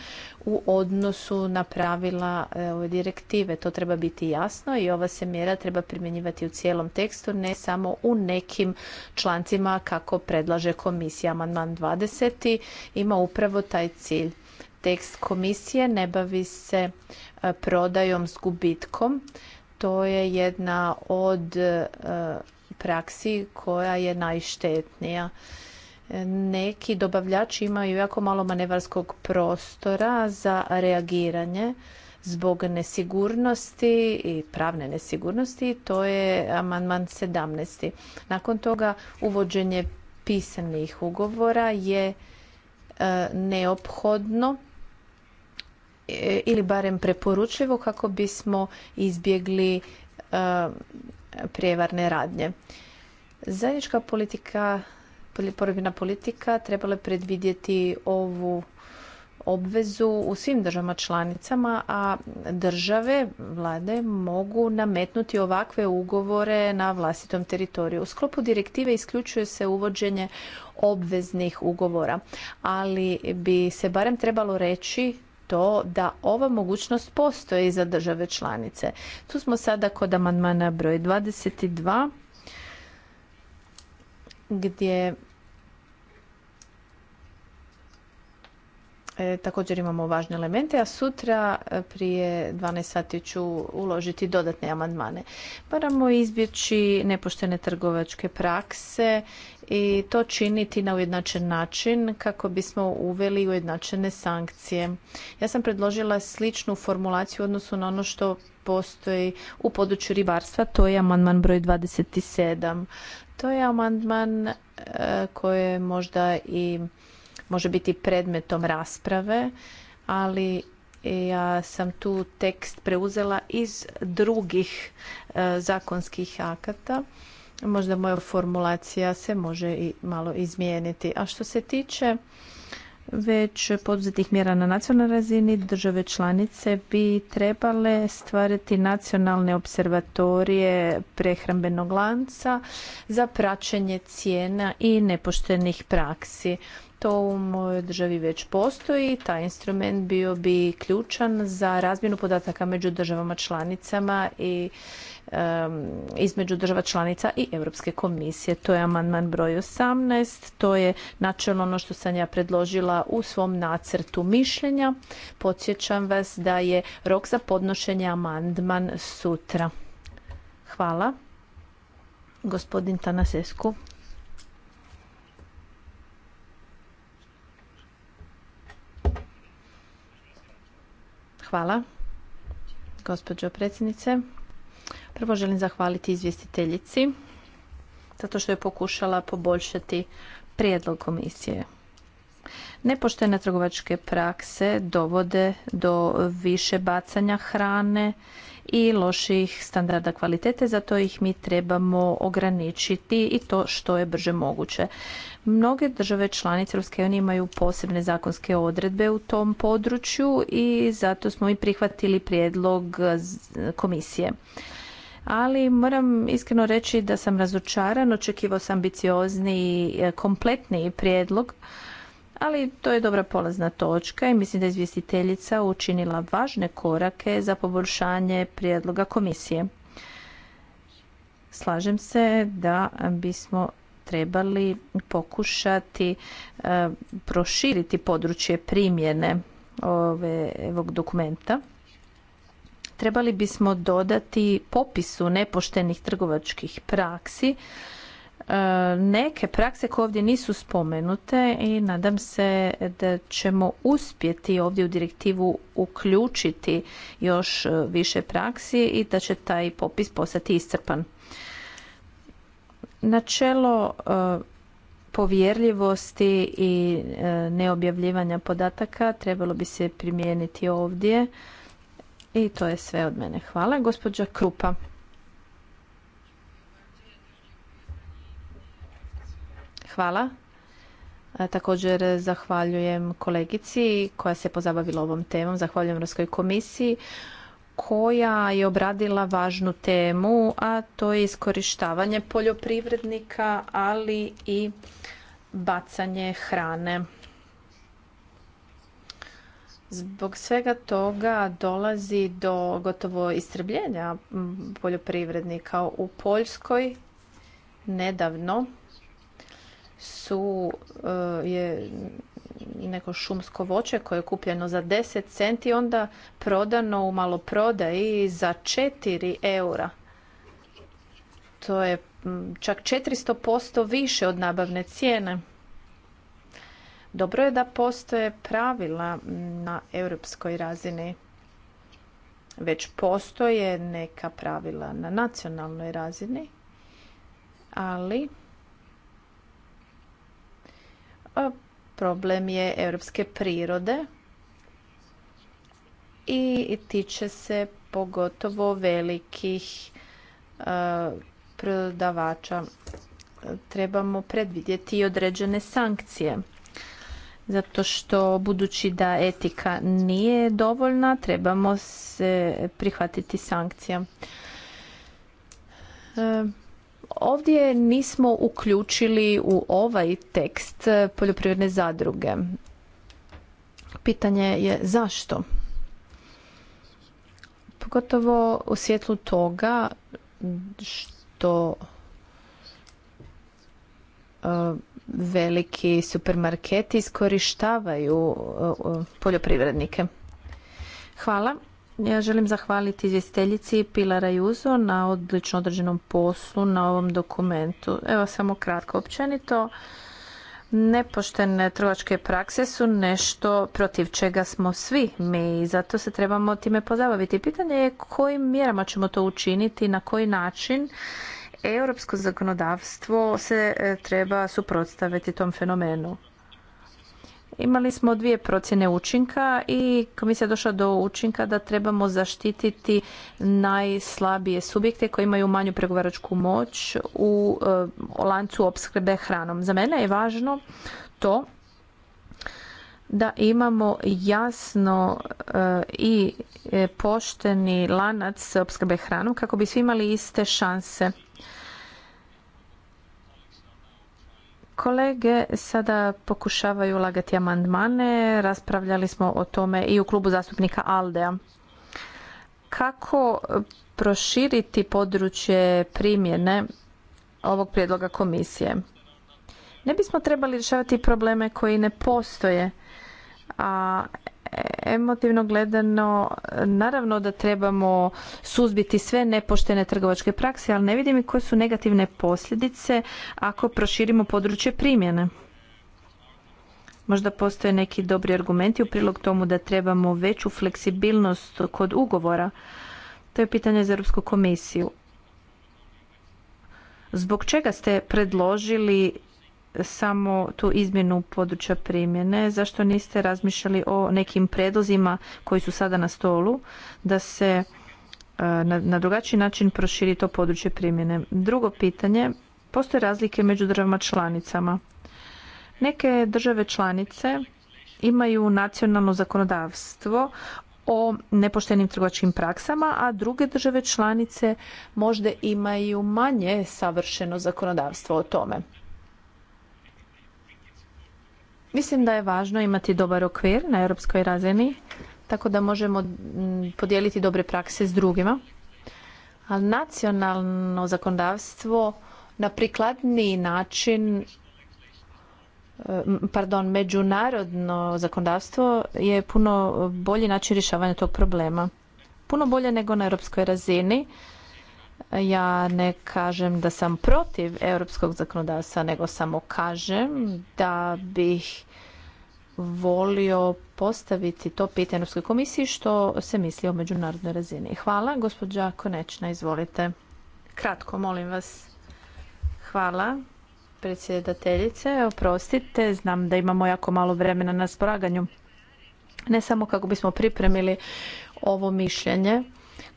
u odnosu na pravila e, ove direktive. To treba biti jasno i ova se mjera treba primjenjivati u cijelom tekstu, ne samo u nekim člancima kako predlaže komisija. Amandman 20. ima upravo taj cilj. Tekst komisije ne bavi se e, prodajom s gubitkom. To je jedna od e, praksi koja je najštetnija. Neki dobavljači imaju jako malo manevarskog prostora za reagiranje zbog nesigurnosti i pravne nesigurnosti. To je amandman 17. Nakon toga uvođenje pisanih ugovora je e, neophodno e, ili barem preporučljivo kako bismo izbjegli e, prijevarne radnje. Zajednička politika, porobina politika trebala je predvidjeti ovu obvezu u svim državama članicama, a države, vlade mogu nametnuti ovakve ugovore na vlastitom teritoriju. U sklopu direktive isključuje se uvođenje obveznih ugovora, ali bi se barem trebalo reći to da ova mogućnost postoji za države članice. Tu smo sada kod amandmana broj 22 gdje E, također imamo važne elemente, a sutra e, prije 12 sati ću uložiti dodatne amandmane. Moramo izbjeći nepoštene trgovačke prakse i to činiti na ujednačen način kako bismo uveli ujednačene sankcije. Ja sam predložila sličnu formulaciju u odnosu na ono što postoji u području ribarstva, to je amandman broj 27. To je amandman e, koji je možda i može biti predmetom rasprave, ali ja sam tu tekst preuzela iz drugih e, zakonskih akata. Možda moja formulacija se može i malo izmijeniti. A što se tiče već poduzetih mjera na nacionalnoj razini, države članice bi trebale stvariti nacionalne observatorije prehrambenog lanca za praćenje cijena i nepoštenih praksi to u mojoj državi već postoji. Taj instrument bio bi ključan za razmjenu podataka među državama članicama i između država članica i Europske komisije. To je amandman broj 18. To je načelno ono što sam ja predložila u svom nacrtu mišljenja. Podsjećam vas da je rok za podnošenje amandman sutra. Hvala. Gospodin Tanasesku. Hvala, gospođo predsjednice. Prvo želim zahvaliti izvjestiteljici zato što je pokušala poboljšati prijedlog komisije. Nepoštene trgovačke prakse dovode do više bacanja hrane i loših standarda kvalitete, zato ih mi trebamo ograničiti i to što je brže moguće. Mnoge države članice unije imaju posebne zakonske odredbe u tom području i zato smo i prihvatili prijedlog komisije ali moram iskreno reći da sam razočaran, očekivao sam i kompletni prijedlog ali to je dobra polazna točka i mislim da je izvjestiteljica učinila važne korake za poboljšanje prijedloga komisije. Slažem se da bismo trebali pokušati e, proširiti područje primjene ovog dokumenta. Trebali bismo dodati popisu nepoštenih trgovačkih praksi E, neke prakse koje ovdje nisu spomenute i nadam se da ćemo uspjeti ovdje u direktivu uključiti još e, više praksi i da će taj popis postati iscrpan. Načelo e, povjerljivosti i neobjavljivanja podataka trebalo bi se primijeniti ovdje i to je sve od mene. Hvala. Gospođa Krupa. Hvala. E, također zahvaljujem kolegici koja se pozabavila ovom temom, zahvaljujem Europskoj komisiji koja je obradila važnu temu, a to je iskorištavanje poljoprivrednika, ali i bacanje hrane. Zbog svega toga dolazi do gotovo istrebljenja poljoprivrednika u Poljskoj nedavno su e, je neko šumsko voće koje je kupljeno za 10 centi onda prodano u maloprodaji za 4 eura. To je čak 400% više od nabavne cijene. Dobro je da postoje pravila na europskoj razini. Već postoje neka pravila na nacionalnoj razini, ali problem je europske prirode i tiče se pogotovo velikih prodavača. Trebamo predvidjeti i određene sankcije. Zato što budući da etika nije dovoljna, trebamo se prihvatiti sankcija. Ovdje nismo uključili u ovaj tekst poljoprivredne zadruge. Pitanje je zašto? Pogotovo u svjetlu toga što e, veliki supermarketi iskorištavaju e, e, poljoprivrednike. Hvala. Ja želim zahvaliti izvjestiteljici Pilara Juzo na odlično određenom poslu na ovom dokumentu. Evo samo kratko općenito. Nepoštene trgovačke prakse su nešto protiv čega smo svi mi i zato se trebamo time pozabaviti. Pitanje je kojim mjerama ćemo to učiniti, na koji način europsko zakonodavstvo se e, treba suprotstaviti tom fenomenu. Imali smo dvije procjene učinka i komisija je došla do učinka da trebamo zaštititi najslabije subjekte koji imaju manju pregovaračku moć u e, lancu opskrbe hranom. Za mene je važno to da imamo jasno e, i e, pošteni lanac opskrbe hranom kako bi svi imali iste šanse. Kolege sada pokušavaju lagati amandmane. Raspravljali smo o tome i u klubu zastupnika Aldea. Kako proširiti područje primjene ovog prijedloga komisije? Ne bismo trebali rješavati probleme koji ne postoje, a emotivno gledano naravno da trebamo suzbiti sve nepoštene trgovačke prakse, ali ne vidim i koje su negativne posljedice ako proširimo područje primjene. Možda postoje neki dobri argumenti u prilog tomu da trebamo veću fleksibilnost kod ugovora. To je pitanje za Europsku komisiju. Zbog čega ste predložili samo tu izmjenu područja primjene, zašto niste razmišljali o nekim predlozima koji su sada na stolu da se e, na drugačiji način proširi to područje primjene. Drugo pitanje, postoje razlike među državama članicama. Neke države članice imaju nacionalno zakonodavstvo o nepoštenim trgovačkim praksama, a druge države članice možda imaju manje savršeno zakonodavstvo o tome. Mislim da je važno imati dobar okvir na europskoj razini, tako da možemo podijeliti dobre prakse s drugima. Ali nacionalno zakonodavstvo na prikladniji način pardon, međunarodno zakonodavstvo je puno bolji način rješavanja tog problema. Puno bolje nego na europskoj razini ja ne kažem da sam protiv europskog zakonodavstva, nego samo kažem da bih volio postaviti to pitanje Europskoj komisiji što se misli o međunarodnoj razini. Hvala. Gospođa Konečna, izvolite. Kratko, molim vas. Hvala. Predsjedateljice, oprostite, znam da imamo jako malo vremena na sporaganju. Ne samo kako bismo pripremili ovo mišljenje,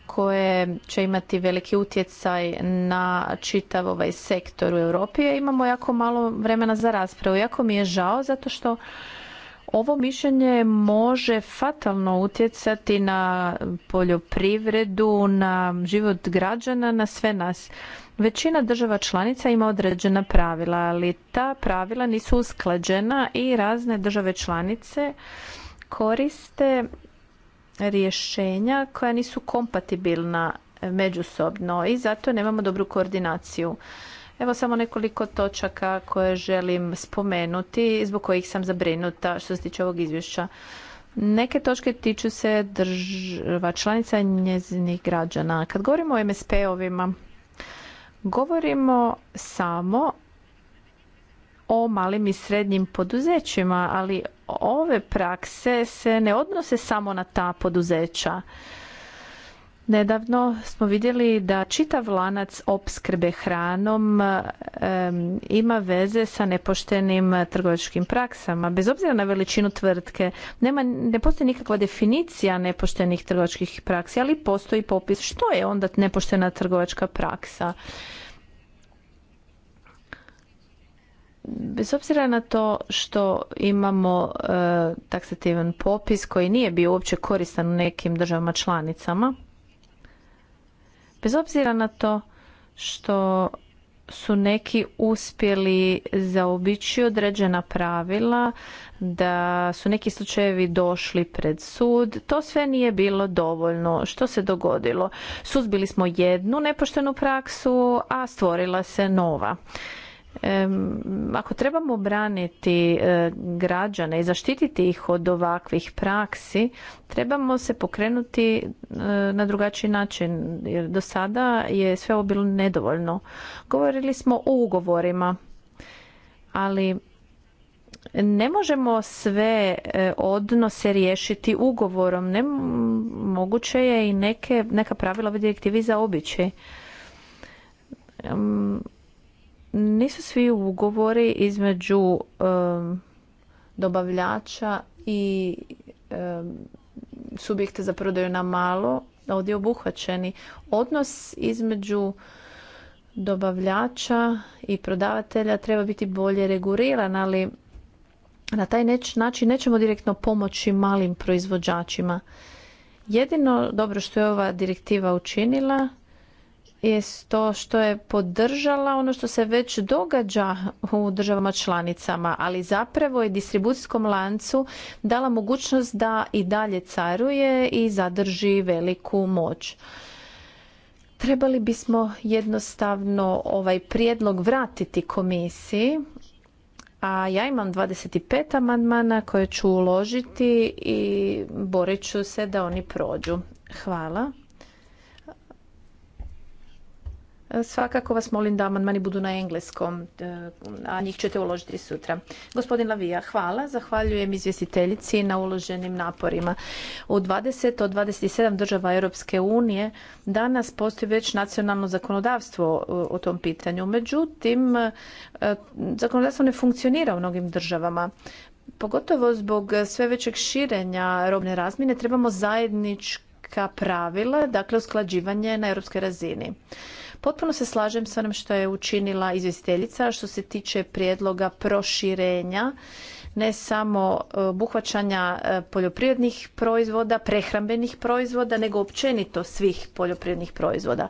koje će imati veliki utjecaj na čitav ovaj sektor u Europi. Imamo jako malo vremena za raspravu. Jako mi je žao zato što ovo mišljenje može fatalno utjecati na poljoprivredu, na život građana, na sve nas. Većina država članica ima određena pravila, ali ta pravila nisu usklađena i razne države članice koriste rješenja koja nisu kompatibilna e, međusobno i zato nemamo dobru koordinaciju. Evo samo nekoliko točaka koje želim spomenuti zbog kojih sam zabrinuta što se tiče ovog izvješća. Neke točke tiču se država članica njezinih građana. Kad govorimo o MSP-ovima, govorimo samo o malim i srednjim poduzećima, ali ove prakse se ne odnose samo na ta poduzeća. Nedavno smo vidjeli da čitav lanac opskrbe hranom ima veze sa nepoštenim trgovačkim praksama. Bez obzira na veličinu tvrtke, nema, ne postoji nikakva definicija nepoštenih trgovačkih praksi, ali postoji popis što je onda nepoštena trgovačka praksa. bez obzira na to što imamo e, taksativan popis koji nije bio uopće koristan u nekim državama članicama, bez obzira na to što su neki uspjeli zaobići određena pravila, da su neki slučajevi došli pred sud. To sve nije bilo dovoljno. Što se dogodilo? Suzbili smo jednu nepoštenu praksu, a stvorila se nova. Ako trebamo braniti e, građane i zaštititi ih od ovakvih praksi, trebamo se pokrenuti e, na drugačiji način, jer do sada je sve ovo bilo nedovoljno. Govorili smo o ugovorima, ali ne možemo sve e, odnose riješiti ugovorom. Ne, moguće je i neke, neka pravila ove direktivi zaobići nisu svi ugovori između dobavljača i subjekta za prodaju na malo ovdje obuhvaćeni. Odnos između dobavljača i prodavatelja treba biti bolje reguliran, ali na taj način nećemo direktno pomoći malim proizvođačima. Jedino dobro što je ova direktiva učinila jest to što je podržala ono što se već događa u državama članicama, ali zapravo je distribucijskom lancu dala mogućnost da i dalje caruje i zadrži veliku moć. Trebali bismo jednostavno ovaj prijedlog vratiti komisiji, a ja imam 25 amandmana koje ću uložiti i borit ću se da oni prođu. Hvala. Svakako vas molim da amandmani budu na engleskom, e, a njih ćete uložiti sutra. Gospodin Lavija, hvala. Zahvaljujem izvjestiteljici na uloženim naporima. U 20 od 27 država Europske unije danas postoji već nacionalno zakonodavstvo o tom pitanju. Međutim, e, zakonodavstvo ne funkcionira u mnogim državama. Pogotovo zbog sve većeg širenja robne razmine trebamo zajednička pravila, dakle usklađivanje na europskoj razini. Potpuno se slažem s onim što je učinila izvjestiteljica što se tiče prijedloga proširenja ne samo e, buhvaćanja e, poljoprivrednih proizvoda, prehrambenih proizvoda, nego općenito svih poljoprivrednih proizvoda.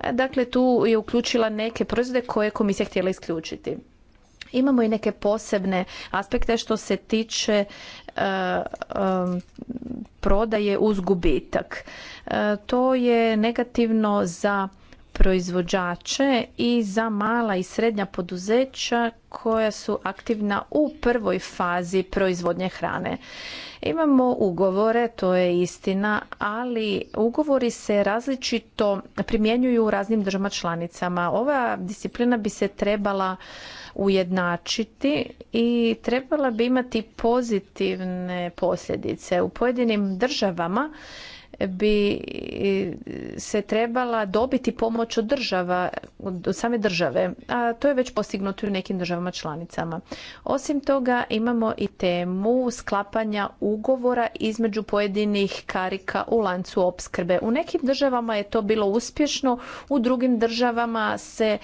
E, dakle, tu je uključila neke proizvode koje komisija htjela isključiti. Imamo i neke posebne aspekte što se tiče prodaje uz gubitak. to je negativno za proizvođače i za mala i srednja poduzeća koja su aktivna u prvoj fazi proizvodnje hrane. Imamo ugovore, to je istina, ali ugovori se različito primjenjuju u raznim državama članicama. Ova disciplina bi se trebala ujednačiti i trebala bi imati pozitivne posljedice. U pojedinim državama bi e, se trebala dobiti pomoć od država, od same države, a to je već postignuto i u nekim državama članicama. Osim toga imamo i temu sklapanja ugovora između pojedinih karika u lancu opskrbe. U nekim državama je to bilo uspješno, u drugim državama se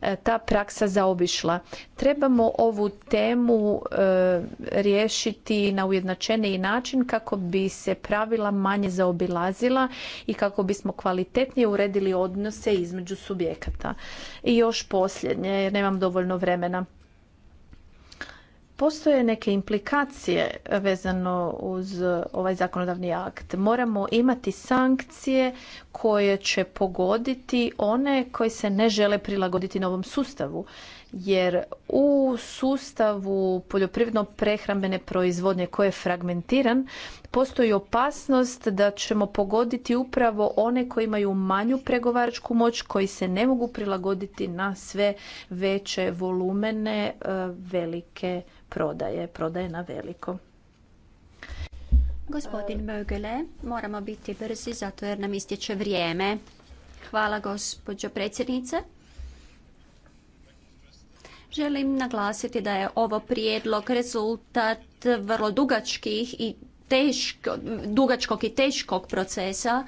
E, ta praksa zaobišla. Trebamo ovu temu e, riješiti na ujednačeniji način kako bi se pravila manje zaobilazila i kako bismo kvalitetnije uredili odnose između subjekata. I još posljednje jer nemam dovoljno vremena. Postoje neke implikacije vezano uz ovaj zakonodavni akt. Moramo imati sankcije koje će pogoditi one koji se ne žele prilagoditi novom sustavu. Jer u sustavu poljoprivredno-prehrambene proizvodnje koji je fragmentiran, postoji opasnost da ćemo pogoditi upravo one koji imaju manju pregovaračku moć, koji se ne mogu prilagoditi na sve veće volumene eh, velike prodaje, prodaje na veliko. Gospodin Mögele, moramo biti brzi zato jer nam istječe vrijeme. Hvala gospođo predsjednice. Želim naglasiti da je ovo prijedlog rezultat vrlo dugačkih i teško, dugačkog i teškog procesa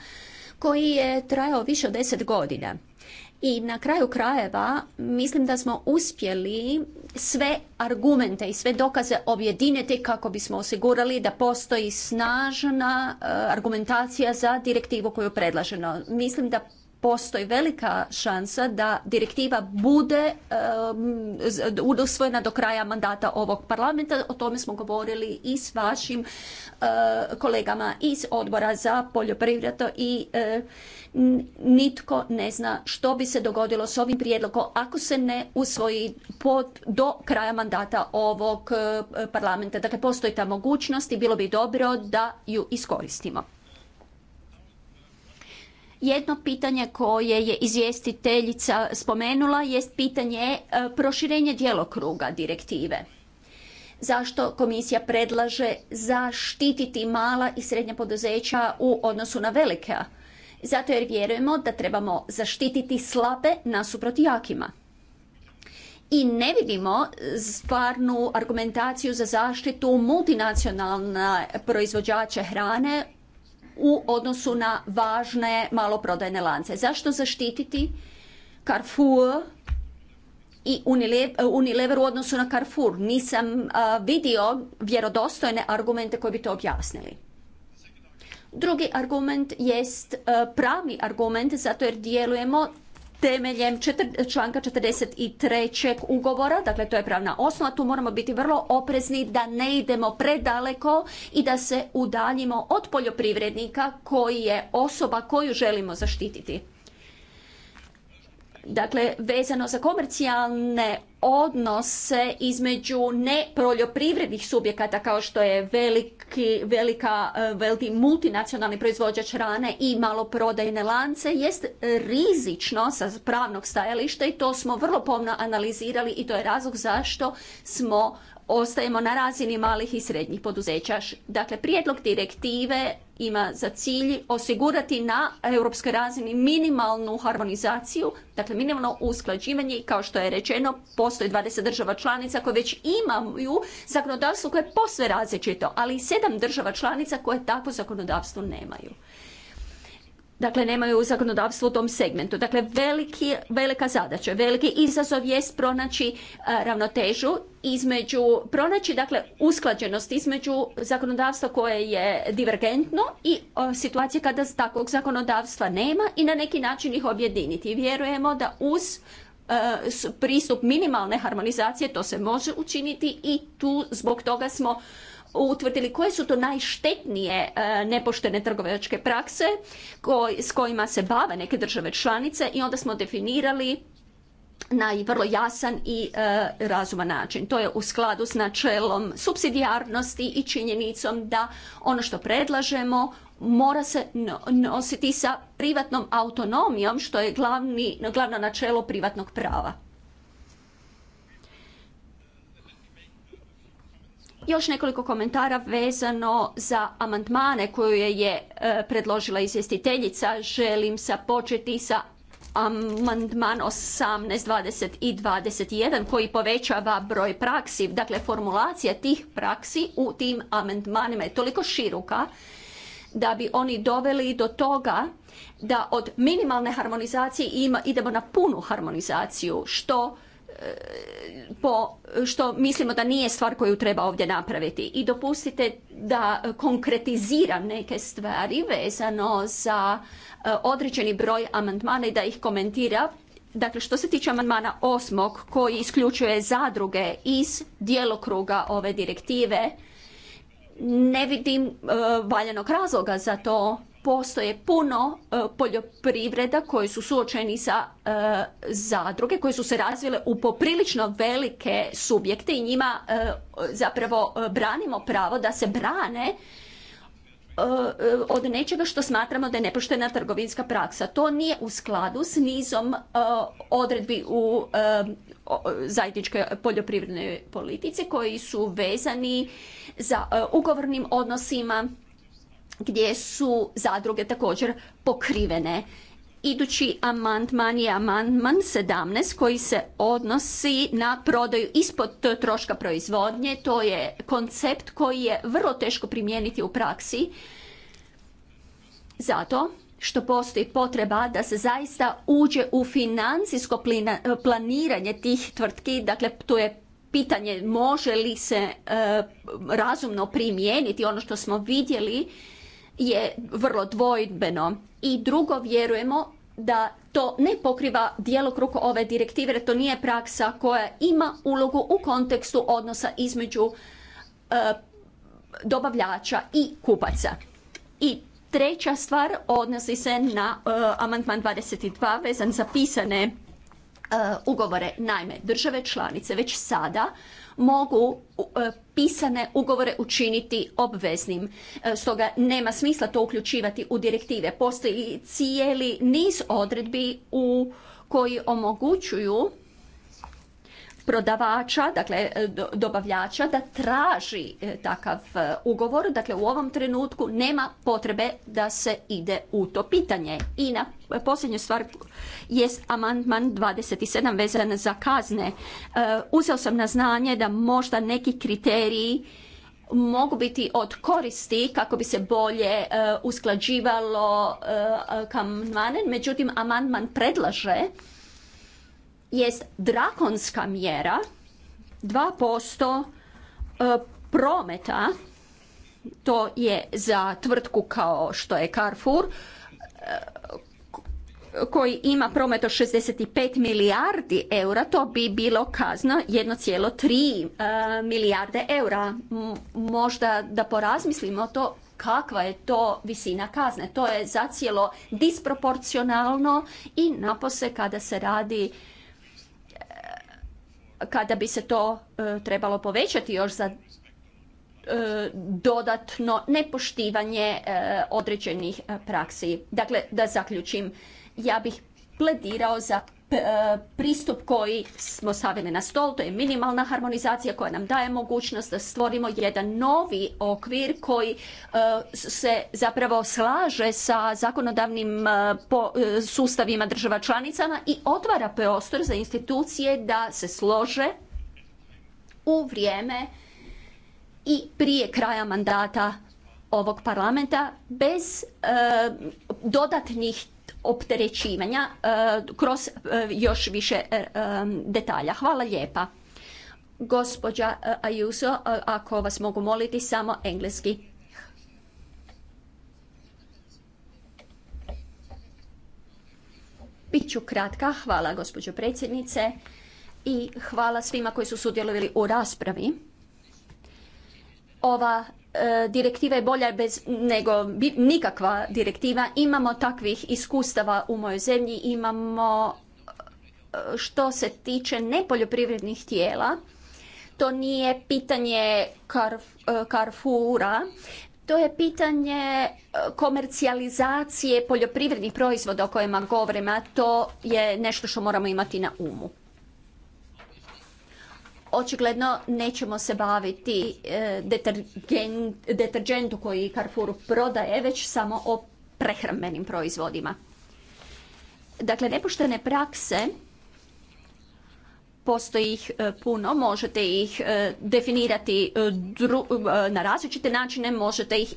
koji je trajao više od deset godina. I na kraju krajeva mislim da smo uspjeli sve argumente i sve dokaze objediniti kako bismo osigurali da postoji snažna e, argumentacija za direktivu koju predlažemo. Mislim da postoji velika šansa da direktiva bude usvojena do kraja mandata ovog parlamenta. O tome smo govorili i s vašim eh, kolegama iz odbora za poljoprivredu i eh, nitko ne zna što bi se dogodilo s ovim prijedlogom ako se ne usvoji do kraja mandata ovog eh, parlamenta. Dakle, postoji ta mogućnost i bilo bi dobro da ju iskoristimo. Jedno pitanje koje je izvjestiteljica spomenula jest pitanje e, proširenja djelokruga direktive. Zašto komisija predlaže zaštititi mala i srednja poduzeća u odnosu na velike? Zato jer vjerujemo da trebamo zaštititi slabe nasuprot jakima i ne vidimo stvarnu argumentaciju za zaštitu multinacionalna proizvođača hrane u odnosu na važne maloprodajne lance. Zašto zaštititi Carrefour i Unilever u odnosu na Carrefour? Nisam vidio vjerodostojne argumente koji bi to objasnili. Drugi argument jest pravni argument zato jer djelujemo temeljem članka 43. ugovora, dakle to je pravna osnova, tu moramo biti vrlo oprezni da ne idemo predaleko i da se udaljimo od poljoprivrednika koji je osoba koju želimo zaštititi dakle vezano za komercijalne odnose između nepoljoprivrednih subjekata kao što je veliki, velika, e, veliki multinacionalni proizvođač hrane i maloprodajne lance jest rizično sa pravnog stajališta i to smo vrlo pomno analizirali i to je razlog zašto smo ostajemo na razini malih i srednjih poduzeća. Dakle, prijedlog direktive ima za cilj osigurati na europskoj razini minimalnu harmonizaciju, dakle minimalno usklađivanje i kao što je rečeno postoje 20 država članica koje već imaju zakonodavstvo koje je posve različito, ali i 7 država članica koje takvo zakonodavstvo nemaju dakle nemaju u zakonodavstvu u tom segmentu. Dakle, veliki, velika zadaća, veliki izazov jest pronaći e, ravnotežu između, pronaći dakle usklađenost između zakonodavstva koje je divergentno i o, situacije kada takvog zakonodavstva nema i na neki način ih objediniti. Vjerujemo da uz e, pristup minimalne harmonizacije to se može učiniti i tu zbog toga smo utvrdili koje su to najštetnije e, nepoštene trgovačke prakse s kojima se bave neke države članice i onda smo definirali na vrlo jasan i e, razuman način. To je u skladu s načelom subsidijarnosti i činjenicom da ono što predlažemo mora se nositi sa privatnom autonomijom što je glavno načelo privatnog prava. Još nekoliko komentara vezano za amandmane koje je e, predložila izvjestiteljica. Želim započeti sa amandman 18, 20 i 21 koji povećava broj praksi. Dakle, formulacija tih praksi u tim amandmanima je toliko široka da bi oni doveli do toga da od minimalne harmonizacije ima, idemo na punu harmonizaciju, što po što mislimo da nije stvar koju treba ovdje napraviti. I dopustite da konkretiziram neke stvari vezano za e, određeni broj amandmana i da ih komentira. Dakle, što se tiče amandmana osmog koji isključuje zadruge iz djelokruga ove direktive, ne vidim e, valjanog razloga za to postoje puno e, poljoprivreda koji su suočeni sa e, zadruge koje su se razvile u poprilično velike subjekte i njima e, zapravo branimo pravo da se brane od nečega što smatramo da je nepoštena trgovinska praksa. To nije u skladu s nizom odredbi u zajedničkoj poljoprivrednoj politici koji su vezani za ugovornim odnosima gdje su zadruge također pokrivene. Idući amandman je amandman 17 koji se odnosi na prodaju ispod troška proizvodnje. To je koncept koji je vrlo teško primijeniti u praksi zato što postoji potreba da se zaista uđe u financijsko planiranje tih tvrtki. Dakle, to je pitanje može li se e, razumno primijeniti ono što smo vidjeli je vrlo dvojbeno. I drugo, vjerujemo da to ne pokriva djelokrug ove direktive, jer to nije praksa koja ima ulogu u kontekstu odnosa između e, dobavljača i kupaca. I treća stvar odnosi se na amantman e, amandman 22 vezan za pisane e, ugovore. Naime, države članice već sada mogu e, pisane ugovore učiniti obveznim. E, stoga nema smisla to uključivati u direktive. Postoji cijeli niz odredbi u koji omogućuju prodavača, dakle e, dobavljača da traži e, takav e, ugovor. Dakle, u ovom trenutku nema potrebe da se ide u to pitanje. I na posljednju stvar jest amandman 27 vezan za kazne. Uzeo sam na znanje da možda neki kriteriji mogu biti od koristi kako bi se bolje usklađivalo kammanen. Međutim, amandman predlaže jest drakonska mjera 2% e, prometa to je za tvrtku kao što je Carrefour e, koji ima promet od 65 milijardi eura, to bi bilo kazna 1,3 e, milijarde eura. Možda da porazmislimo to kakva je to visina kazne. To je zacijelo disproporcionalno i napose kada se radi kada bi se to e, trebalo povećati još za e, dodatno nepoštivanje e, određenih praksi. Dakle, da zaključim, ja bih pledirao za E, pristup koji smo stavili na stol, to je minimalna harmonizacija koja nam daje mogućnost da stvorimo jedan novi okvir koji e, se zapravo slaže sa zakonodavnim e, sustavima država članicama i otvara prostor za institucije da se slože u vrijeme i prije kraja mandata ovog parlamenta bez dodatnih opterećivanja e, kroz e, još više e, detalja. Hvala lijepa. Gospođa Ayuso, ako vas mogu moliti samo engleski. Biću kratka. Hvala gospođo predsjednice i hvala svima koji su sudjelovali u raspravi. Ova E, direktiva je bolja bez nego nikakva direktiva. Imamo takvih iskustava u mojoj zemlji, imamo e, što se tiče nepoljoprivrednih tijela, to nije pitanje karfura, e, to je pitanje komercijalizacije poljoprivrednih proizvoda o kojima govorimo, a to je nešto što moramo imati na umu očigledno nećemo se baviti e, deterđentu koji Carrefour prodaje, već samo o prehrambenim proizvodima. Dakle, nepoštene prakse postoji ih e, puno, možete ih e, definirati e, na različite načine, možete ih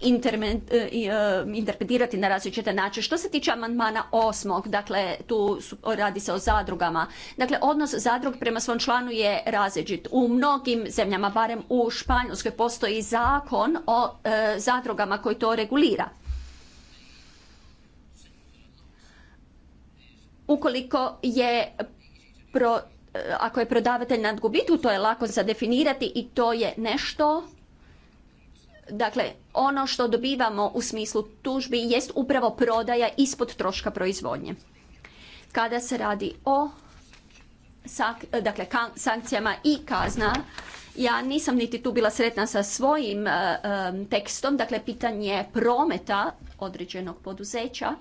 interpretirati na različite načine. Što se tiče amandmana osmog, dakle tu radi se o zadrugama, dakle odnos zadrug prema svom članu je različit. U mnogim zemljama, barem u Španjolskoj, postoji zakon o zadrugama koji to regulira. Ukoliko je pro E, ako je prodavatelj na gubitku, to je lako zadefinirati i to je nešto Dakle, ono što dobivamo u smislu tužbi jest upravo prodaja ispod troška proizvodnje. Kada se radi o e, dakle, sankcijama i kazna, ja nisam niti tu bila sretna sa svojim e, tekstom, dakle pitanje prometa određenog poduzeća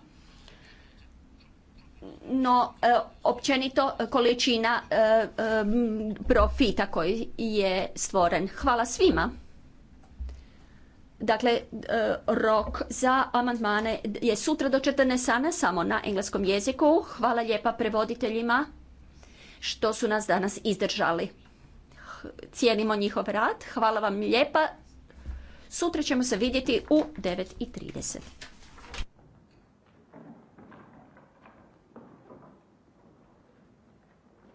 no e, općenito količina e, e, profita koji je stvoren. Hvala svima. Dakle, rok za amandmane je sutra do 14 sana, samo na engleskom jeziku. Hvala lijepa prevoditeljima što su nas danas izdržali. Cijenimo njihov rad. Hvala vam lijepa. Sutra ćemo se vidjeti u 9.30.